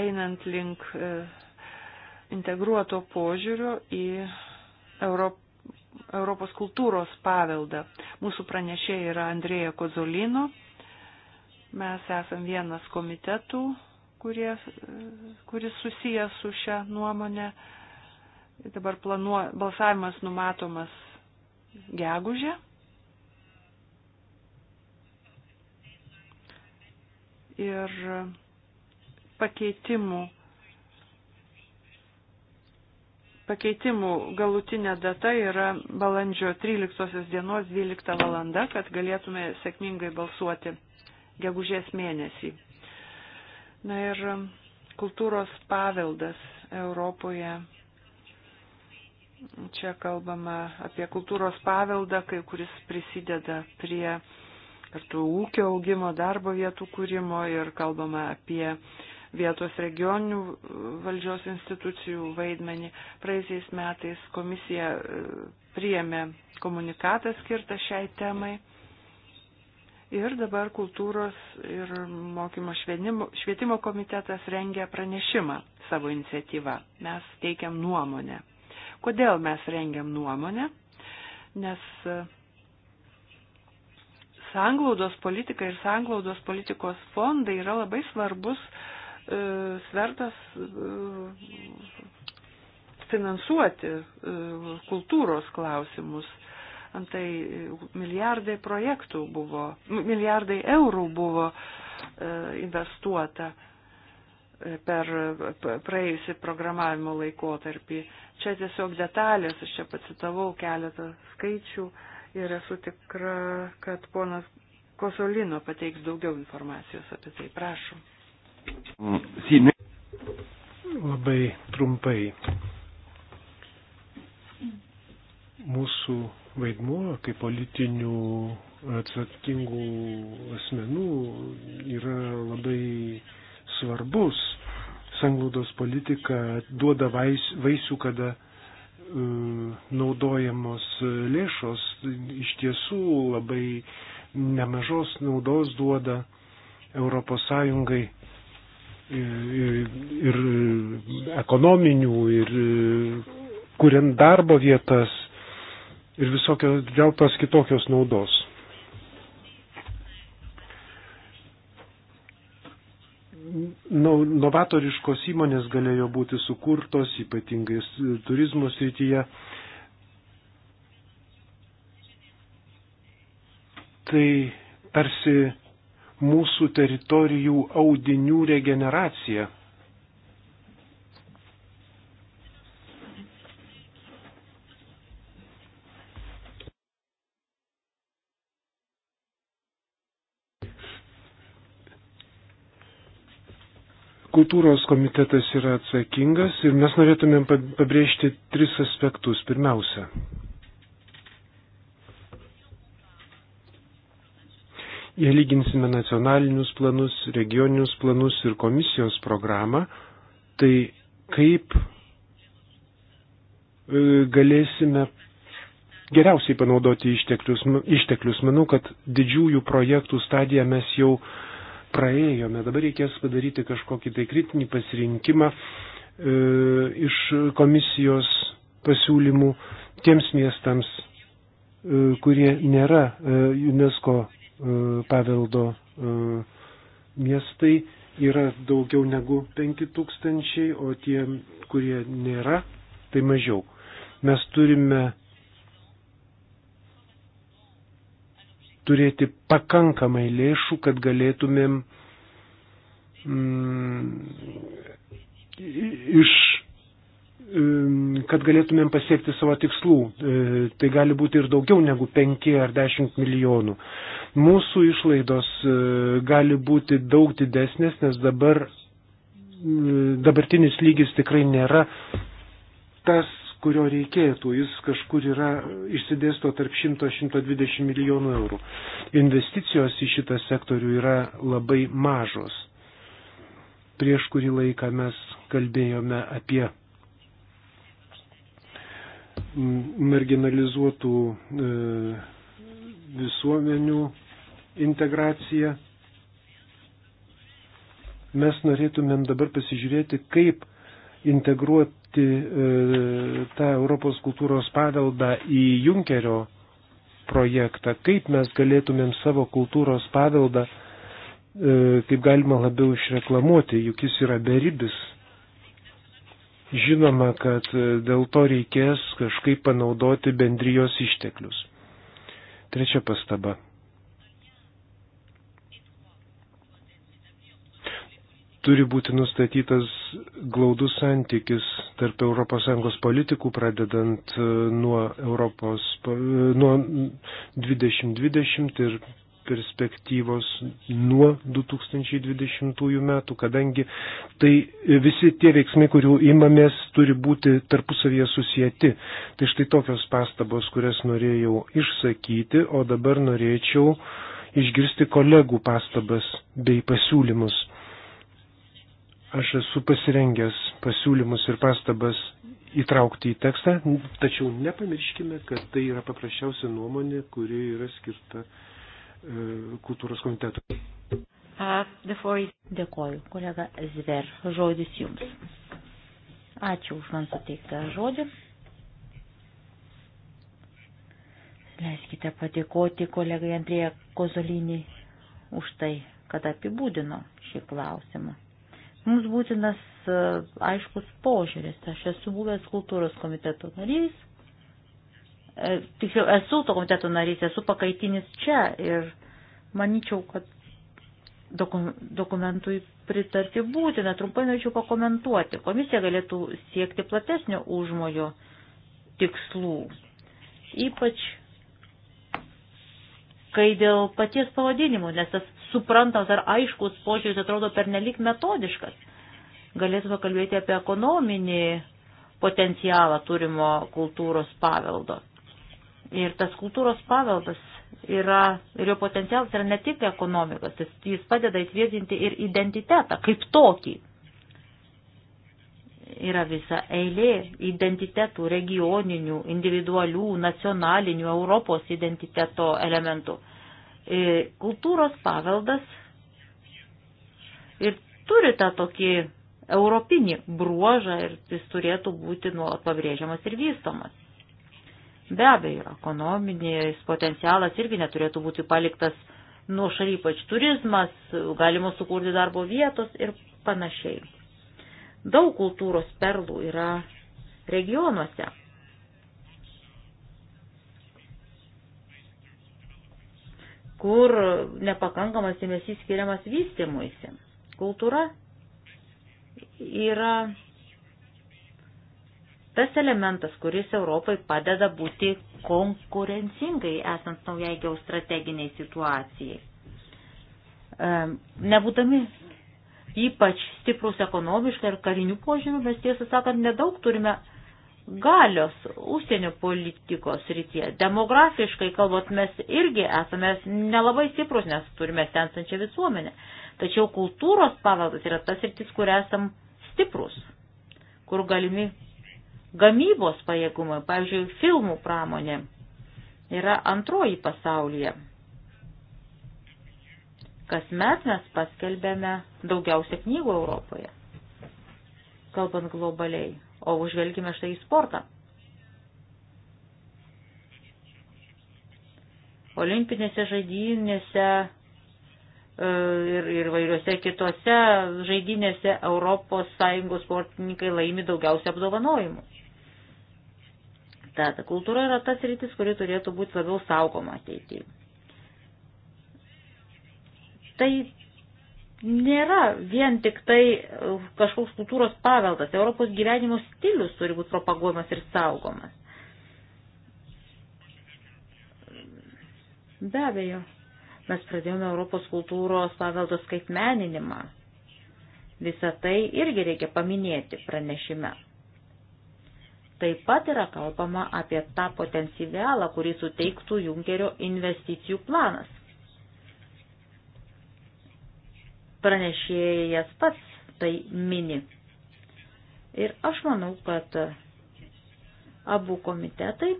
einant link e, integruoto požiūrio į Europą Europos kultūros paveldą. Mūsų pranešė yra Andrėja Kozolino. Mes esam vienas komitetų, kurie, kuris susijęs su šią nuomonę. Dabar planuo, balsavimas numatomas gegužė. Ir pakeitimų, pakeitimų galutinė data yra balandžio 13 dienos 12 valanda, kad galėtume sėkmingai balsuoti gegužės mėnesį. Na ir um, kultūros paveldas Europoje. Čia kalbama apie kultūros paveldą, kai kuris prisideda prie kartu ūkio augimo, darbo vietų kūrimo ir kalbama apie vietos regioninių uh, valdžios institucijų vaidmenį. Praeisiais metais komisija uh, priėmė komunikatą skirtą šiai temai. Ir dabar kultūros ir mokymo švienimo, švietimo komitetas rengia pranešimą savo iniciatyvą. Mes teikiam nuomonę. Kodėl mes rengiam nuomonę? Nes e, sanglaudos politika ir sanglaudos politikos fondai yra labai svarbus e, svertas e, finansuoti e, kultūros klausimus antai milijardai projektų buvo, milijardai eurų buvo e, investuota e, per praėjusi programavimo laikotarpį. Čia tiesiog detalės, aš čia pacitavau keletą skaičių ir esu tikra, kad ponas Kosolino pateiks daugiau informacijos apie tai. Prašom. Labai trumpai. Mūsų vaidmuo kaip politinių atsakingų asmenų yra labai svarbus. Sanglaudos politika duoda vais, vaisių, kada e, naudojamos lėšos iš tiesų labai nemažos naudos duoda Europos Sąjungai e, e, ir ekonominių, ir kuriant darbo vietas, ir visokios dėltos kitokios naudos. Novatoriškos įmonės galėjo būti sukurtos, ypatingai turizmo srityje. Tai tarsi mūsų teritorijų audinių regeneracija. Kultūros komitetas yra atsakingas ir mes norėtumėm pabrėžti tris aspektus. Pirmiausia, jei lyginsime nacionalinius planus, regioninius planus ir komisijos programą, tai kaip e, galėsime geriausiai panaudoti išteklius. išteklius. Manau, kad didžiųjų projektų stadiją mes jau uh, praėjome. Dabar reikės padaryti kažkokį tai kritinį pasirinkimą e, iš komisijos pasiūlymų tiems miestams, e, kurie nėra e, UNESCO e, paveldo e, miestai. Yra daugiau negu 5000, o tie, kurie nėra, tai mažiau. Mes turime turėti pakankamai lėšų, kad galėtumėm mm, iš mm, kad galėtumėm pasiekti savo tikslų. E, tai gali būti ir daugiau negu 5 ar 10 milijonų. Mūsų išlaidos e, gali būti daug didesnės, nes dabar mm, dabartinis lygis tikrai nėra tas, kurio reikėtų. Jis kažkur yra išsidėsto tarp 100-120 milijonų eurų. Investicijos į šitą sektorių yra labai mažos. Prieš kurį laiką mes kalbėjome apie marginalizuotų e, visuomenių integraciją. Mes norėtumėm dabar pasižiūrėti, kaip integruot, įtraukti e, tą Europos kultūros paveldą į Junkerio projektą, kaip mes galėtumėm savo kultūros paveldą, e, kaip galima labiau išreklamuoti, juk jis yra beribis. Žinoma, kad e, dėl to reikės kažkaip panaudoti bendrijos išteklius. Trečia pastaba. turi būti nustatytas glaudus santykis tarp ES politikų, pradedant e, nuo, Europos, e, nuo 2020 ir perspektyvos nuo 2020 metų, kadangi tai visi tie veiksmai, kurių imamės, turi būti tarpusavyje susijęti. Tai štai tokios pastabos, kurias norėjau išsakyti, o dabar norėčiau išgirsti kolegų pastabas bei pasiūlymus. Aš esu pasirengęs pasiūlymus ir pastabas įtraukti į tekstą, tačiau nepamirškime, kad tai yra paprasčiausia nuomonė, kuri yra skirta e, kultūros komitetui. Uh, Dėkoju, kolega Zver, žodis jums. Ačiū už man suteiktą žodį. Leiskite padėkoti kolegai Andrėja Kozolinį už tai, kad apibūdino šį klausimą. Mums būtinas e, aiškus požiūris. Aš esu buvęs kultūros komiteto narys, e, tiksliau esu to komiteto narys, esu pakaitinis čia ir manyčiau, kad dokumentui pritarti būtina. Trumpai norėčiau pakomentuoti. Komisija galėtų siekti platesnio užmojo tikslų, ypač kai dėl paties pavadinimo, nes tas suprantamas ar aiškus požiūris atrodo pernelik metodiškas. Galėtume kalbėti apie ekonominį potencialą turimo kultūros paveldo. Ir tas kultūros paveldas yra, ir jo potencialas yra ne tik ekonomikos, jis, jis padeda įtvirtinti ir identitetą kaip tokį yra visa eilė identitetų, regioninių, individualių, nacionalinių, Europos identiteto elementų. E, kultūros paveldas ir turi tą tokį europinį bruožą ir jis turėtų būti nuolat pabrėžiamas ir vystomas. Be abejo, ekonominis potencialas irgi neturėtų būti paliktas nuo šalypač turizmas, galima sukurti darbo vietos ir panašiai. Daug kultūros perlų yra regionuose. kur nepakankamas dėmesys skiriamas vystimuisi. Kultūra yra tas elementas, kuris Europai padeda būti konkurencingai esant naujai geostrateginiai situacijai. Nebūdami ypač stiprus ekonomiškai ir karinių požymių, mes tiesą sakant nedaug turime galios užsienio politikos rytyje. Demografiškai kalbant, mes irgi esame nelabai stiprus, nes turime sensančią visuomenę. Tačiau kultūros paveldas yra tas rytis, kur esam stiprus, kur galimi gamybos pajėgumai, pavyzdžiui, filmų pramonė yra antroji pasaulyje. Kasmet mes paskelbėme daugiausia knygų Europoje, kalbant globaliai, o užvelgime štai į sportą. Olimpinėse žaidynėse e, ir, ir vairiuose kitose žaidynėse ES sportininkai laimi daugiausia apdovanojimų. Tad kultūra yra tas rytis, kuri turėtų būti labiau saugoma ateityje tai nėra vien tik tai e, kažkoks kultūros paveldas. Europos gyvenimo stilius turi būti propaguojamas ir saugomas. Be abejo, mes pradėjome Europos kultūros paveldo skaitmeninimą. Visą tai irgi reikia paminėti pranešime. Taip pat yra kalbama apie tą potencialą, kurį suteiktų Junkerio investicijų planas. pranešėjas pats tai mini. Ir aš manau, kad abu komitetai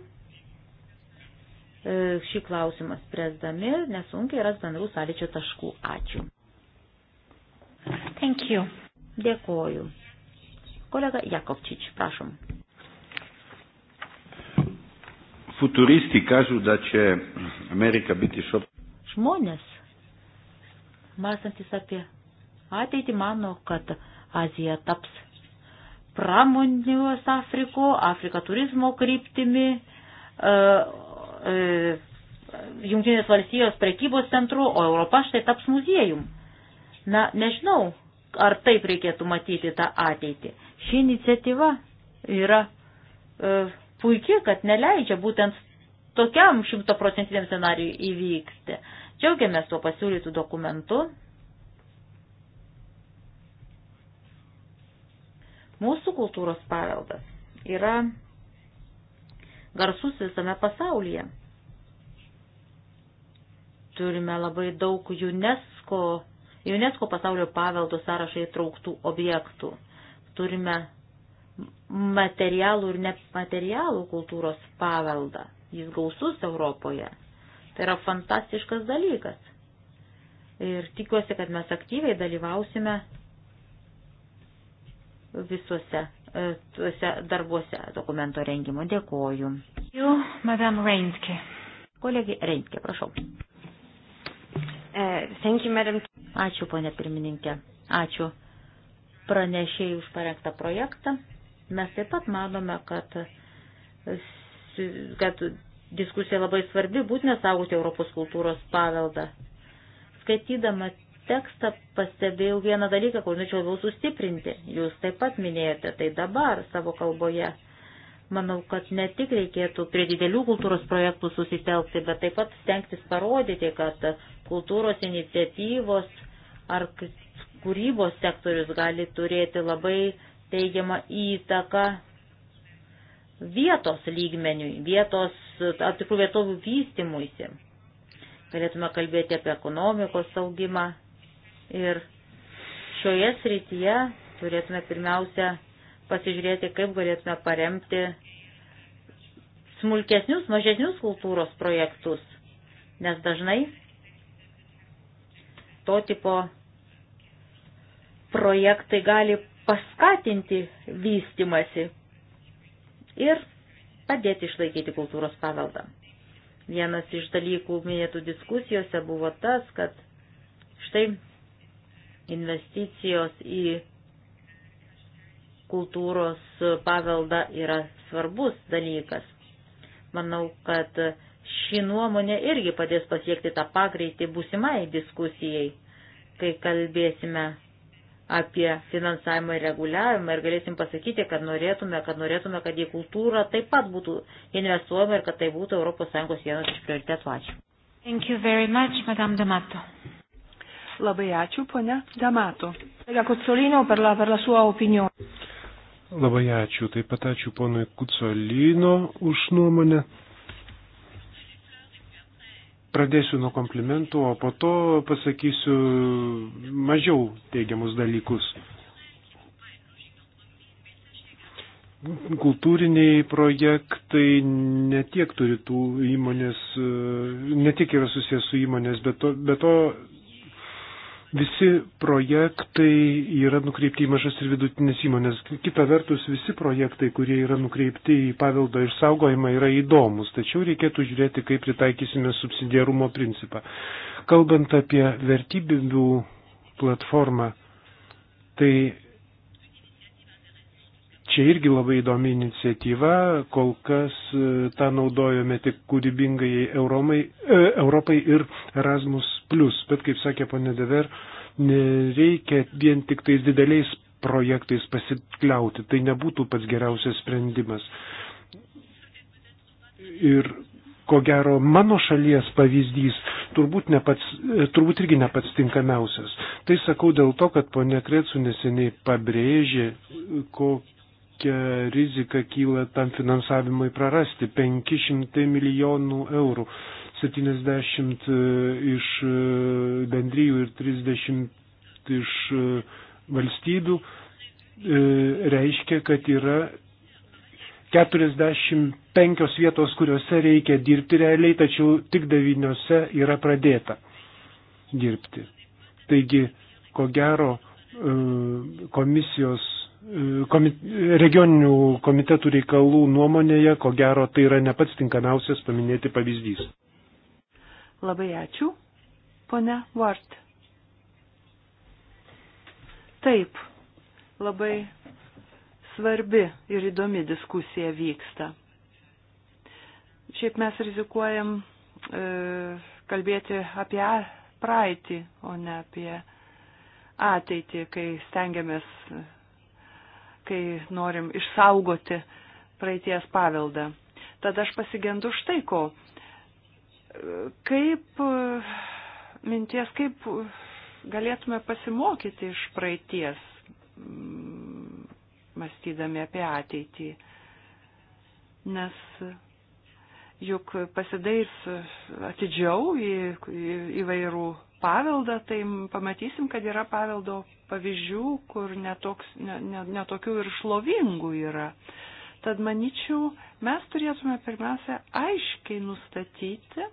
e, šį klausimą spręsdami nesunkiai ras bendrų sąlyčio taškų. Ačiū. Thank you. Dėkoju. Kolega Jakovčić, prašom. Futuristi kažu da će Amerika biti šok. Žmonės mąstantis apie ateitį, mano, kad Azija taps pramonės Afriko, Afrika turizmo kryptimi, e, e, Junktinės valstijos prekybos centru, o Europa štai taps muziejum. Na, nežinau, ar taip reikėtų matyti tą ateitį. Ši iniciatyva yra e, puikia, kad neleidžia būtent tokiam šimtoprocentiniam scenariui įvykti. Džiaugiamės tuo pasiūlytų dokumentu. Mūsų kultūros paveldas yra garsus visame pasaulyje. Turime labai daug UNESCO, UNESCO pasaulio paveldo sąrašai trauktų objektų. Turime materialų ir nematerialų kultūros paveldą. Jis gausus Europoje. Tai yra fantastiškas dalykas. Ir tikiuosi, kad mes aktyviai dalyvausime visuose e, tuose darbuose dokumento rengimo. Dėkoju. Jū, madam Reinke. Kolegė Reinke, prašau. E, thank you, madam. Ačiū, ponė pirmininkė. Ačiū pranešėjai už parengtą projektą. Mes taip pat manome, kad, kad diskusija labai svarbi, būtina saugoti Europos kultūros paveldą. Skaitydama tekstą pastebėjau vieną dalyką, kur norėčiau labiau sustiprinti. Jūs taip pat minėjote tai dabar savo kalboje. Manau, kad ne tik reikėtų prie didelių kultūros projektų susitelkti, bet taip pat stengtis parodyti, kad kultūros iniciatyvos ar kūrybos sektorius gali turėti labai teigiamą įtaką vietos lygmeniui, vietos tam tikrų vietovių vystimuisi. Galėtume kalbėti apie ekonomikos augimą ir šioje srityje turėtume pirmiausia pasižiūrėti, kaip galėtume paremti smulkesnius, mažesnius kultūros projektus, nes dažnai to tipo projektai gali paskatinti vystimasi ir padėti išlaikyti kultūros paveldą. Vienas iš dalykų minėtų diskusijose buvo tas, kad štai investicijos į kultūros paveldą yra svarbus dalykas. Manau, kad ši nuomonė irgi padės pasiekti tą pagreitį būsimai diskusijai, kai kalbėsime apie finansavimą ir reguliavimą ir galėsim pasakyti, kad norėtume, kad norėtume, kad į kultūrą taip pat būtų investuojama ir kad tai būtų ES vienas iš prioritetų. Ačiū. Thank you very much, Madame Damato. Labai ačiū, ponia Damato. Labai ačiū, taip pat ačiū ponui Kucolino už nuomonę. Pradėsiu nuo komplimentų, o po to pasakysiu mažiau teigiamus dalykus. Kultūriniai projektai netiek turi tų įmonės, e, netiek yra susijęs su įmonės, bet to, bet to Visi projektai yra nukreipti į mažas ir vidutinės įmonės. Kita vertus, visi projektai, kurie yra nukreipti į paveldo išsaugojimą, yra įdomus, tačiau reikėtų žiūrėti, kaip pritaikysime subsidiarumo principą. Kalbant apie vertybių platformą, tai Čia irgi labai įdomi iniciatyva, kol kas e, tą naudojame tik kūrybingai Euromai, e, Europai ir Erasmus. Bet kaip sakė ponė Dever, nereikia vien tik tais dideliais projektais pasikliauti. Tai nebūtų pats geriausias sprendimas. Ir ko gero mano šalies pavyzdys turbūt, ne pats, e, turbūt irgi ne pats tinkamiausias. Tai sakau dėl to, kad ponė Krecu neseniai pabrėžė, kokį kokia rizika kyla tam finansavimui prarasti. 500 milijonų eurų, 70 e, iš e, bendryjų ir 30 iš e, valstybių reiškia, kad yra 45 vietos, kuriuose reikia dirbti realiai, tačiau tik 9 yra pradėta dirbti. Taigi, ko gero, komisijos komit regioninių komitetų reikalų nuomonėje, ko gero, tai yra ne pats tinkamiausias paminėti pavyzdys. Labai ačiū, ponia Vart. Taip, labai svarbi ir įdomi diskusija vyksta. Šiaip mes rizikuojam e, kalbėti apie praeitį, o ne apie ateitį, kai stengiamės kai norim išsaugoti praeities paveldą. Tad aš pasigendu štai ko. Kaip minties, kaip galėtume pasimokyti iš praeities, mm, mąstydami apie ateitį. Nes juk pasidairius atidžiau į įvairių paveldą, tai pamatysim, kad yra paveldo pavyzdžių, kur netoks, netokių ne, ne ir šlovingų yra. Tad manyčiau, mes turėtume pirmiausia aiškiai nustatyti,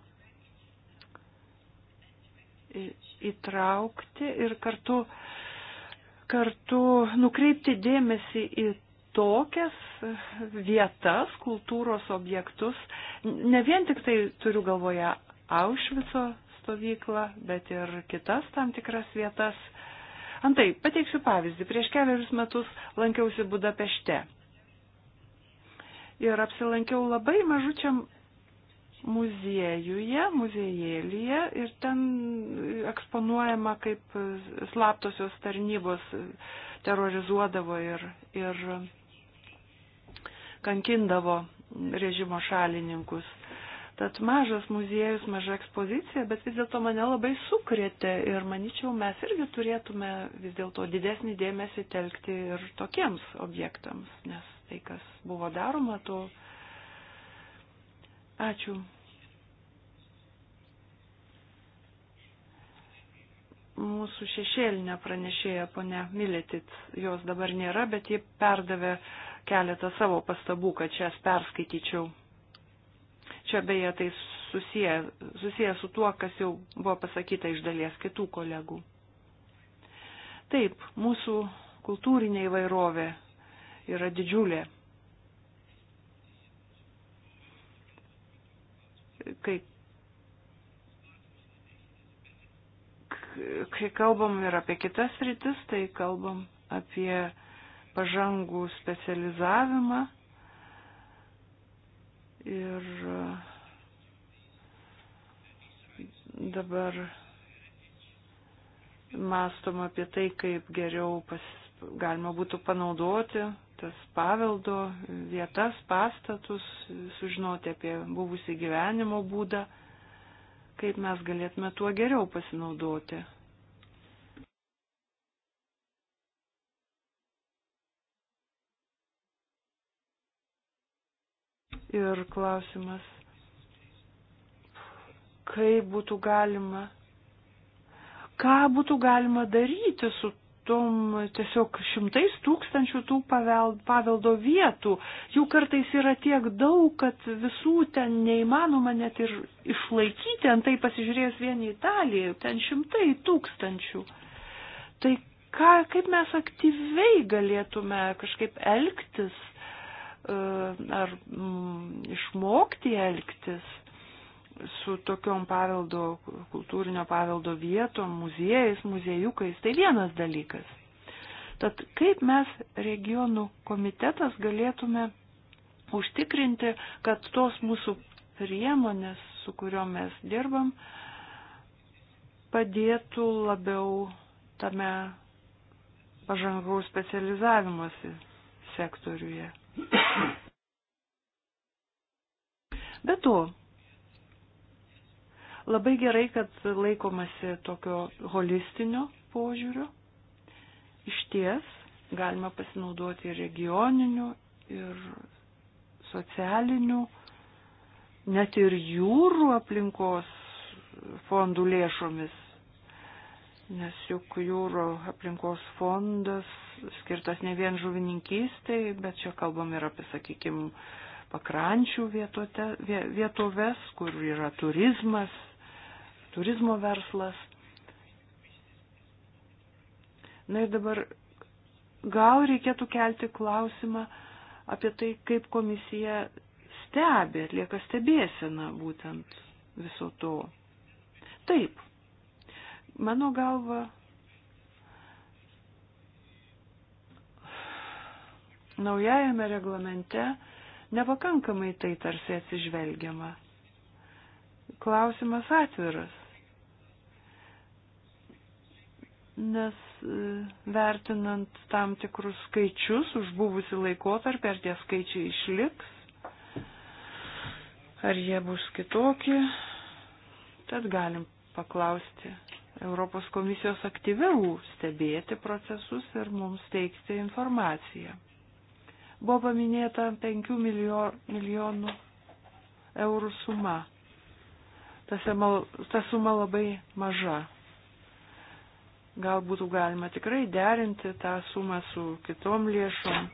įtraukti ir kartu, kartu nukreipti dėmesį į tokias vietas, kultūros objektus, ne vien tik tai turiu galvoje Aušvico stovyklą, bet ir kitas tam tikras vietas. Antai, pateiksiu pavyzdį. Prieš keliarius metus lankiausi Budapešte. Ir apsilankiau labai mažučiam muziejuje, muziejėlyje ir ten eksponuojama, kaip slaptosios tarnybos terorizuodavo ir, ir kankindavo režimo šalininkus. Tad mažas muziejus, maža ekspozicija, bet vis dėlto mane labai sukrėtė ir manyčiau, mes irgi turėtume vis dėlto didesnį dėmesį telkti ir tokiems objektams, nes tai, kas buvo daroma, to. Ačiū. Mūsų šešėlinė pranešėja ponia Miletit, jos dabar nėra, bet ji perdavė keletą savo pastabų, kad šias perskaityčiau. Čia beje tai susiję, susiję su tuo, kas jau buvo pasakyta iš dalies kitų kolegų. Taip, mūsų kultūrinė įvairovė yra didžiulė. Kai, kai kalbam ir apie kitas rytis, tai kalbam apie pažangų specializavimą Ir e, dabar mastom apie tai, kaip geriau pas, galima būtų panaudoti tas paveldo vietas, pastatus, sužinoti apie buvusį gyvenimo būdą, kaip mes galėtume tuo geriau pasinaudoti. Ir klausimas, kaip būtų galima, ką būtų galima daryti su tom tiesiog šimtais tūkstančių tų paveldo vietų. Jų kartais yra tiek daug, kad visų ten neįmanoma net ir išlaikyti, antai pasižiūrėjęs vien į Italiją, ten šimtai tūkstančių. Tai ką, kaip mes aktyviai galėtume kažkaip elgtis E, ar mm, išmokti elgtis su tokiom paveldo, kultūrinio paveldo vietom, muziejais, muziejukais, tai vienas dalykas. Tad kaip mes regionų komitetas galėtume užtikrinti, kad tos mūsų priemonės, su kuriuo mes dirbam, padėtų labiau tame pažangaus specializavimuose sektoriuje. Be to, labai gerai, kad laikomasi tokio holistinio požiūrio. Iš ties galima pasinaudoti regioniniu ir socialiniu, net ir jūrų aplinkos fondų lėšomis nes juk jūro aplinkos fondas skirtas ne vien žuvininkystai, bet čia kalbam ir apie, sakykime, pakrančių vietote, vietoves, kur yra turizmas, turizmo verslas. Na ir dabar gal reikėtų kelti klausimą apie tai, kaip komisija stebi, atlieka stebėseną būtent viso to. Taip, Mano galva, naujajame reglamente nepakankamai tai tarsi atsižvelgiama. Klausimas atviras. Nes e, vertinant tam tikrus skaičius už buvusi laikotarpį, ar tie skaičiai išliks, ar jie bus kitokie, tad galim paklausti, Europos komisijos aktyviau stebėti procesus ir mums teikti informaciją. Buvo paminėta 5 milijonų eurų suma. Ta suma labai maža. Gal būtų galima tikrai derinti tą sumą su kitom lėšom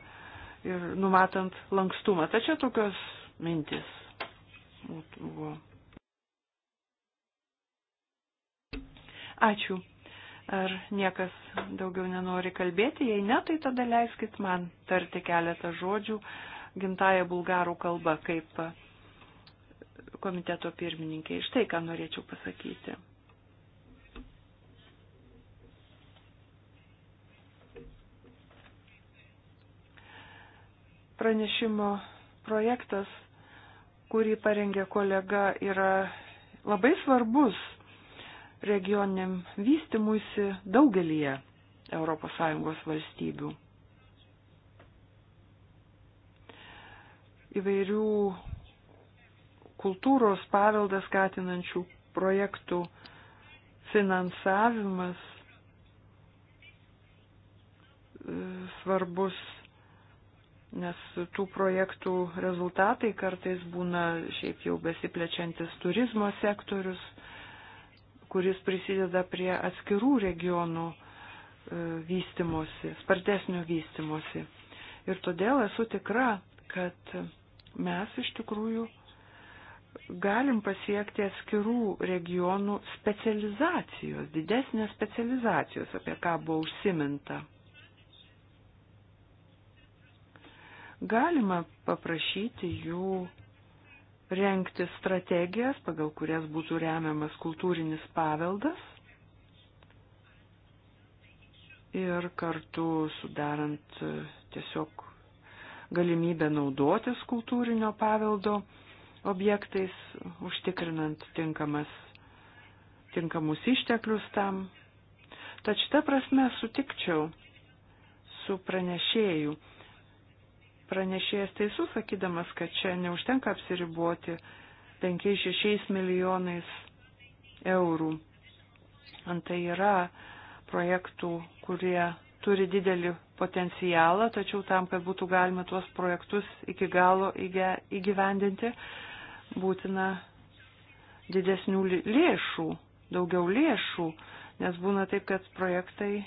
ir numatant lankstumą. Tačiau tokios mintis buvo. Ačiū. Ar niekas daugiau nenori kalbėti? Jei ne, tai tada leiskit man tarti keletą žodžių gimtają bulgarų kalbą kaip komiteto pirmininkė. Iš tai, ką norėčiau pasakyti. Pranešimo projektas, kurį parengė kolega, yra labai svarbus regioniniam vystimuisi daugelyje ES valstybių. Įvairių kultūros paveldą skatinančių projektų finansavimas e, svarbus, nes tų projektų rezultatai kartais būna šiaip jau besiplečiantis turizmo sektorius, kuris prisideda prie atskirų regionų e, vystimosi, spartesnio vystimosi. Ir todėl esu tikra, kad mes iš tikrųjų galim pasiekti atskirų regionų specializacijos, didesnės specializacijos, apie ką buvo užsiminta. Galima paprašyti jų renkti strategijas, pagal kurias būtų remiamas kultūrinis paveldas ir kartu sudarant e, tiesiog galimybę naudotis kultūrinio paveldo objektais, užtikrinant tinkamas, tinkamus išteklius tam. Tad šitą prasme sutikčiau su pranešėju pranešėjas teisus, sakydamas, kad čia neužtenka apsiriboti 5-6 milijonais eurų. Antai yra projektų, kurie turi didelį potencialą, tačiau tam, kad būtų galima tuos projektus iki galo įgyvendinti, būtina didesnių lėšų, daugiau lėšų, nes būna taip, kad projektai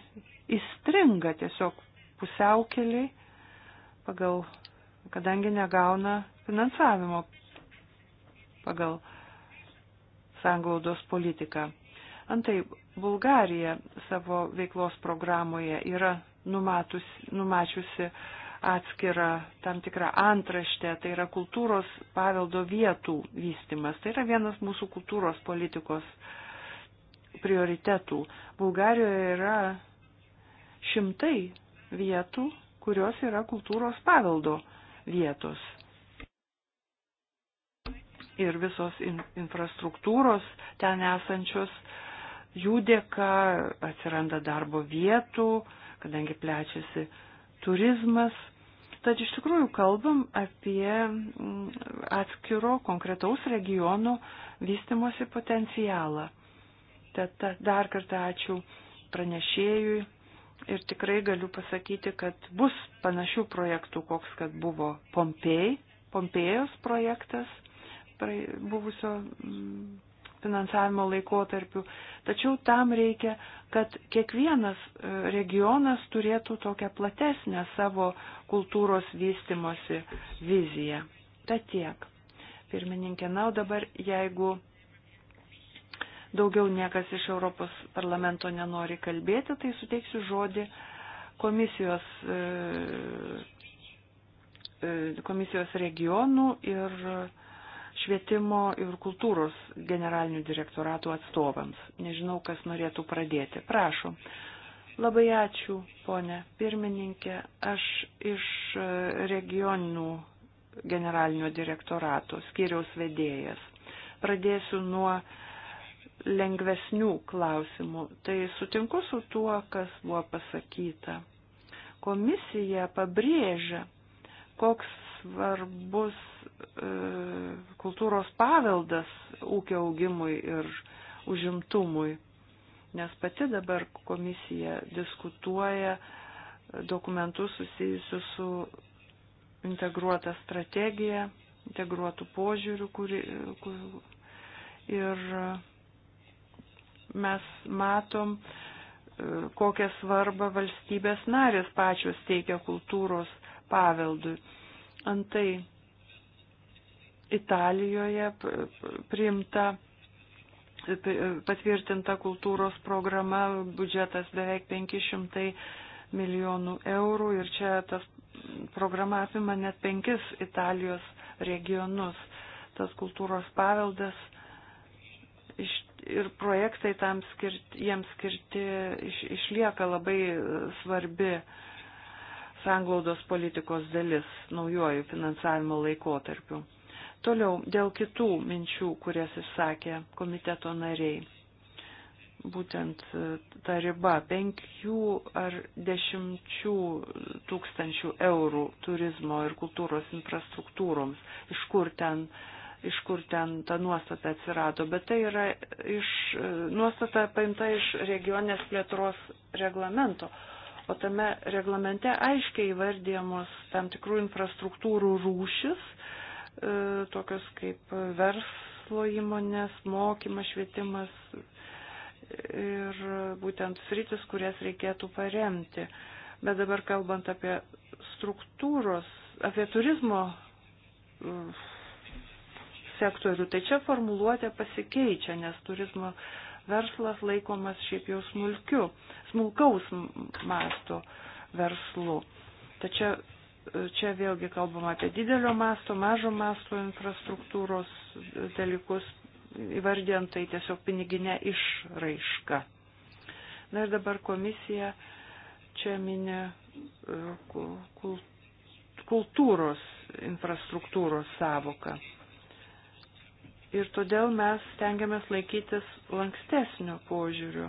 įstringa tiesiog pusiaukeliai pagal, kadangi negauna finansavimo pagal sanglaudos politiką. Antai, Bulgarija savo veiklos programoje yra numatus, numačiusi atskirą tam tikrą antraštę, tai yra kultūros paveldo vietų vystimas. Tai yra vienas mūsų kultūros politikos prioritetų. Bulgarijoje yra šimtai vietų, kurios yra kultūros paveldo vietos. Ir visos in infrastruktūros ten esančios, jų dėka atsiranda darbo vietų, kadangi plečiasi turizmas. Tad iš tikrųjų kalbam apie mm, atskiro konkretaus regiono vystimosi potencialą. Tad dar kartą ačiū pranešėjui, ir tikrai galiu pasakyti, kad bus panašių projektų, koks kad buvo Pompėj, Pompėjos projektas prae, buvusio mm, finansavimo laikotarpiu. Tačiau tam reikia, kad kiekvienas e, regionas turėtų tokią platesnę savo kultūros vystimosi viziją. Ta tiek. Pirmininkė, na, o dabar jeigu daugiau niekas iš Europos parlamento nenori kalbėti, tai suteiksiu žodį komisijos, e, e, komisijos regionų ir švietimo ir kultūros generalinių direktoratų atstovams. Nežinau, kas norėtų pradėti. Prašom. Labai ačiū, ponė pirmininkė. Aš iš e, regionų generalinio direktorato skiriaus vedėjas. Pradėsiu nuo uh, lengvesnių klausimų. Tai sutinku su tuo, kas buvo pasakyta. Komisija pabrėžia, koks svarbus e, kultūros paveldas ūkio augimui ir užimtumui. Nes pati dabar komisija diskutuoja dokumentus susijusius su integruota strategija, integruotų požiūrių, kuri, kur, ir mes matom, e, kokią svarbą valstybės narės pačios teikia kultūros paveldui. Antai Italijoje priimta patvirtinta kultūros programa, biudžetas beveik 500 milijonų eurų ir čia tas programa apima net penkis Italijos regionus. Tas kultūros paveldas ir projektai tam skirti, jiems skirti iš, išlieka labai svarbi sanglaudos politikos dalis naujojų finansavimo laikotarpių. Toliau dėl kitų minčių, kurias išsakė komiteto nariai. Būtent e, ta riba 5 ar 10 tūkstančių eurų turizmo ir kultūros infrastruktūroms, iš kur ten uh, iš kur ten ta nuostata atsirado, bet tai yra iš, e, nuostata paimta iš regionės plėtros reglamento. O tame reglamente aiškiai įvardyjamos tam tikrų infrastruktūrų rūšis, e, tokios kaip verslo įmonės, mokymas, švietimas ir būtent sritis, kurias reikėtų paremti. Bet dabar kalbant apie struktūros, apie turizmo sektorių. Tai čia formuluotė pasikeičia, nes turizmo verslas laikomas šiaip jau smulkiu, smulkaus masto verslu. Tačiau čia vėlgi kalbama apie didelio masto, mažo masto infrastruktūros dalykus, įvardiant tai tiesiog piniginę išraišką. Na ir dabar komisija čia minė e, kultūros infrastruktūros savoką ir todėl mes tengiamės laikytis lankstesnio požiūrių.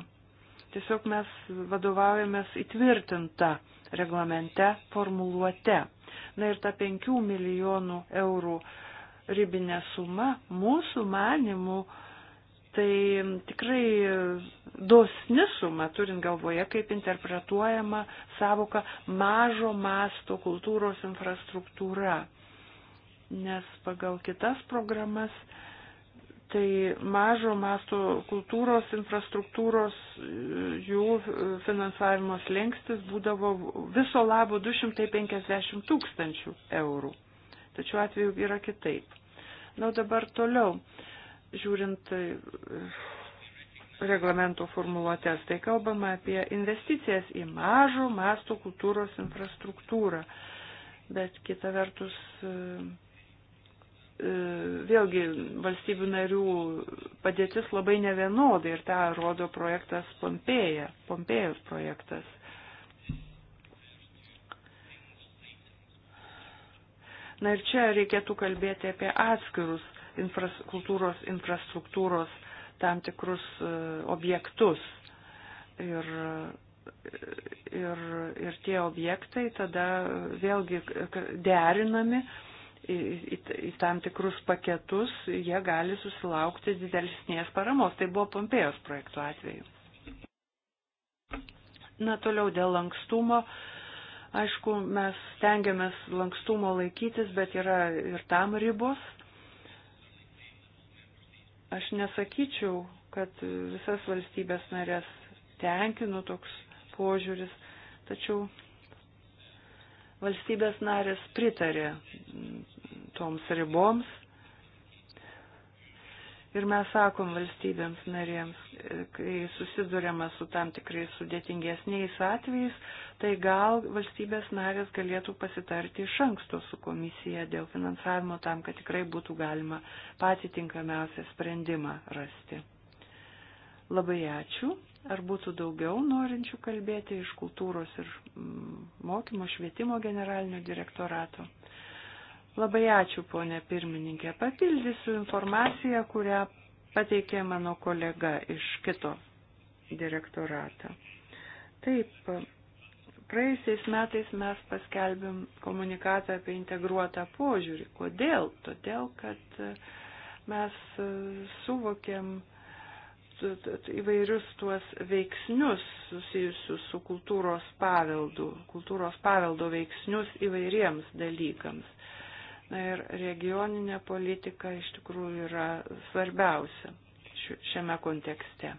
Tiesiog mes vadovaujamės įtvirtinta reglamente formuluote. Na ir ta 5 milijonų eurų ribinė suma mūsų manimų tai tikrai dosni suma, turint galvoje, kaip interpretuojama savoka mažo masto kultūros infrastruktūra. Nes pagal kitas programas Tai mažo masto kultūros infrastruktūros jų finansavimo slengstis būdavo viso labo 250 tūkstančių eurų. Tačiau atveju yra kitaip. Na, dabar toliau, žiūrint reglamento formuluotės, tai kalbama apie investicijas į mažo masto kultūros infrastruktūrą. Bet kita vertus E, vėlgi valstybių narių padėtis labai nevienodai ir tą rodo projektas Pompeja, Pompejos projektas. Na ir čia reikėtų kalbėti apie atskirus infras, kultūros infrastruktūros tam tikrus e, objektus. Ir, ir, ir tie objektai tada vėlgi derinami į, į, į tam tikrus paketus, jie gali susilaukti didelsnės paramos. Tai buvo Pompėjos projektų atveju. Na, toliau dėl lankstumo. Aišku, mes stengiamės lankstumo laikytis, bet yra ir tam ribos. Aš nesakyčiau, kad visas valstybės narės tenkinu toks požiūris, tačiau valstybės narės pritarė toms riboms. Ir mes sakom valstybėms narėms, kai susidurėme su tam tikrais sudėtingesniais atvejais, tai gal valstybės narės galėtų pasitarti iš anksto su komisija dėl finansavimo tam, kad tikrai būtų galima patį tinkamiausią sprendimą rasti. Labai ačiū. Ar būtų daugiau norinčių kalbėti iš kultūros ir mm, mokymo švietimo generalinio direktorato? Labai ačiū, ponė pirmininkė. Papildysiu informaciją, kurią pateikė mano kolega iš kito direktorato. Taip, praeisiais metais mes paskelbėm komunikatą apie integruotą požiūrį. Kodėl? Todėl, kad mes suvokėm įvairius tuos veiksnius susijusius su kultūros paveldu, kultūros paveldo veiksnius įvairiems dalykams ir regioninė politika iš tikrųjų yra svarbiausia šiame kontekste.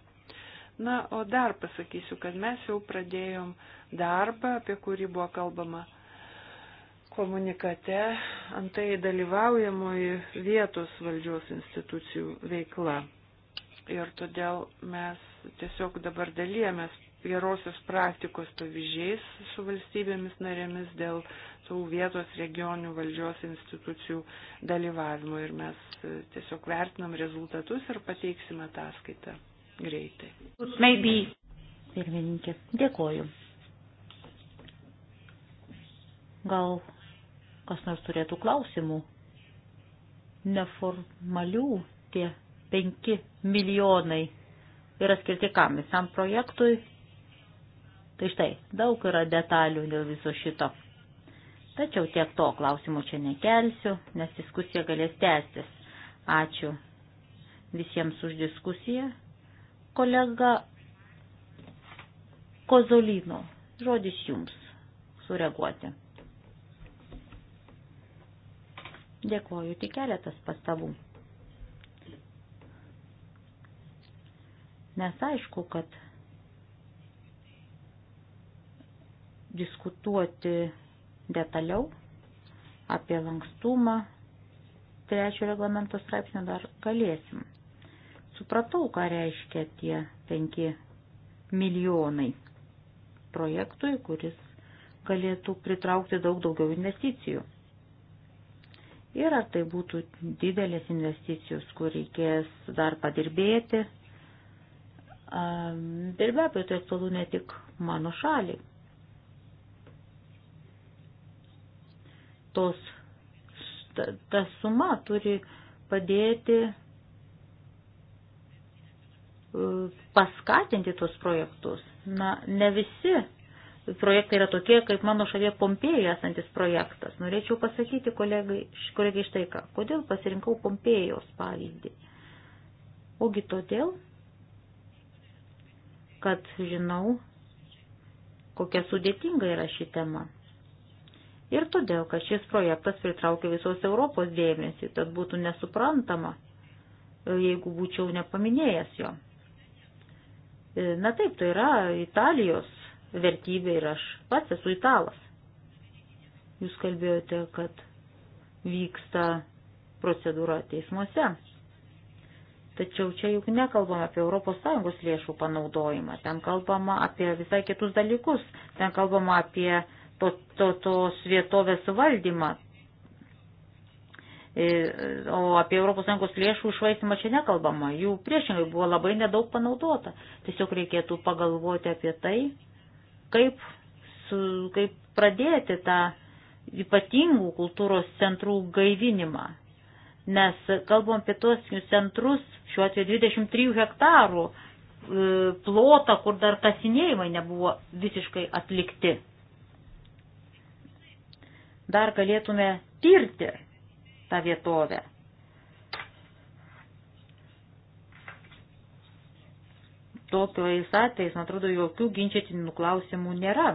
Na, o dar pasakysiu, kad mes jau pradėjom darbą, apie kurį buvo kalbama komunikate, antai dalyvaujamoji vietos valdžios institucijų veikla. Ir todėl mes tiesiog dabar dalyjamės gerosios praktikos pavyzdžiais su valstybėmis narėmis dėl tų vietos regionių valdžios institucijų dalyvavimo ir mes e, tiesiog vertinam rezultatus ir pateiksime ataskaitą greitai. Maybe. Pirmininkė, dėkoju. Gal kas nors turėtų klausimų? Neformalių tie penki milijonai yra skirti kam? Visam projektui Tai štai, daug yra detalių dėl viso šito. Tačiau tiek to klausimų čia nekelsiu, nes diskusija galės tęstis. Ačiū visiems už diskusiją. Kolega Kozolino, žodis jums sureaguoti. Dėkuoju, tik keletas pastabų. Nes aišku, kad diskutuoti detaliau apie lankstumą trečio reglamento straipsnio dar galėsim. Supratau, ką reiškia tie 5 milijonai projektui, kuris galėtų pritraukti daug daugiau investicijų. Ir ar tai būtų didelės investicijos, kur reikės dar padirbėti. Dirbė apie tai aktualu ne tik mano šaliai tos, ta, ta suma turi padėti e, paskatinti tos projektus. Na, ne visi projektai yra tokie, kaip mano šalia Pompėjai esantis projektas. Norėčiau pasakyti kolegai, kolegai štai ką, kodėl pasirinkau Pompėjos pavyzdį. Ogi todėl, kad žinau, kokia sudėtinga yra ši tema ir todėl, kad šis projektas pritraukia visos Europos dėmesį, tad būtų nesuprantama, e, jeigu būčiau nepaminėjęs jo. E, na taip, tai yra Italijos vertybė ir aš pats esu italas. Jūs kalbėjote, kad vyksta procedūra teismuose. Tačiau čia juk nekalbama apie ES lėšų panaudojimą, ten kalbama apie visai kitus dalykus, ten kalbama apie to, to, tos vietovės valdymą. E, o apie ES lėšų išvaistimą čia nekalbama, jų priešingai buvo labai nedaug panaudota. Tiesiog reikėtų pagalvoti apie tai, kaip, su, kaip pradėti tą ypatingų kultūros centrų gaivinimą. Nes kalbam apie tuos centrus, šiuo atveju 23 hektarų e, plotą, kur dar kasinėjimai nebuvo visiškai atlikti dar galėtume tirti tą vietovę. Tokiais atvejais, man atrodo, jokių ginčiatinų klausimų nėra.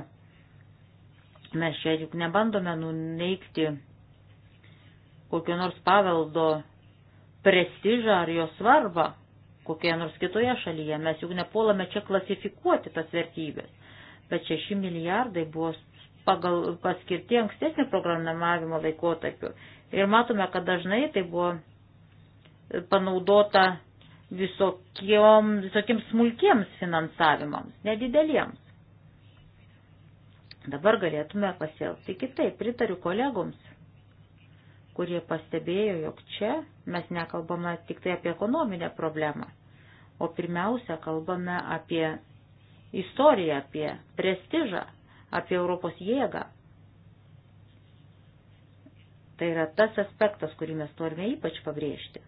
Mes čia juk nebandome nuneikti kokio nors paveldo prestižą ar jo svarbą kokioje nors kitoje šalyje. Mes juk nepuolame čia klasifikuoti tas vertybės. Bet šeši milijardai buvo pagal paskirti ankstesnį programavimo laikotarpiu. Ir matome, kad dažnai tai buvo panaudota visokiem, visokiems smulkiems finansavimams, nedideliems. Dabar galėtume pasielgti kitaip, pritariu kolegoms, kurie pastebėjo, jog čia mes nekalbame tik tai apie ekonominę problemą, o pirmiausia kalbame apie istoriją, apie prestižą, apie Europos jėgą. Tai yra tas aspektas, kurį mes norime ypač pabrėžti.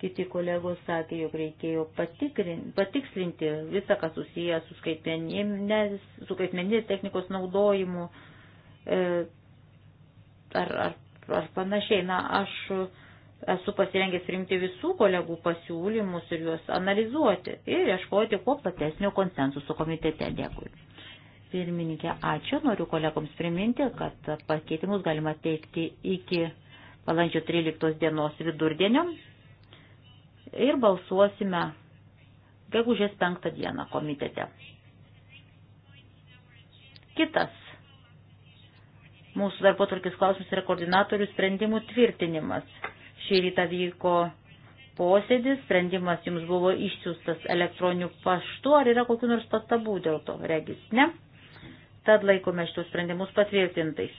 Kiti kolegos sakė, jog reikėjo patikslinti visą, kas susiję su skaitmeninės technikos naudojimu e, ar, ar, ar panašiai. Na, aš esu pasirengęs rimti visų kolegų pasiūlymus ir juos analizuoti ir ieškoti kuo platesnio konsensuso komitete. Dėkui. Pirmininkė, ačiū. Noriu kolegoms priminti, kad pakeitimus galima teikti iki balandžio 13 dienos vidurdienio ir balsuosime gegužės 5 dieną komitete. Kitas mūsų darbo turkis klausimas yra koordinatorių sprendimų tvirtinimas. Šį rytą vyko posėdis, sprendimas jums buvo išsiųstas elektroniniu paštu, ar yra kokiu nors pastabų dėl to, regis, ne? Tad laikome šitus sprendimus patvirtintais.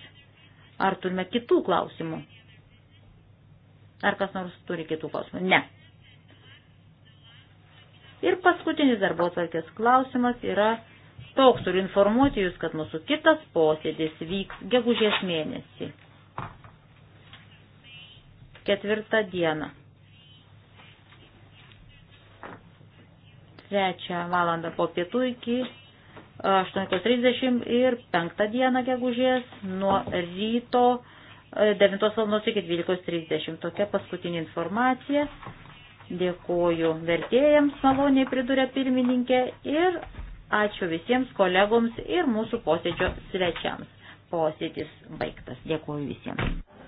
Ar turime kitų klausimų? Ar kas nors turi kitų klausimų? Ne. Ir paskutinis darbo atvarkės klausimas yra toks, turiu informuoti jūs, kad mūsų kitas posėdis vyks gegužės mėnesį ketvirtą dieną. Trečią valandą po pietų iki 8.30 ir penktą dieną gegužės nuo ryto 9 e, val. iki 12.30. Tokia paskutinė informacija. Dėkuoju vertėjams, maloniai pridurė pirmininkė ir ačiū visiems kolegoms ir mūsų posėdžio svečiams. Posėdis baigtas. Dėkuoju visiems.